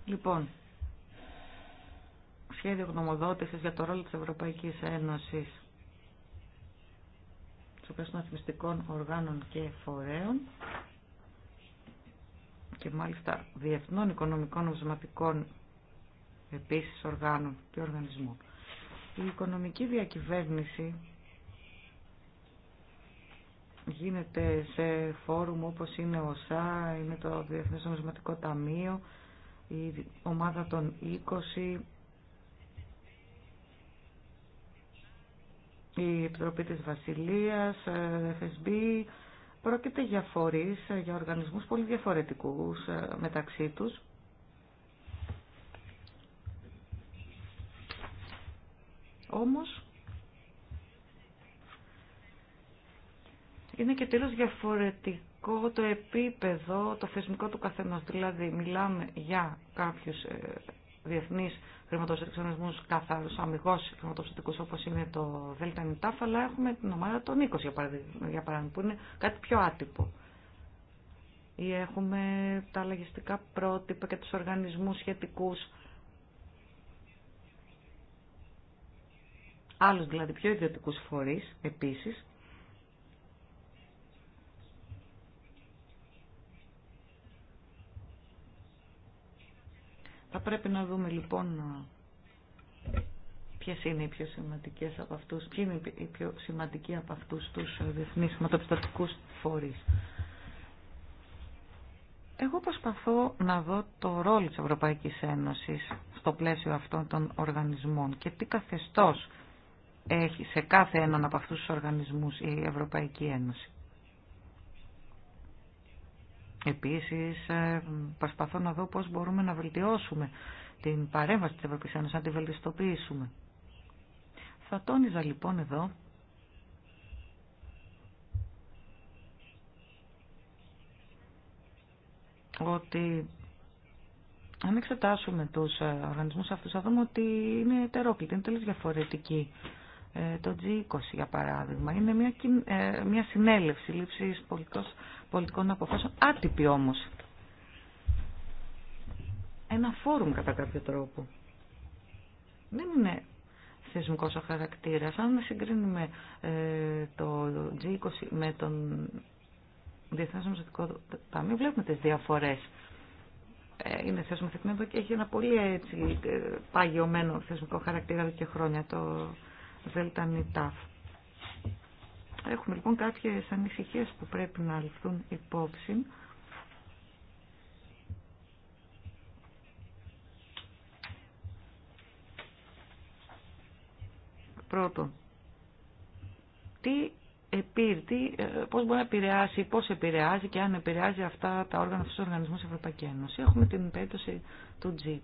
Λοιπόν, σχέδιο γνωμοδότησης για το ρόλο της Ευρωπαϊκής Ένωσης των αθμιστικών οργάνων και φορέων και μάλιστα διεθνών οικονομικών ομισματικών επίσης οργάνων και οργανισμού. Η οικονομική διακυβέρνηση γίνεται σε φόρουμ όπως είναι ο ΣΑ, είναι το Διεθνές Νομισματικό Ταμείο, η ομάδα των 20, η Επιτροπή της Βασιλείας, FSB, πρόκειται για φορείς, για οργανισμούς πολύ διαφορετικούς μεταξύ τους Όμως, είναι και τελείως διαφορετικό το επίπεδο, το θεσμικό του καθενός. Δηλαδή, μιλάμε για κάποιους ε, διεθνείς χρηματοδοτικούς καθαρούς, αμυγός χρηματοδοτικούς όπως είναι το ΔΕΛΤΑ αλλά έχουμε την ομάδα των 20 για παράδειγμα, που είναι κάτι πιο άτυπο. Ή έχουμε τα λογιστικά πρότυπα και τους οργανισμούς σχετικούς άλλους δηλαδή πιο ιδιωτικούς φορείς επίσης, Θα πρέπει να δούμε λοιπόν ποιε είναι οι πιο σημαντικέ από αυτούς, ποιοι είναι οι πιο σημαντικοί από αυτούς τους ε, διεθνείς χρηματοπιστωτικού φορείς. Εγώ προσπαθώ να δω το ρόλο της Ευρωπαϊκής Ένωσης στο πλαίσιο αυτών των οργανισμών και τι καθεστώς έχει σε κάθε έναν από αυτούς τους οργανισμούς η Ευρωπαϊκή Ένωση. Επίσης, ε, προσπαθώ να δω πώς μπορούμε να βελτιώσουμε την παρέμβαση της Ευρωπαϊκής Ένωσης, να τη βελτιστοποιήσουμε. Θα τόνιζα λοιπόν εδώ ότι αν εξετάσουμε τους ε, οργανισμούς αυτούς θα δούμε ότι είναι ετερόκλητοι, είναι τελείως διαφορετικοί ε, το G20 για παράδειγμα. Είναι μια, ε, μια συνέλευση λήψης πολιτικών αποφάσεων, άτυπη όμως. Ένα φόρουμ κατά κάποιο τρόπο. Δεν είναι θεσμικός ο χαρακτήρας. Αν συγκρίνουμε ε, το G20 με τον Διεθνές Μεσοδοτικό Ταμείο, βλέπουμε τις διαφορές. Είναι θεσμοθετημένο και έχει ένα πολύ έτσι παγιωμένο θεσμικό χαρακτήρα εδώ και χρόνια το ΔΝΤ. Έχουμε λοιπόν κάποιες ανησυχίες που πρέπει να ληφθούν υπόψη. Πρώτον, τι ε, πώς μπορεί να επηρεάσει, πώς επηρεάζει και αν επηρεάζει αυτά τα όργανα τους οργανισμούς Ευρωπαϊκή Ένωση. Έχουμε την περίπτωση του g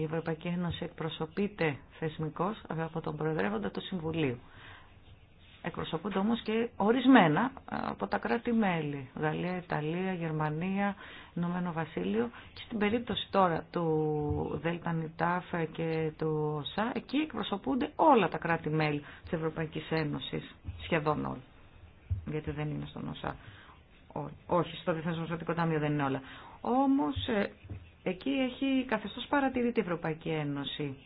Η Ευρωπαϊκή Ένωση εκπροσωπείται θεσμικώς από τον Προεδρεύοντα του Συμβουλίου. Εκπροσωπούνται όμως και ορισμένα από τα κράτη-μέλη. Γαλλία, Ιταλία, Γερμανία, Ηνωμένο Βασίλειο. Και στην περίπτωση τώρα του ΔΕΛΤΑ και του ΩΣΑ, εκεί εκπροσωπούνται όλα τα κράτη-μέλη της Ευρωπαϊκής Ένωσης, σχεδόν όλοι. Γιατί δεν είναι στον ΩΣΑ. όχι, στο Διεθνές Ταμείο δεν είναι όλα. Ε, Εκεί έχει καθεστώς παρατηρητή η Ευρωπαϊκή Ένωση.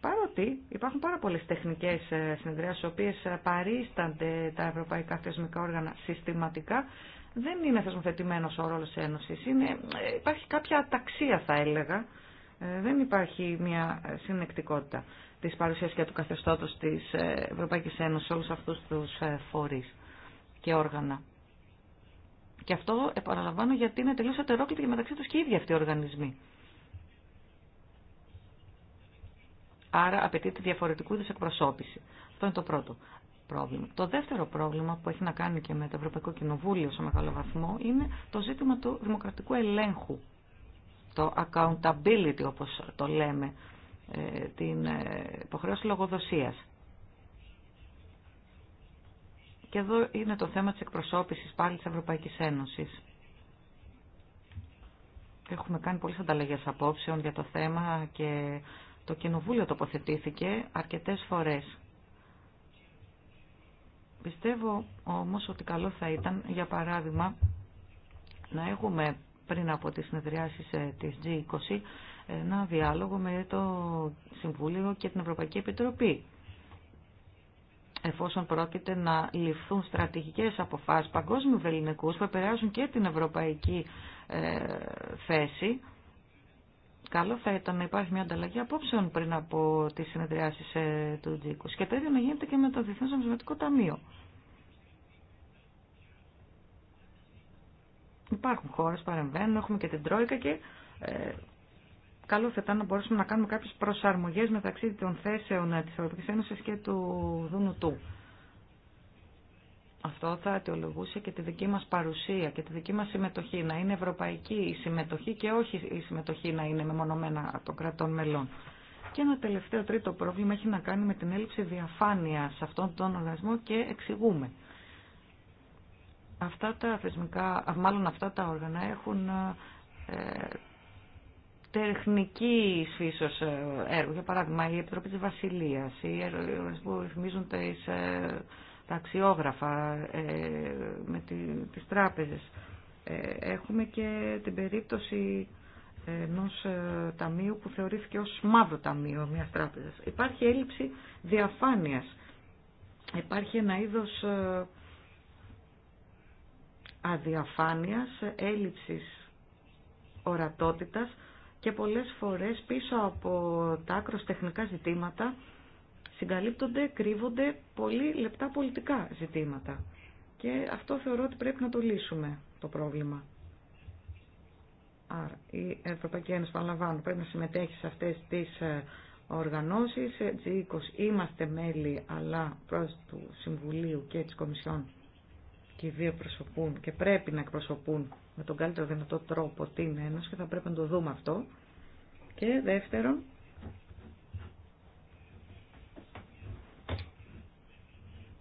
Παρότι υπάρχουν πάρα πολλές τεχνικές ε, συνεδρίες οι οποίες ε, παρίστανται τα ευρωπαϊκά θεσμικά όργανα συστηματικά, δεν είναι θεσμοθετημένος ο ρόλο τη Ένωση. Ε, υπάρχει κάποια αταξία, θα έλεγα. Δεν υπάρχει μια συνεκτικότητα της παρουσίας και του καθεστώτος της Ευρωπαϊκή Ένωση σε όλου αυτού του φορεί και όργανα. Και αυτό επαναλαμβάνω γιατί είναι τελείως ατερόκλητοι μεταξύ τους και οι ίδιοι αυτοί οι οργανισμοί. Άρα απαιτείται διαφορετικού είδους εκπροσώπηση. Αυτό είναι το πρώτο πρόβλημα. Το δεύτερο πρόβλημα που έχει να κάνει και με το Ευρωπαϊκό Κοινοβούλιο σε μεγάλο βαθμό είναι το ζήτημα του δημοκρατικού ελέγχου. Το accountability όπως το λέμε, ε, την ε, υποχρέωση λογοδοσίας. Και εδώ είναι το θέμα της εκπροσώπησης πάλι της Ευρωπαϊκής Ένωσης. Έχουμε κάνει πολλές ανταλλαγές απόψεων για το θέμα και το Κοινοβούλιο τοποθετήθηκε αρκετές φορές. Πιστεύω όμως ότι καλό θα ήταν, για παράδειγμα, να έχουμε πριν από τις συνεδριάσεις ε, της G20 ένα διάλογο με το Συμβούλιο και την Ευρωπαϊκή Επιτροπή εφόσον πρόκειται να ληφθούν στρατηγικές αποφάσεις παγκόσμιου βεληνικούς που επηρεάζουν και την ευρωπαϊκή ε, θέση, καλό θα ήταν να υπάρχει μια ανταλλαγή απόψεων πριν από τις συνεδριάσεις ε, του G20. Και το ίδιο να γίνεται και με το Διεθνές Νομισματικό Ταμείο. Υπάρχουν χώρες, παρεμβαίνουν, έχουμε και την Τρόικα και ε, καλό θα ήταν να μπορέσουμε να κάνουμε κάποιες προσαρμογές μεταξύ των θέσεων της Ευρωπαϊκής Ένωσης και του Δούνου Αυτό θα αιτιολογούσε και τη δική μας παρουσία και τη δική μας συμμετοχή, να είναι ευρωπαϊκή η συμμετοχή και όχι η συμμετοχή να είναι μεμονωμένα των κρατών μελών. Και ένα τελευταίο τρίτο πρόβλημα έχει να κάνει με την έλλειψη διαφάνεια σε αυτόν τον οργανισμό και εξηγούμε. Αυτά τα θεσμικά, μάλλον αυτά τα όργανα έχουν ε, τεχνική φύσεω ε, έργο. Για παράδειγμα, η Επιτροπή τη Βασιλεία, οι έργοι που ρυθμίζουν τα ε, αξιόγραφα ε, με τι τράπεζε. Έχουμε και την περίπτωση ενό ταμείου που θεωρήθηκε ω μαύρο ταμείο μια τράπεζα. Υπάρχει έλλειψη διαφάνεια. Υπάρχει ένα είδο αδιαφάνειας, έλλειψης ορατότητας και πολλές φορές πίσω από τα άκρος τεχνικά ζητήματα συγκαλύπτονται, κρύβονται πολύ λεπτά πολιτικά ζητήματα. Και αυτό θεωρώ ότι πρέπει να το λύσουμε το πρόβλημα. Άρα η Ευρωπαϊκή Ένωση, παραλαμβάνω, πρέπει να συμμετέχει σε αυτές τις ε, οργανώσεις. Ε, είμαστε μέλη, αλλά προς του Συμβουλίου και της Κομισιόν και οι δύο προσωπούν και πρέπει να εκπροσωπούν με τον καλύτερο δυνατό τρόπο την Ένωση και θα πρέπει να το δούμε αυτό. Και δεύτερον,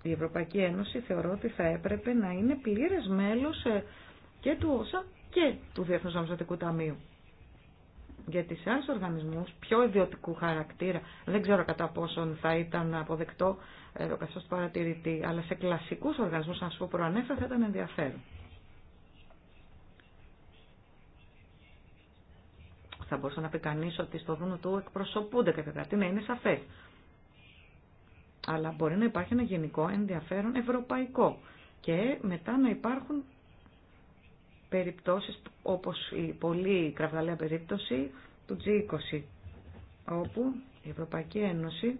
η Ευρωπαϊκή Ένωση θεωρώ ότι θα έπρεπε να είναι πλήρες μέλος ε, και του ΩΣΑ και του Διεθνούς Νομισματικού Ταμείου. Γιατί σε άλλους οργανισμούς πιο ιδιωτικού χαρακτήρα, δεν ξέρω κατά πόσον θα ήταν αποδεκτό ε, ο καθώς παρατηρητή, αλλά σε κλασικούς οργανισμούς, αν σου προανέφερα, θα ήταν ενδιαφέρον. θα μπορούσε να πει κανεί ότι στο δούνο του εκπροσωπούνται κάποια κράτη. Ναι, είναι σαφέ. Αλλά μπορεί να υπάρχει ένα γενικό ενδιαφέρον ευρωπαϊκό και μετά να υπάρχουν περιπτώσεις όπως η πολύ κραυγαλαία περίπτωση του G20 όπου η Ευρωπαϊκή Ένωση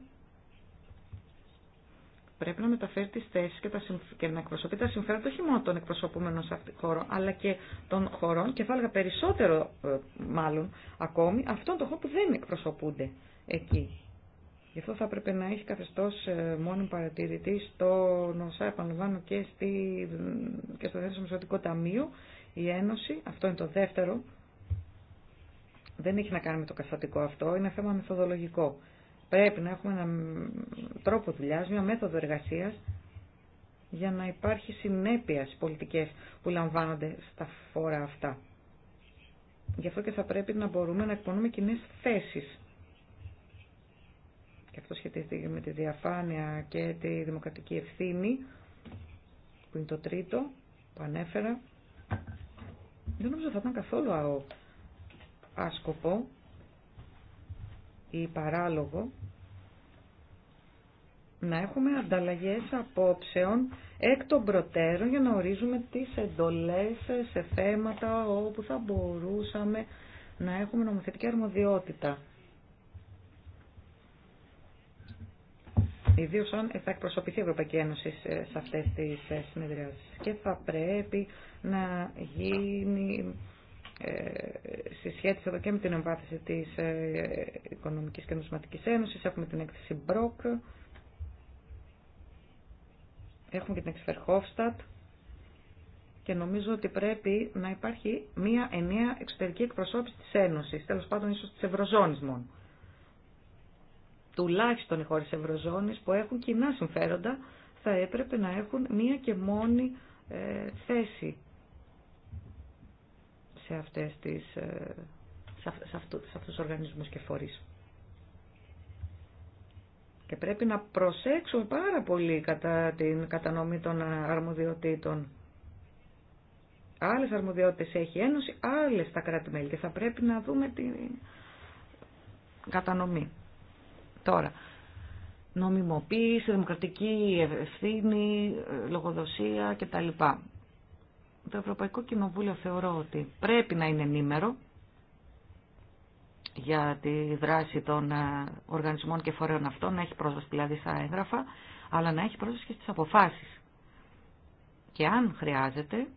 πρέπει να μεταφέρει τι θέσει και, και να εκπροσωπεί τα συμφέροντα όχι μόνο των εκπροσωπούμενων σε τη χώρο, αλλά και των χωρών και θα έλεγα περισσότερο ε, μάλλον ακόμη αυτών των χώρων που δεν εκπροσωπούνται εκεί. Γι' αυτό θα έπρεπε να έχει καθεστώ ε, μόνο παρατηρητή στο Νοσά, επαναλαμβάνω, και, στη, και στο Δεύτερο Μεσοδοτικό Ταμείο η Ένωση. Αυτό είναι το δεύτερο. Δεν έχει να κάνει με το καθατικό αυτό, είναι θέμα μεθοδολογικό. Πρέπει να έχουμε έναν τρόπο δουλειάς, μια μέθοδο εργασίας για να υπάρχει συνέπεια στις πολιτικές που λαμβάνονται στα φόρα αυτά. Γι' αυτό και θα πρέπει να μπορούμε να εκπονούμε κοινέ θέσεις. Και αυτό σχετίζεται με τη διαφάνεια και τη δημοκρατική ευθύνη, που είναι το τρίτο που ανέφερα. Δεν νομίζω θα ήταν καθόλου άσκοπο ή παράλογο να έχουμε ανταλλαγές απόψεων εκ των προτέρων για να ορίζουμε τις εντολές σε θέματα όπου θα μπορούσαμε να έχουμε νομοθετική αρμοδιότητα. Ιδίω αν θα εκπροσωπηθεί η Ευρωπαϊκή Ένωση σε αυτές τις ε, συνεδριάσεις. Και θα πρέπει να γίνει ε, συσχέτιση εδώ και με την εμβάθυνση της ε, Οικονομικής και Νοσηματικής Ένωσης. Έχουμε την έκθεση Μπρόκ Έχουμε και την Εξφερχόφστατ και νομίζω ότι πρέπει να υπάρχει μία ενιαία εξωτερική εκπροσώπηση της Ένωσης, τέλος πάντων ίσως της Ευρωζώνης μόνο. Τουλάχιστον οι χώρες Ευρωζώνης που έχουν κοινά συμφέροντα θα έπρεπε να έχουν μία και μόνη ε, θέση σε, αυτές τις, ε, σε, αυτού, σε αυτούς τους οργανισμούς και φορείς. Και πρέπει να προσέξουμε πάρα πολύ κατά την κατανομή των αρμοδιοτήτων. Άλλες αρμοδιότητες έχει η Ένωση, άλλες τα κράτη-μέλη και θα πρέπει να δούμε την κατανομή. Τώρα, νομιμοποίηση, δημοκρατική ευθύνη, λογοδοσία κτλ. Το Ευρωπαϊκό Κοινοβούλιο θεωρώ ότι πρέπει να είναι ενήμερο για τη δράση των ε, οργανισμών και φορέων αυτών, να έχει πρόσβαση δηλαδή στα έγγραφα, αλλά να έχει πρόσβαση και στις αποφάσεις. Και αν χρειάζεται,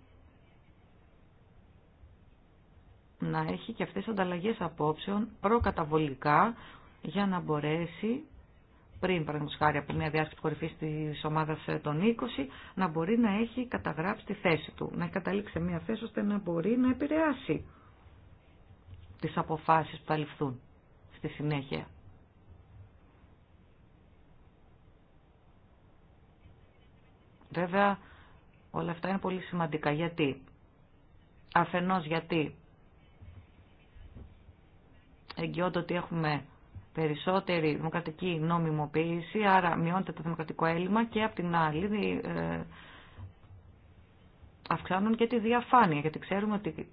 να έχει και αυτές τις ανταλλαγές απόψεων προκαταβολικά για να μπορέσει πριν, παραδείγματος χάρη από μια διάσκεψη κορυφή τη ομάδα ε, των 20, να μπορεί να έχει καταγράψει τη θέση του, να έχει καταλήξει σε μια θέση ώστε να μπορεί να επηρεάσει τις αποφάσεις που θα ληφθούν στη συνέχεια. Βέβαια, όλα αυτά είναι πολύ σημαντικά. Γιατί? Αφενός γιατί εγγυώνται ότι έχουμε περισσότερη δημοκρατική νομιμοποίηση, άρα μειώνεται το δημοκρατικό έλλειμμα και απ' την άλλη ε, αυξάνουν και τη διαφάνεια, γιατί ξέρουμε ότι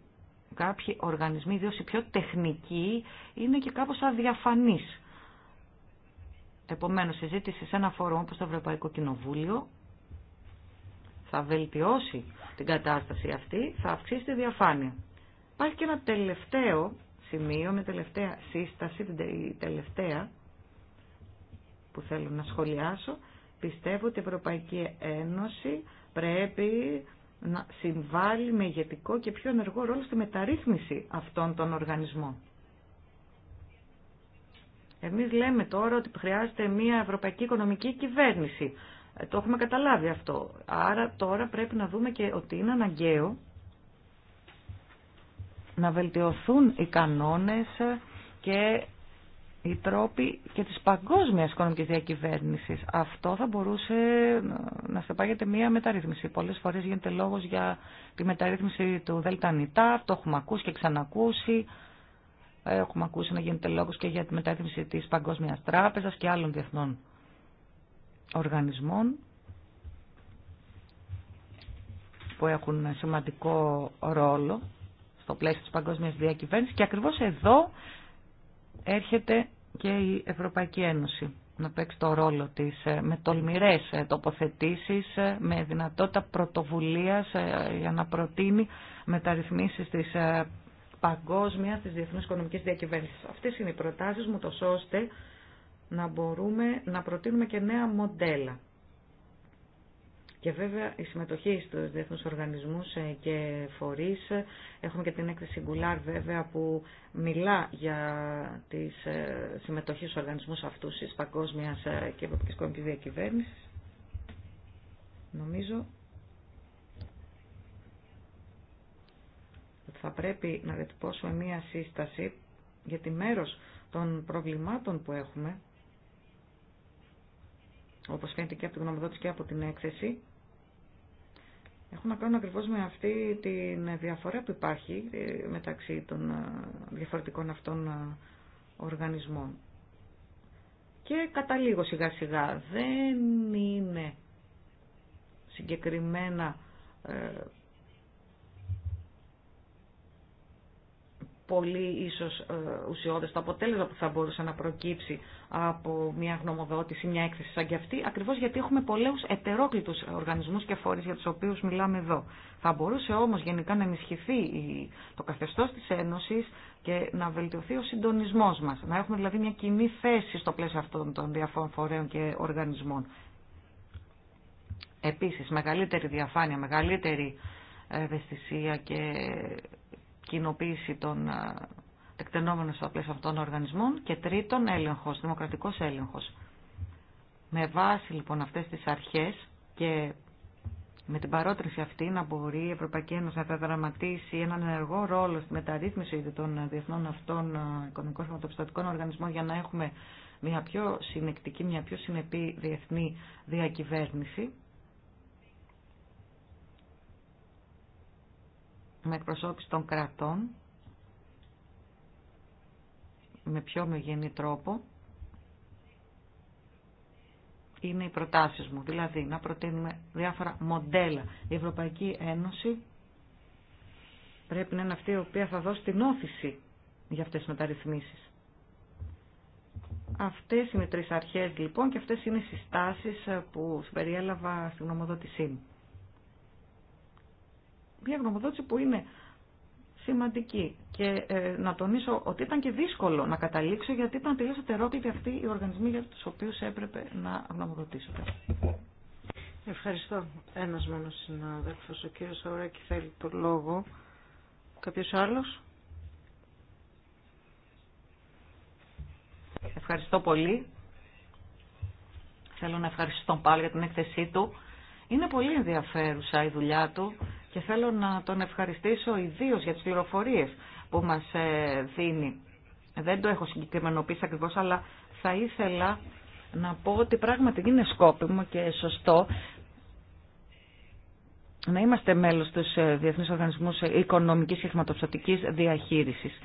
κάποιοι οργανισμοί, ιδίως οι πιο τεχνικοί, είναι και κάπως αδιαφανείς. Επομένως, η συζήτηση σε ένα φόρο όπως το Ευρωπαϊκό Κοινοβούλιο θα βελτιώσει την κατάσταση αυτή, θα αυξήσει τη διαφάνεια. Υπάρχει και ένα τελευταίο σημείο, μια τελευταία σύσταση, η τελευταία που θέλω να σχολιάσω. Πιστεύω ότι η Ευρωπαϊκή Ένωση πρέπει να συμβάλλει με ηγετικό και πιο ενεργό ρόλο στη μεταρρύθμιση αυτών των οργανισμών. Εμείς λέμε τώρα ότι χρειάζεται μια ευρωπαϊκή οικονομική κυβέρνηση. Ε, το έχουμε καταλάβει αυτό. Άρα τώρα πρέπει να δούμε και ότι είναι αναγκαίο να βελτιωθούν οι κανόνες και οι τρόποι και της παγκόσμιας οικονομικής διακυβέρνησης. Αυτό θα μπορούσε να στεπάγεται μια μεταρρύθμιση. Πολλές φορές γίνεται λόγος για τη μεταρρύθμιση του ΔΕΛΤΑΝΙΤΑ, το έχουμε ακούσει και ξανακούσει. Έχουμε ακούσει να γίνεται λόγος και για τη μεταρρύθμιση της Παγκόσμιας Τράπεζας και άλλων διεθνών οργανισμών που έχουν σημαντικό ρόλο στο πλαίσιο της παγκόσμιας διακυβέρνησης και ακριβώς εδώ έρχεται και η Ευρωπαϊκή Ένωση να παίξει το ρόλο της ε, με τολμηρές ε, τοποθετήσεις, ε, με δυνατότητα πρωτοβουλίας για να προτείνει μεταρρυθμίσεις της παγκόσμια της διεθνούς οικονομικής διακυβέρνησης. Αυτές είναι οι προτάσεις μου, τόσο ώστε να μπορούμε να προτείνουμε και νέα μοντέλα και βέβαια η συμμετοχή στους διεθνούς οργανισμούς ε, και φορείς. Ε, έχουμε και την έκθεση Γκουλάρ βέβαια που μιλά για τη ε, συμμετοχή στους οργανισμούς αυτούς της παγκόσμιας και ευρωπαϊκής κοινωνικής διακυβέρνησης. Νομίζω ότι θα πρέπει να διατυπώσουμε μία σύσταση γιατί μέρος των προβλημάτων που έχουμε όπως φαίνεται και από την γνωμοδότηση και από την έκθεση, έχουν να κάνουν ακριβώς με αυτή τη διαφορά που υπάρχει ε, μεταξύ των ε, διαφορετικών αυτών ε, οργανισμών. Και κατά σιγά σιγά. Δεν είναι συγκεκριμένα πολύ ίσως ε, ουσιώδες το αποτέλεσμα που θα μπορούσε να προκύψει από μια γνωμοδότηση, μια έκθεση σαν και αυτή, ακριβώς γιατί έχουμε πολλούς ετερόκλητους οργανισμούς και φορείς για τους οποίους μιλάμε εδώ. Θα μπορούσε όμως γενικά να ενισχυθεί το καθεστώς της Ένωσης και να βελτιωθεί ο συντονισμός μας. Να έχουμε δηλαδή μια κοινή θέση στο πλαίσιο αυτών των διαφόρων φορέων και οργανισμών. Επίσης, μεγαλύτερη διαφάνεια, μεγαλύτερη ευαισθησία και κοινοποίηση των ε, εκτενόμενων στο πλαίσιο αυτών των οργανισμών και τρίτον έλεγχος, δημοκρατικός έλεγχος. Με βάση λοιπόν αυτές τις αρχές και με την παρότριση αυτή να μπορεί η Ευρωπαϊκή Ένωση να διαδραματίσει έναν ενεργό ρόλο στη μεταρρύθμιση των διεθνών αυτών ε, οικονομικών χρηματοπιστωτικών οργανισμών για να έχουμε μια πιο συνεκτική, μια πιο συνεπή διεθνή διακυβέρνηση με εκπροσώπηση των κρατών με πιο μεγενή τρόπο είναι οι προτάσεις μου. Δηλαδή να προτείνουμε διάφορα μοντέλα. Η Ευρωπαϊκή Ένωση πρέπει να είναι αυτή η οποία θα δώσει την όθηση για αυτές τις μεταρρυθμίσεις. Αυτές είναι οι τρεις αρχές λοιπόν και αυτές είναι οι συστάσεις που περιέλαβα στην νομοδότησή μου μια γνωμοδότηση που είναι σημαντική. Και ε, να τονίσω ότι ήταν και δύσκολο να καταλήξω γιατί ήταν τελείως ετερόκλητοι αυτοί οι οργανισμοί για τους οποίους έπρεπε να γνωμοδοτήσω. Ευχαριστώ. Ένας μόνος συνάδελφος, ο κύριος Σαουράκη θέλει το λόγο. Κάποιος άλλος. Ευχαριστώ πολύ. Θέλω να ευχαριστήσω πάλι για την έκθεσή του. Είναι πολύ ενδιαφέρουσα η δουλειά του και θέλω να τον ευχαριστήσω ιδίω για τις πληροφορίε που μας ε, δίνει. Δεν το έχω συγκεκριμενοποιήσει ακριβώ, αλλά θα ήθελα να πω ότι πράγματι είναι σκόπιμο και σωστό να είμαστε μέλος στους ε, Διεθνείς Οργανισμούς Οικονομικής και Χρηματοπιστωτικής Διαχείρισης.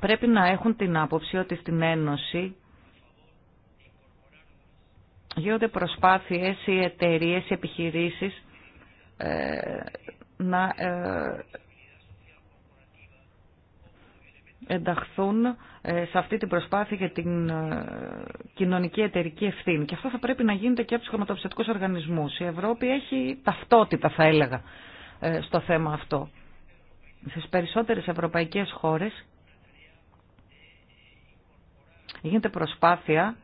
Πρέπει να έχουν την άποψη ότι στην Ένωση γίνονται προσπάθειες οι εταιρείε, οι επιχειρήσεις ε, να ε, ενταχθούν ε, σε αυτή την προσπάθεια για την κοινωνική εταιρική ευθύνη. Και αυτό θα πρέπει να γίνεται και από του χρηματοπιστωτικού οργανισμού. Η Ευρώπη έχει ταυτότητα, θα έλεγα, στο θέμα αυτό. Στι περισσότερε ευρωπαϊκέ χώρε γίνεται προσπάθεια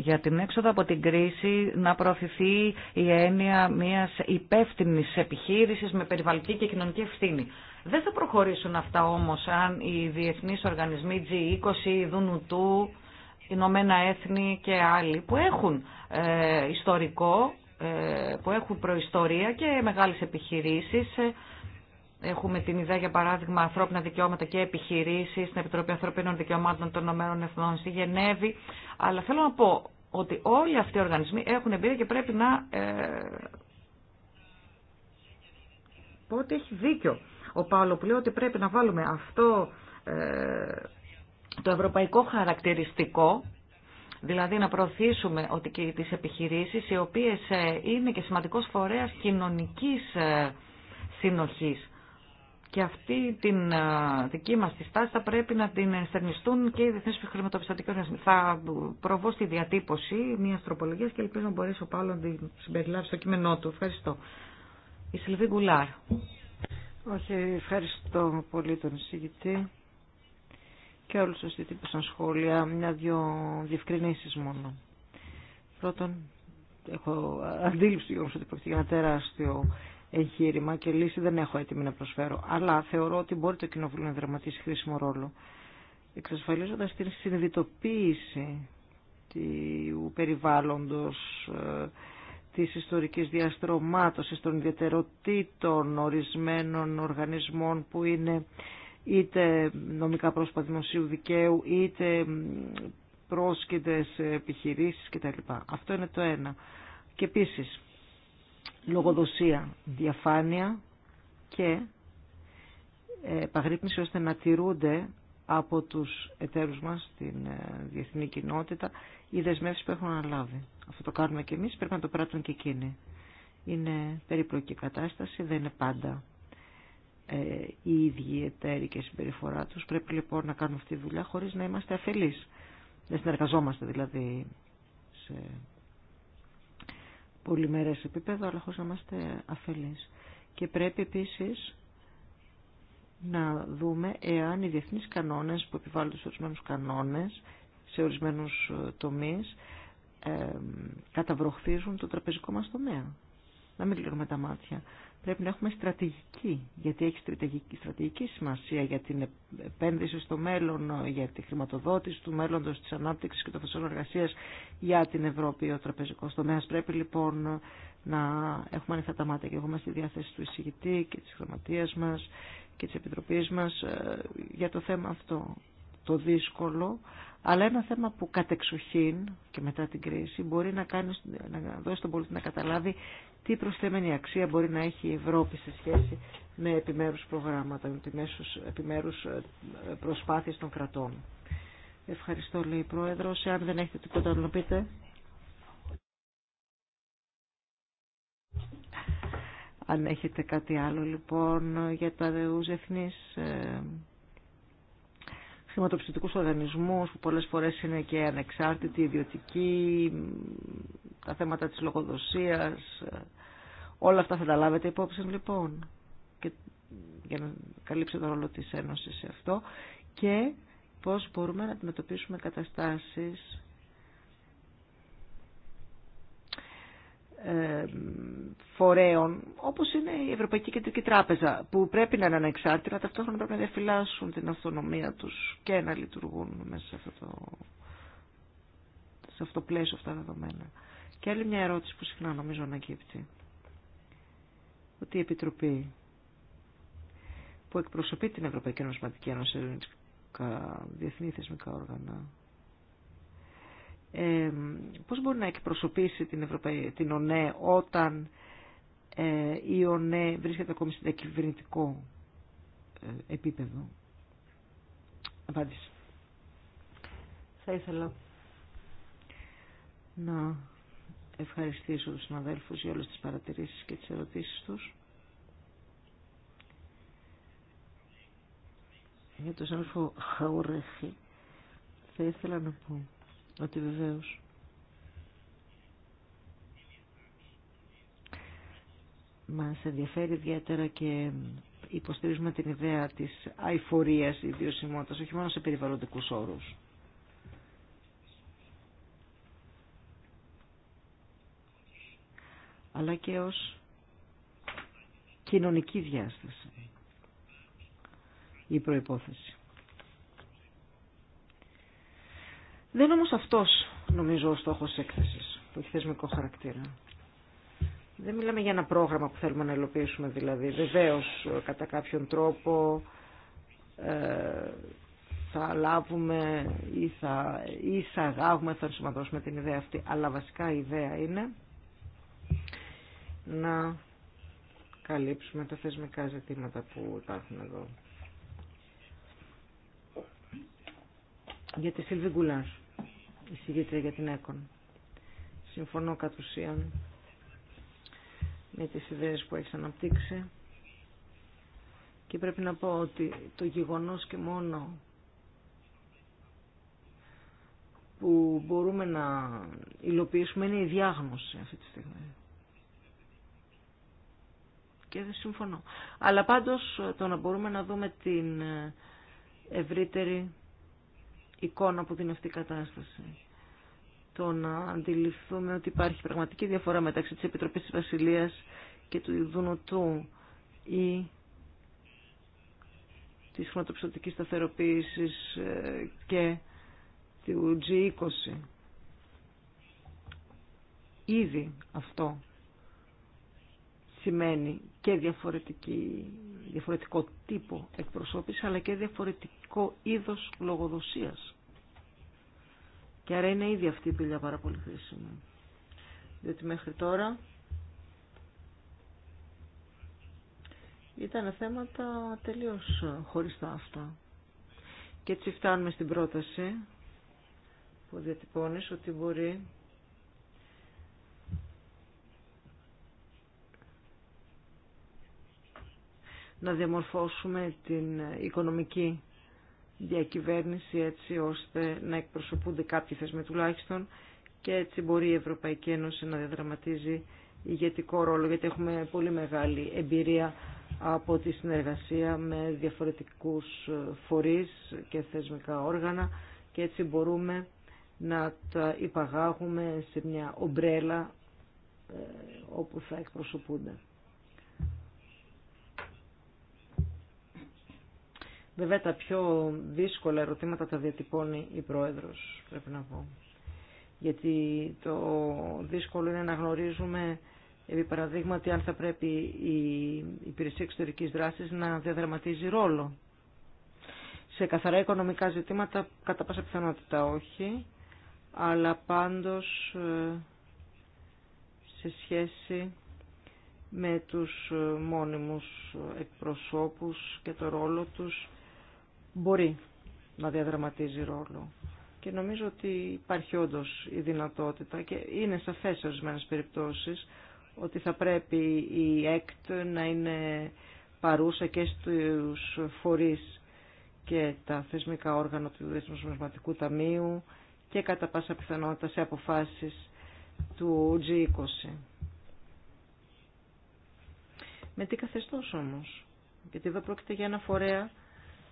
για την έξοδο από την κρίση να προωθηθεί η έννοια μιας υπεύθυνης επιχείρησης με περιβαλλοντική και κοινωνική ευθύνη. Δεν θα προχωρήσουν αυτά όμως αν οι διεθνείς οργανισμοί G20, Δουνουτού, Ηνωμένα Έθνη και άλλοι που έχουν ε, ιστορικό, ε, που έχουν προϊστορία και μεγάλες επιχειρήσεις ε, Έχουμε την ιδέα, για παράδειγμα, ανθρώπινα δικαιώματα και επιχειρήσει στην Επιτροπή Ανθρωπίνων Δικαιωμάτων των Ηνωμένων Εθνών στη Γενέβη. Αλλά θέλω να πω ότι όλοι αυτοί οι οργανισμοί έχουν εμπειρία και πρέπει να. Ε, πω ότι έχει δίκιο ο Παύλο που λέει ότι πρέπει να βάλουμε αυτό ε, το ευρωπαϊκό χαρακτηριστικό Δηλαδή να προωθήσουμε ότι και τις επιχειρήσεις οι οποίες ε, είναι και σημαντικός φορέας κοινωνικής ε, συνοχής. Και αυτή την δική μας τη στάση θα πρέπει να την ενστερνιστούν και οι διεθνείς χρηματοπιστωτικές Θα προβώ στη διατύπωση μια τροπολογία και ελπίζω να μπορέσει ο να την συμπεριλάβει στο κείμενό του. Ευχαριστώ. Η Σιλβί Γκουλάρ. Όχι, ευχαριστώ πολύ τον εισηγητή και όλους διετυπωσαν τύπωσαν σχόλια, μια-δυο διευκρινήσεις μόνο. Πρώτον, έχω αντίληψη όμως ότι υπάρχει ένα τεράστιο εγχείρημα και λύση δεν έχω έτοιμη να προσφέρω. Αλλά θεωρώ ότι μπορεί το Κοινοβούλιο να δραματίσει χρήσιμο ρόλο, εξασφαλίζοντα την συνειδητοποίηση του περιβάλλοντος, ε, τη ιστορική διαστρωμάτωση των ιδιαιτεροτήτων ορισμένων οργανισμών που είναι είτε νομικά πρόσωπα δημοσίου δικαίου, είτε πρόσκεντες επιχειρήσεις κτλ. Αυτό είναι το ένα. Και επίσης, λογοδοσία, διαφάνεια και ε, παγρύπνηση ώστε να τηρούνται από τους εταίρους μας στην ε, διεθνή κοινότητα οι δεσμεύσεις που έχουν αναλάβει. Αυτό το κάνουμε και εμείς, πρέπει να το πράττουν και εκείνοι. Είναι περίπλοκη κατάσταση, δεν είναι πάντα ε, οι ίδιοι εταίροι και συμπεριφορά τους. Πρέπει λοιπόν να κάνουμε αυτή τη δουλειά χωρίς να είμαστε αφελείς. να συνεργαζόμαστε δηλαδή σε πολυμερές επίπεδο, αλλά χωρίς να είμαστε αφελείς. Και πρέπει επίσης να δούμε εάν οι διεθνείς κανόνες που επιβάλλονται σε ορισμένους κανόνες, σε ορισμένους ε, τομείς, ε, καταβροχθίζουν το τραπεζικό μας τομέα. Να μην κλείνουμε τα μάτια πρέπει να έχουμε στρατηγική, γιατί έχει στρατηγική, σημασία για την επένδυση στο μέλλον, για τη χρηματοδότηση του μέλλοντος, της ανάπτυξης και των θεσμών εργασία για την Ευρώπη ο τραπεζικός τομέας. Πρέπει λοιπόν να έχουμε ανοιχτά τα μάτια και εγώ στη διάθεση του εισηγητή και της χρωματεία μας και της Επιτροπής μας ε, για το θέμα αυτό το δύσκολο, αλλά ένα θέμα που κατεξοχήν και μετά την κρίση μπορεί να, κάνει, να δώσει τον πολίτη να καταλάβει τι προσθέμενη αξία μπορεί να έχει η Ευρώπη σε σχέση με επιμέρους προγράμματα, με επιμέρους ε, προσπάθειες των κρατών. Ευχαριστώ, λέει η Πρόεδρος. Εάν δεν έχετε τίποτα να πείτε. Αν έχετε κάτι άλλο, λοιπόν, για τα δεούς εθνείς ε, οργανισμούς, που πολλές φορές είναι και ανεξάρτητοι, ιδιωτικοί, τα θέματα της λογοδοσίας, ε, όλα αυτά θα τα λάβετε υπόψη λοιπόν και για να καλύψει τον ρόλο της Ένωσης σε αυτό και πώς μπορούμε να αντιμετωπίσουμε καταστάσεις ε, φορέων, όπως είναι η Ευρωπαϊκή Κεντρική Τράπεζα, που πρέπει να είναι ανεξάρτητα, ταυτόχρονα πρέπει να διαφυλάσσουν την αυτονομία τους και να λειτουργούν μέσα σε αυτό το, σε αυτό το πλαίσιο αυτά τα δεδομένα. Και άλλη μια ερώτηση που συχνά νομίζω ανακύπτει. Ότι η Επιτροπή που εκπροσωπεί την Ευρωπαϊκή Νομισματική Ένωση διεθνή θεσμικά όργανα. Ε, πώς μπορεί να εκπροσωπήσει την, Ευρωπαϊ... την ΟΝΕ όταν ε, η ΟΝΕ βρίσκεται ακόμη σε διακυβερνητικό ε, επίπεδο. Απάντηση. Θα ήθελα να ευχαριστήσω τους συναδέλφους για όλες τις παρατηρήσεις και τις ερωτήσεις τους. Για το συνάδελφο Χαουρέχη θα ήθελα να πω ότι βεβαίως μας ενδιαφέρει ιδιαίτερα και υποστηρίζουμε την ιδέα της αηφορίας ιδιωσιμότητας, όχι μόνο σε περιβαλλοντικούς όρους. αλλά και ως κοινωνική διάσταση η προϋπόθεση. Δεν όμως αυτός νομίζω ο στόχος της έκθεσης που έχει θεσμικό χαρακτήρα. Δεν μιλάμε για ένα πρόγραμμα που θέλουμε να υλοποιήσουμε δηλαδή. Βεβαίω κατά κάποιον τρόπο ε, θα λάβουμε ή θα εισαγάγουμε, θα ενσωματώσουμε την ιδέα αυτή. Αλλά βασικά η ιδέα είναι να καλύψουμε τα θεσμικά ζητήματα που υπάρχουν εδώ. Για τη Σίλβι Γκουλάρ, η για την ΕΚΟΝ. Συμφωνώ κατ' ουσίαν με τις ιδέες που έχει αναπτύξει και πρέπει να πω ότι το γεγονός και μόνο που μπορούμε να υλοποιήσουμε είναι η διάγνωση αυτή τη στιγμή και δεν συμφωνώ. Αλλά πάντως το να μπορούμε να δούμε την ευρύτερη εικόνα που δίνει αυτή η κατάσταση. Το να αντιληφθούμε ότι υπάρχει πραγματική διαφορά μεταξύ της Επιτροπής της Βασιλείας και του Ιδουνοτού ή της χρηματοπιστωτικής σταθεροποίησης ε, και του G20. Ήδη αυτό σημαίνει και διαφορετική, διαφορετικό τύπο εκπροσώπηση αλλά και διαφορετικό είδος λογοδοσίας. Και άρα είναι ήδη αυτή η πηλιά πάρα πολύ χρήσιμη. Διότι μέχρι τώρα ήταν θέματα τελείως χωριστά αυτά. Και έτσι φτάνουμε στην πρόταση που διατυπώνεις ότι μπορεί να διαμορφώσουμε την οικονομική διακυβέρνηση έτσι ώστε να εκπροσωπούνται κάποιοι θεσμοί τουλάχιστον και έτσι μπορεί η Ευρωπαϊκή Ένωση να διαδραματίζει ηγετικό ρόλο γιατί έχουμε πολύ μεγάλη εμπειρία από τη συνεργασία με διαφορετικούς φορείς και θεσμικά όργανα και έτσι μπορούμε να τα υπαγάγουμε σε μια ομπρέλα ε, όπου θα εκπροσωπούνται. Βέβαια τα πιο δύσκολα ερωτήματα τα διατυπώνει η Πρόεδρος, πρέπει να πω. Γιατί το δύσκολο είναι να γνωρίζουμε, επί παραδείγματι, αν θα πρέπει η υπηρεσία εξωτερικής δράσης να διαδραματίζει ρόλο. Σε καθαρά οικονομικά ζητήματα, κατά πάσα πιθανότητα όχι, αλλά πάντως ε, σε σχέση με τους μόνιμους εκπροσώπους και το ρόλο τους μπορεί να διαδραματίζει ρόλο. Και νομίζω ότι υπάρχει όντω η δυνατότητα και είναι σαφέ σε ορισμένε περιπτώσει ότι θα πρέπει η ΕΚΤ να είναι παρούσα και στους φορείς και τα θεσμικά όργανα του Διεθνού Νομισματικού Ταμείου και κατά πάσα πιθανότητα σε αποφάσεις του G20. Με τι καθεστώς όμως, γιατί εδώ πρόκειται για ένα φορέα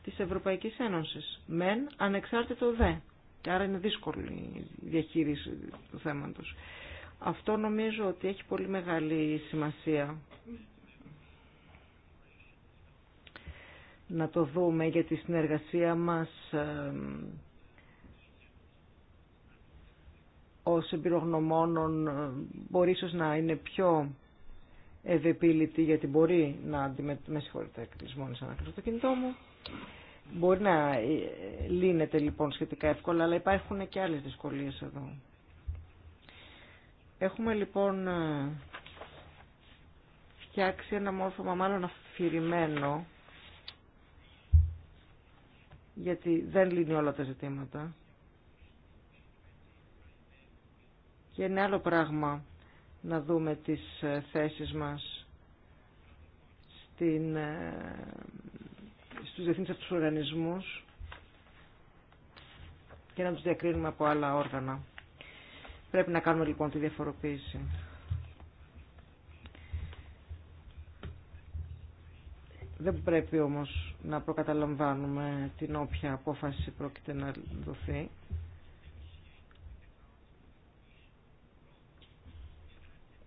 της Ευρωπαϊκής Ένωσης. Μεν ανεξάρτητο δε. Και άρα είναι δύσκολη η διαχείριση του θέματος. Αυτό νομίζω ότι έχει πολύ μεγάλη σημασία. Να το δούμε για τη συνεργασία μας ως εμπειρογνωμόνων μπορεί ίσως να είναι πιο ευεπίλητη γιατί μπορεί να αντιμετωπίσει. Με συγχωρείτε, σαν το κινητό μου. Μπορεί να ε, λύνεται λοιπόν σχετικά εύκολα, αλλά υπάρχουν και άλλες δυσκολίες εδώ. Έχουμε λοιπόν ε, φτιάξει ένα μόρφωμα μάλλον αφηρημένο, γιατί δεν λύνει όλα τα ζητήματα. Και είναι άλλο πράγμα να δούμε τις ε, θέσεις μας στην στους διεθνείς αυτούς οργανισμούς και να τους διακρίνουμε από άλλα όργανα. Πρέπει να κάνουμε λοιπόν τη διαφοροποίηση. Δεν πρέπει όμως να προκαταλαμβάνουμε την όποια απόφαση πρόκειται να δοθεί.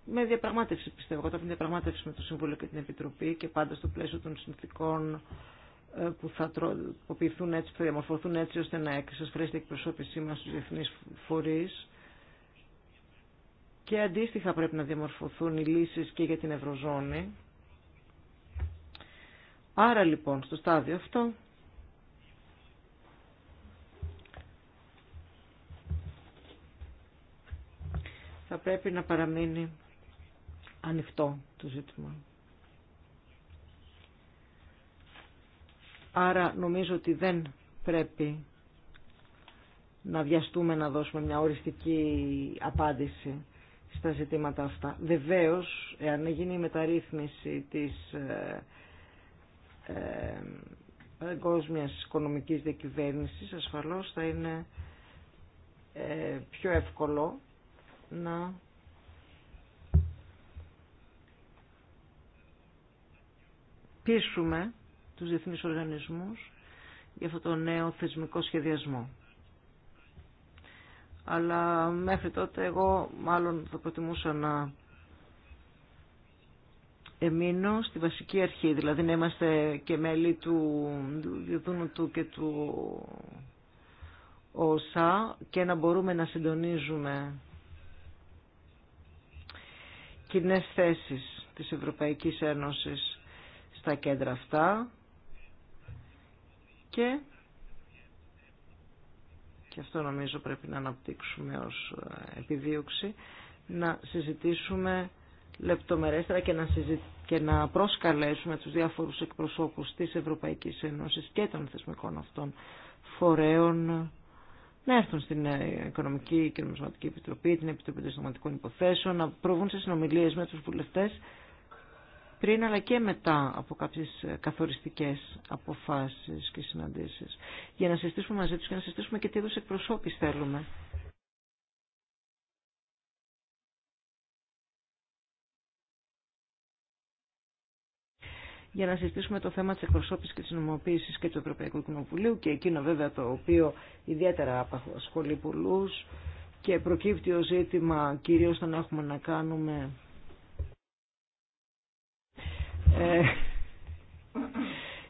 Με διαπραγμάτευση πιστεύω, όταν διαπραγμάτευση με το Συμβούλιο και την Επιτροπή και πάντα στο πλαίσιο των συνθήκων ε, που θα τροποποιηθούν έτσι, που διαμορφωθούν έτσι ώστε να εξασφαλίσει την εκπροσώπησή μας στους διεθνείς φορείς και αντίστοιχα πρέπει να διαμορφωθούν οι λύσεις και για την Ευρωζώνη. Άρα λοιπόν στο στάδιο αυτό θα πρέπει να παραμείνει ανοιχτό το ζήτημα. Άρα νομίζω ότι δεν πρέπει να βιαστούμε να δώσουμε μια οριστική απάντηση στα ζητήματα αυτά. Βεβαίω, εάν γίνει η μεταρρύθμιση της ε, ε, παγκόσμιας οικονομικής διακυβέρνησης, ασφαλώς θα είναι ε, πιο εύκολο να πείσουμε τους διεθνεί οργανισμού για αυτό το νέο θεσμικό σχεδιασμό. Αλλά μέχρι τότε εγώ μάλλον θα προτιμούσα να εμείνω στη βασική αρχή, δηλαδή να είμαστε και μέλη του Διοδούνου του και του ΟΣΑ και να μπορούμε να συντονίζουμε κοινέ θέσει της Ευρωπαϊκής Ένωσης στα κέντρα αυτά και και αυτό νομίζω πρέπει να αναπτύξουμε ως ε, επιδίωξη, να συζητήσουμε λεπτομερέστερα και να, συζη... και να προσκαλέσουμε τους διάφορους εκπροσώπους της Ευρωπαϊκής Ένωσης και των θεσμικών αυτών φορέων να έρθουν στην ε, Οικονομική και Νομισματική Επιτροπή, την Επιτροπή των Συνταγματικών Υποθέσεων, να προβούν σε συνομιλίες με τους βουλευτές πριν αλλά και μετά από κάποιες καθοριστικές αποφάσεις και συναντήσεις για να συστήσουμε μαζί τους και να συζητήσουμε και τι είδους εκπροσώπης θέλουμε. για να συζητήσουμε το θέμα της εκπροσώπησης και της νομοποίησης και του Ευρωπαϊκού Κοινοβουλίου και εκείνο βέβαια το οποίο ιδιαίτερα απασχολεί πολλούς και προκύπτει ο ζήτημα κυρίως όταν έχουμε να κάνουμε ε,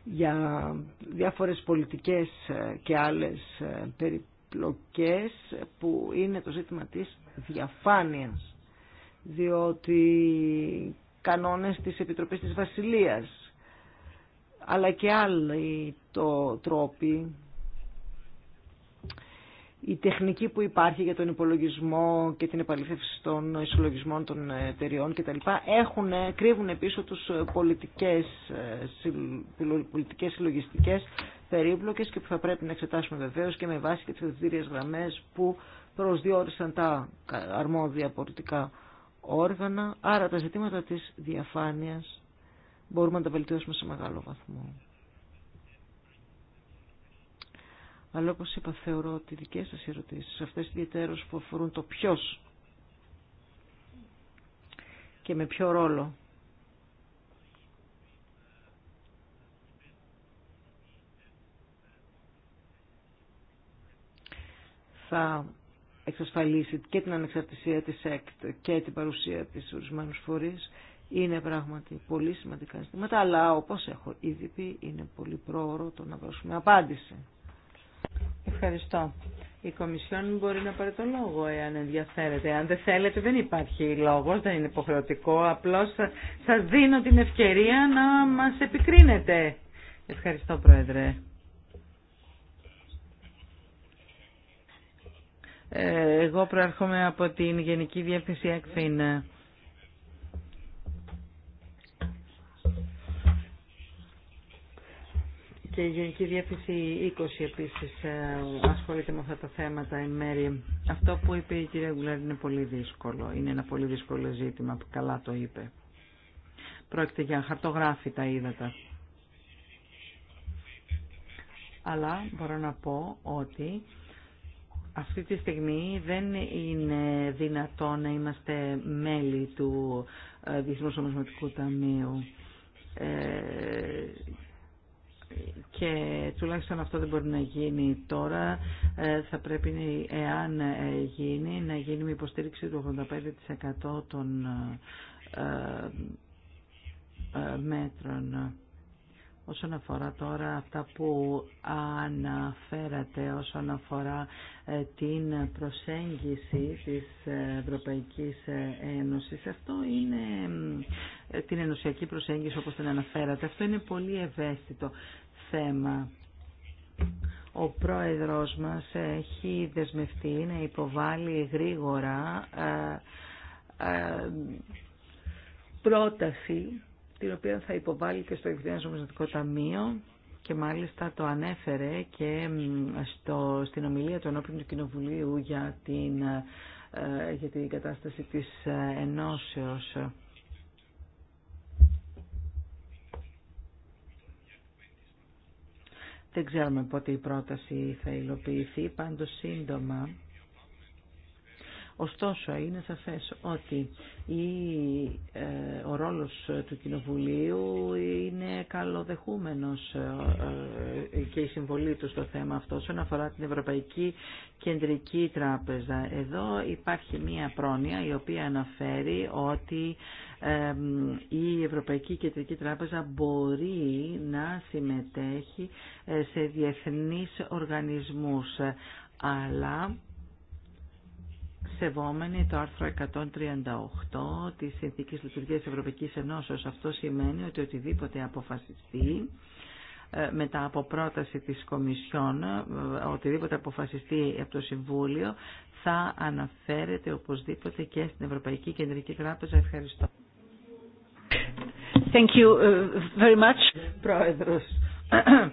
για διάφορες πολιτικές ε, και άλλες ε, περιπλοκές που είναι το ζήτημα της διαφάνειας διότι κανόνες της Επιτροπής της Βασιλείας αλλά και άλλοι το τρόποι η τεχνική που υπάρχει για τον υπολογισμό και την επαλήθευση των ισολογισμών των εταιριών λοιπά Έχουν, κρύβουν πίσω τους πολιτικές, ε, πολιτικές συλλογιστικές περίπλοκες και που θα πρέπει να εξετάσουμε βεβαίως και με βάση και τις ευθυντήριες γραμμές που προσδιορίσαν τα αρμόδια πολιτικά όργανα. Άρα τα ζητήματα της διαφάνειας μπορούμε να τα βελτιώσουμε σε μεγάλο βαθμό. Αλλά όπως είπα θεωρώ ότι οι δικές σας ερωτήσεις, αυτές ιδιαιτέρες που αφορούν το ποιος και με ποιο ρόλο. Θα εξασφαλίσει και την ανεξαρτησία της ΕΚΤ και την παρουσία της ορισμένου φορεί. είναι πράγματι πολύ σημαντικά ζητήματα, αλλά όπως έχω ήδη πει είναι πολύ πρόωρο το να δώσουμε απάντηση. Ευχαριστώ. Η Κομισιόν μπορεί να πάρει το λόγο εάν ενδιαφέρεται. Αν δεν θέλετε δεν υπάρχει λόγος, δεν είναι υποχρεωτικό. Απλώς σας δίνω την ευκαιρία να μας επικρίνετε. Ευχαριστώ Πρόεδρε. Ε, εγώ προέρχομαι από την Γενική Διεύθυνση Εκφίνα. και η Γενική Διεύθυνση 20 επίσης ε, ασχολείται με αυτά τα θέματα εν μέρη. Αυτό που είπε η κυρία Γκουλάρη είναι πολύ δύσκολο. Είναι ένα πολύ δύσκολο ζήτημα που καλά το είπε. Πρόκειται για χαρτογράφητα ύδατα. Αλλά μπορώ να πω ότι αυτή τη στιγμή δεν είναι δυνατό να είμαστε μέλη του ε, Διεθνούς Ομοσματικού Ταμείου ε, και τουλάχιστον αυτό δεν μπορεί να γίνει τώρα. Ε, θα πρέπει, εάν ε, γίνει, να γίνει με υποστήριξη του 85% των ε, μέτρων. Όσον αφορά τώρα αυτά που αναφέρατε, όσον αφορά ε, την προσέγγιση της Ευρωπαϊκής Ένωσης, αυτό είναι ε, την ενωσιακή προσέγγιση όπως την αναφέρατε. Αυτό είναι πολύ ευαίσθητο θέμα. Ο πρόεδρος μας έχει δεσμευτεί να υποβάλει γρήγορα ε, πρόταση την οποία θα υποβάλει και στο Ευθύνες Νομισματικό Ταμείο και μάλιστα το ανέφερε και στο, στην ομιλία του ενώπιου του Κοινοβουλίου για την, ε, για την κατάσταση της ε, ενώσεως. Δεν ξέρουμε πότε η πρόταση θα υλοποιηθεί, πάντως σύντομα Ωστόσο, είναι σαφές ότι η, ε, ο ρόλος του Κοινοβουλίου είναι καλοδεχούμενος ε, ε, και η συμβολή του στο θέμα αυτό όσον αφορά την Ευρωπαϊκή Κεντρική Τράπεζα. Εδώ υπάρχει μία πρόνοια η οποία αναφέρει ότι η Ευρωπαϊκή Κεντρική Τράπεζα μπορεί να συμμετέχει σε διεθνείς οργανισμούς αλλά σεβόμενοι το άρθρο 138 της Συνθήκης Λειτουργίας Ευρωπαϊκής Ενώσεως. Αυτό σημαίνει ότι οτιδήποτε αποφασιστεί ε, μετά από πρόταση της Κομισιόν, ε, οτιδήποτε αποφασιστεί από το Συμβούλιο, θα αναφέρεται οπωσδήποτε και στην Ευρωπαϊκή Κεντρική Τράπεζα. Ευχαριστώ. Thank you ε, very much.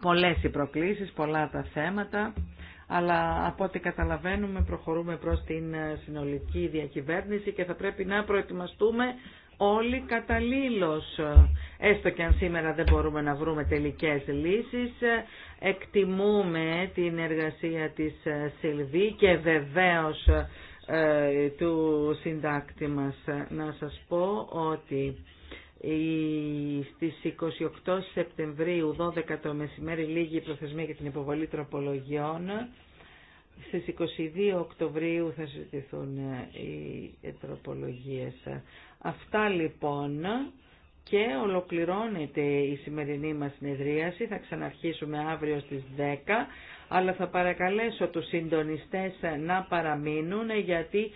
Πολλές οι προκλήσεις, πολλά τα θέματα αλλά από ό,τι καταλαβαίνουμε προχωρούμε προς την ε, συνολική διακυβέρνηση και θα πρέπει να προετοιμαστούμε όλοι καταλήλως. Έστω και αν σήμερα δεν μπορούμε να βρούμε τελικές λύσεις, ε, εκτιμούμε την εργασία της ε, Σιλβή και βεβαίως του συντάκτη μας. Να σας πω ότι στις 28 Σεπτεμβρίου, 12 το μεσημέρι, λίγη προθεσμία για την υποβολή τροπολογιών. Στις 22 Οκτωβρίου θα συζητηθούν ε, οι τροπολογίες. Αυτά λοιπόν και ολοκληρώνεται η σημερινή μας συνεδρίαση. Θα ξαναρχίσουμε αύριο στις 10, αλλά θα παρακαλέσω τους συντονιστές να παραμείνουν γιατί...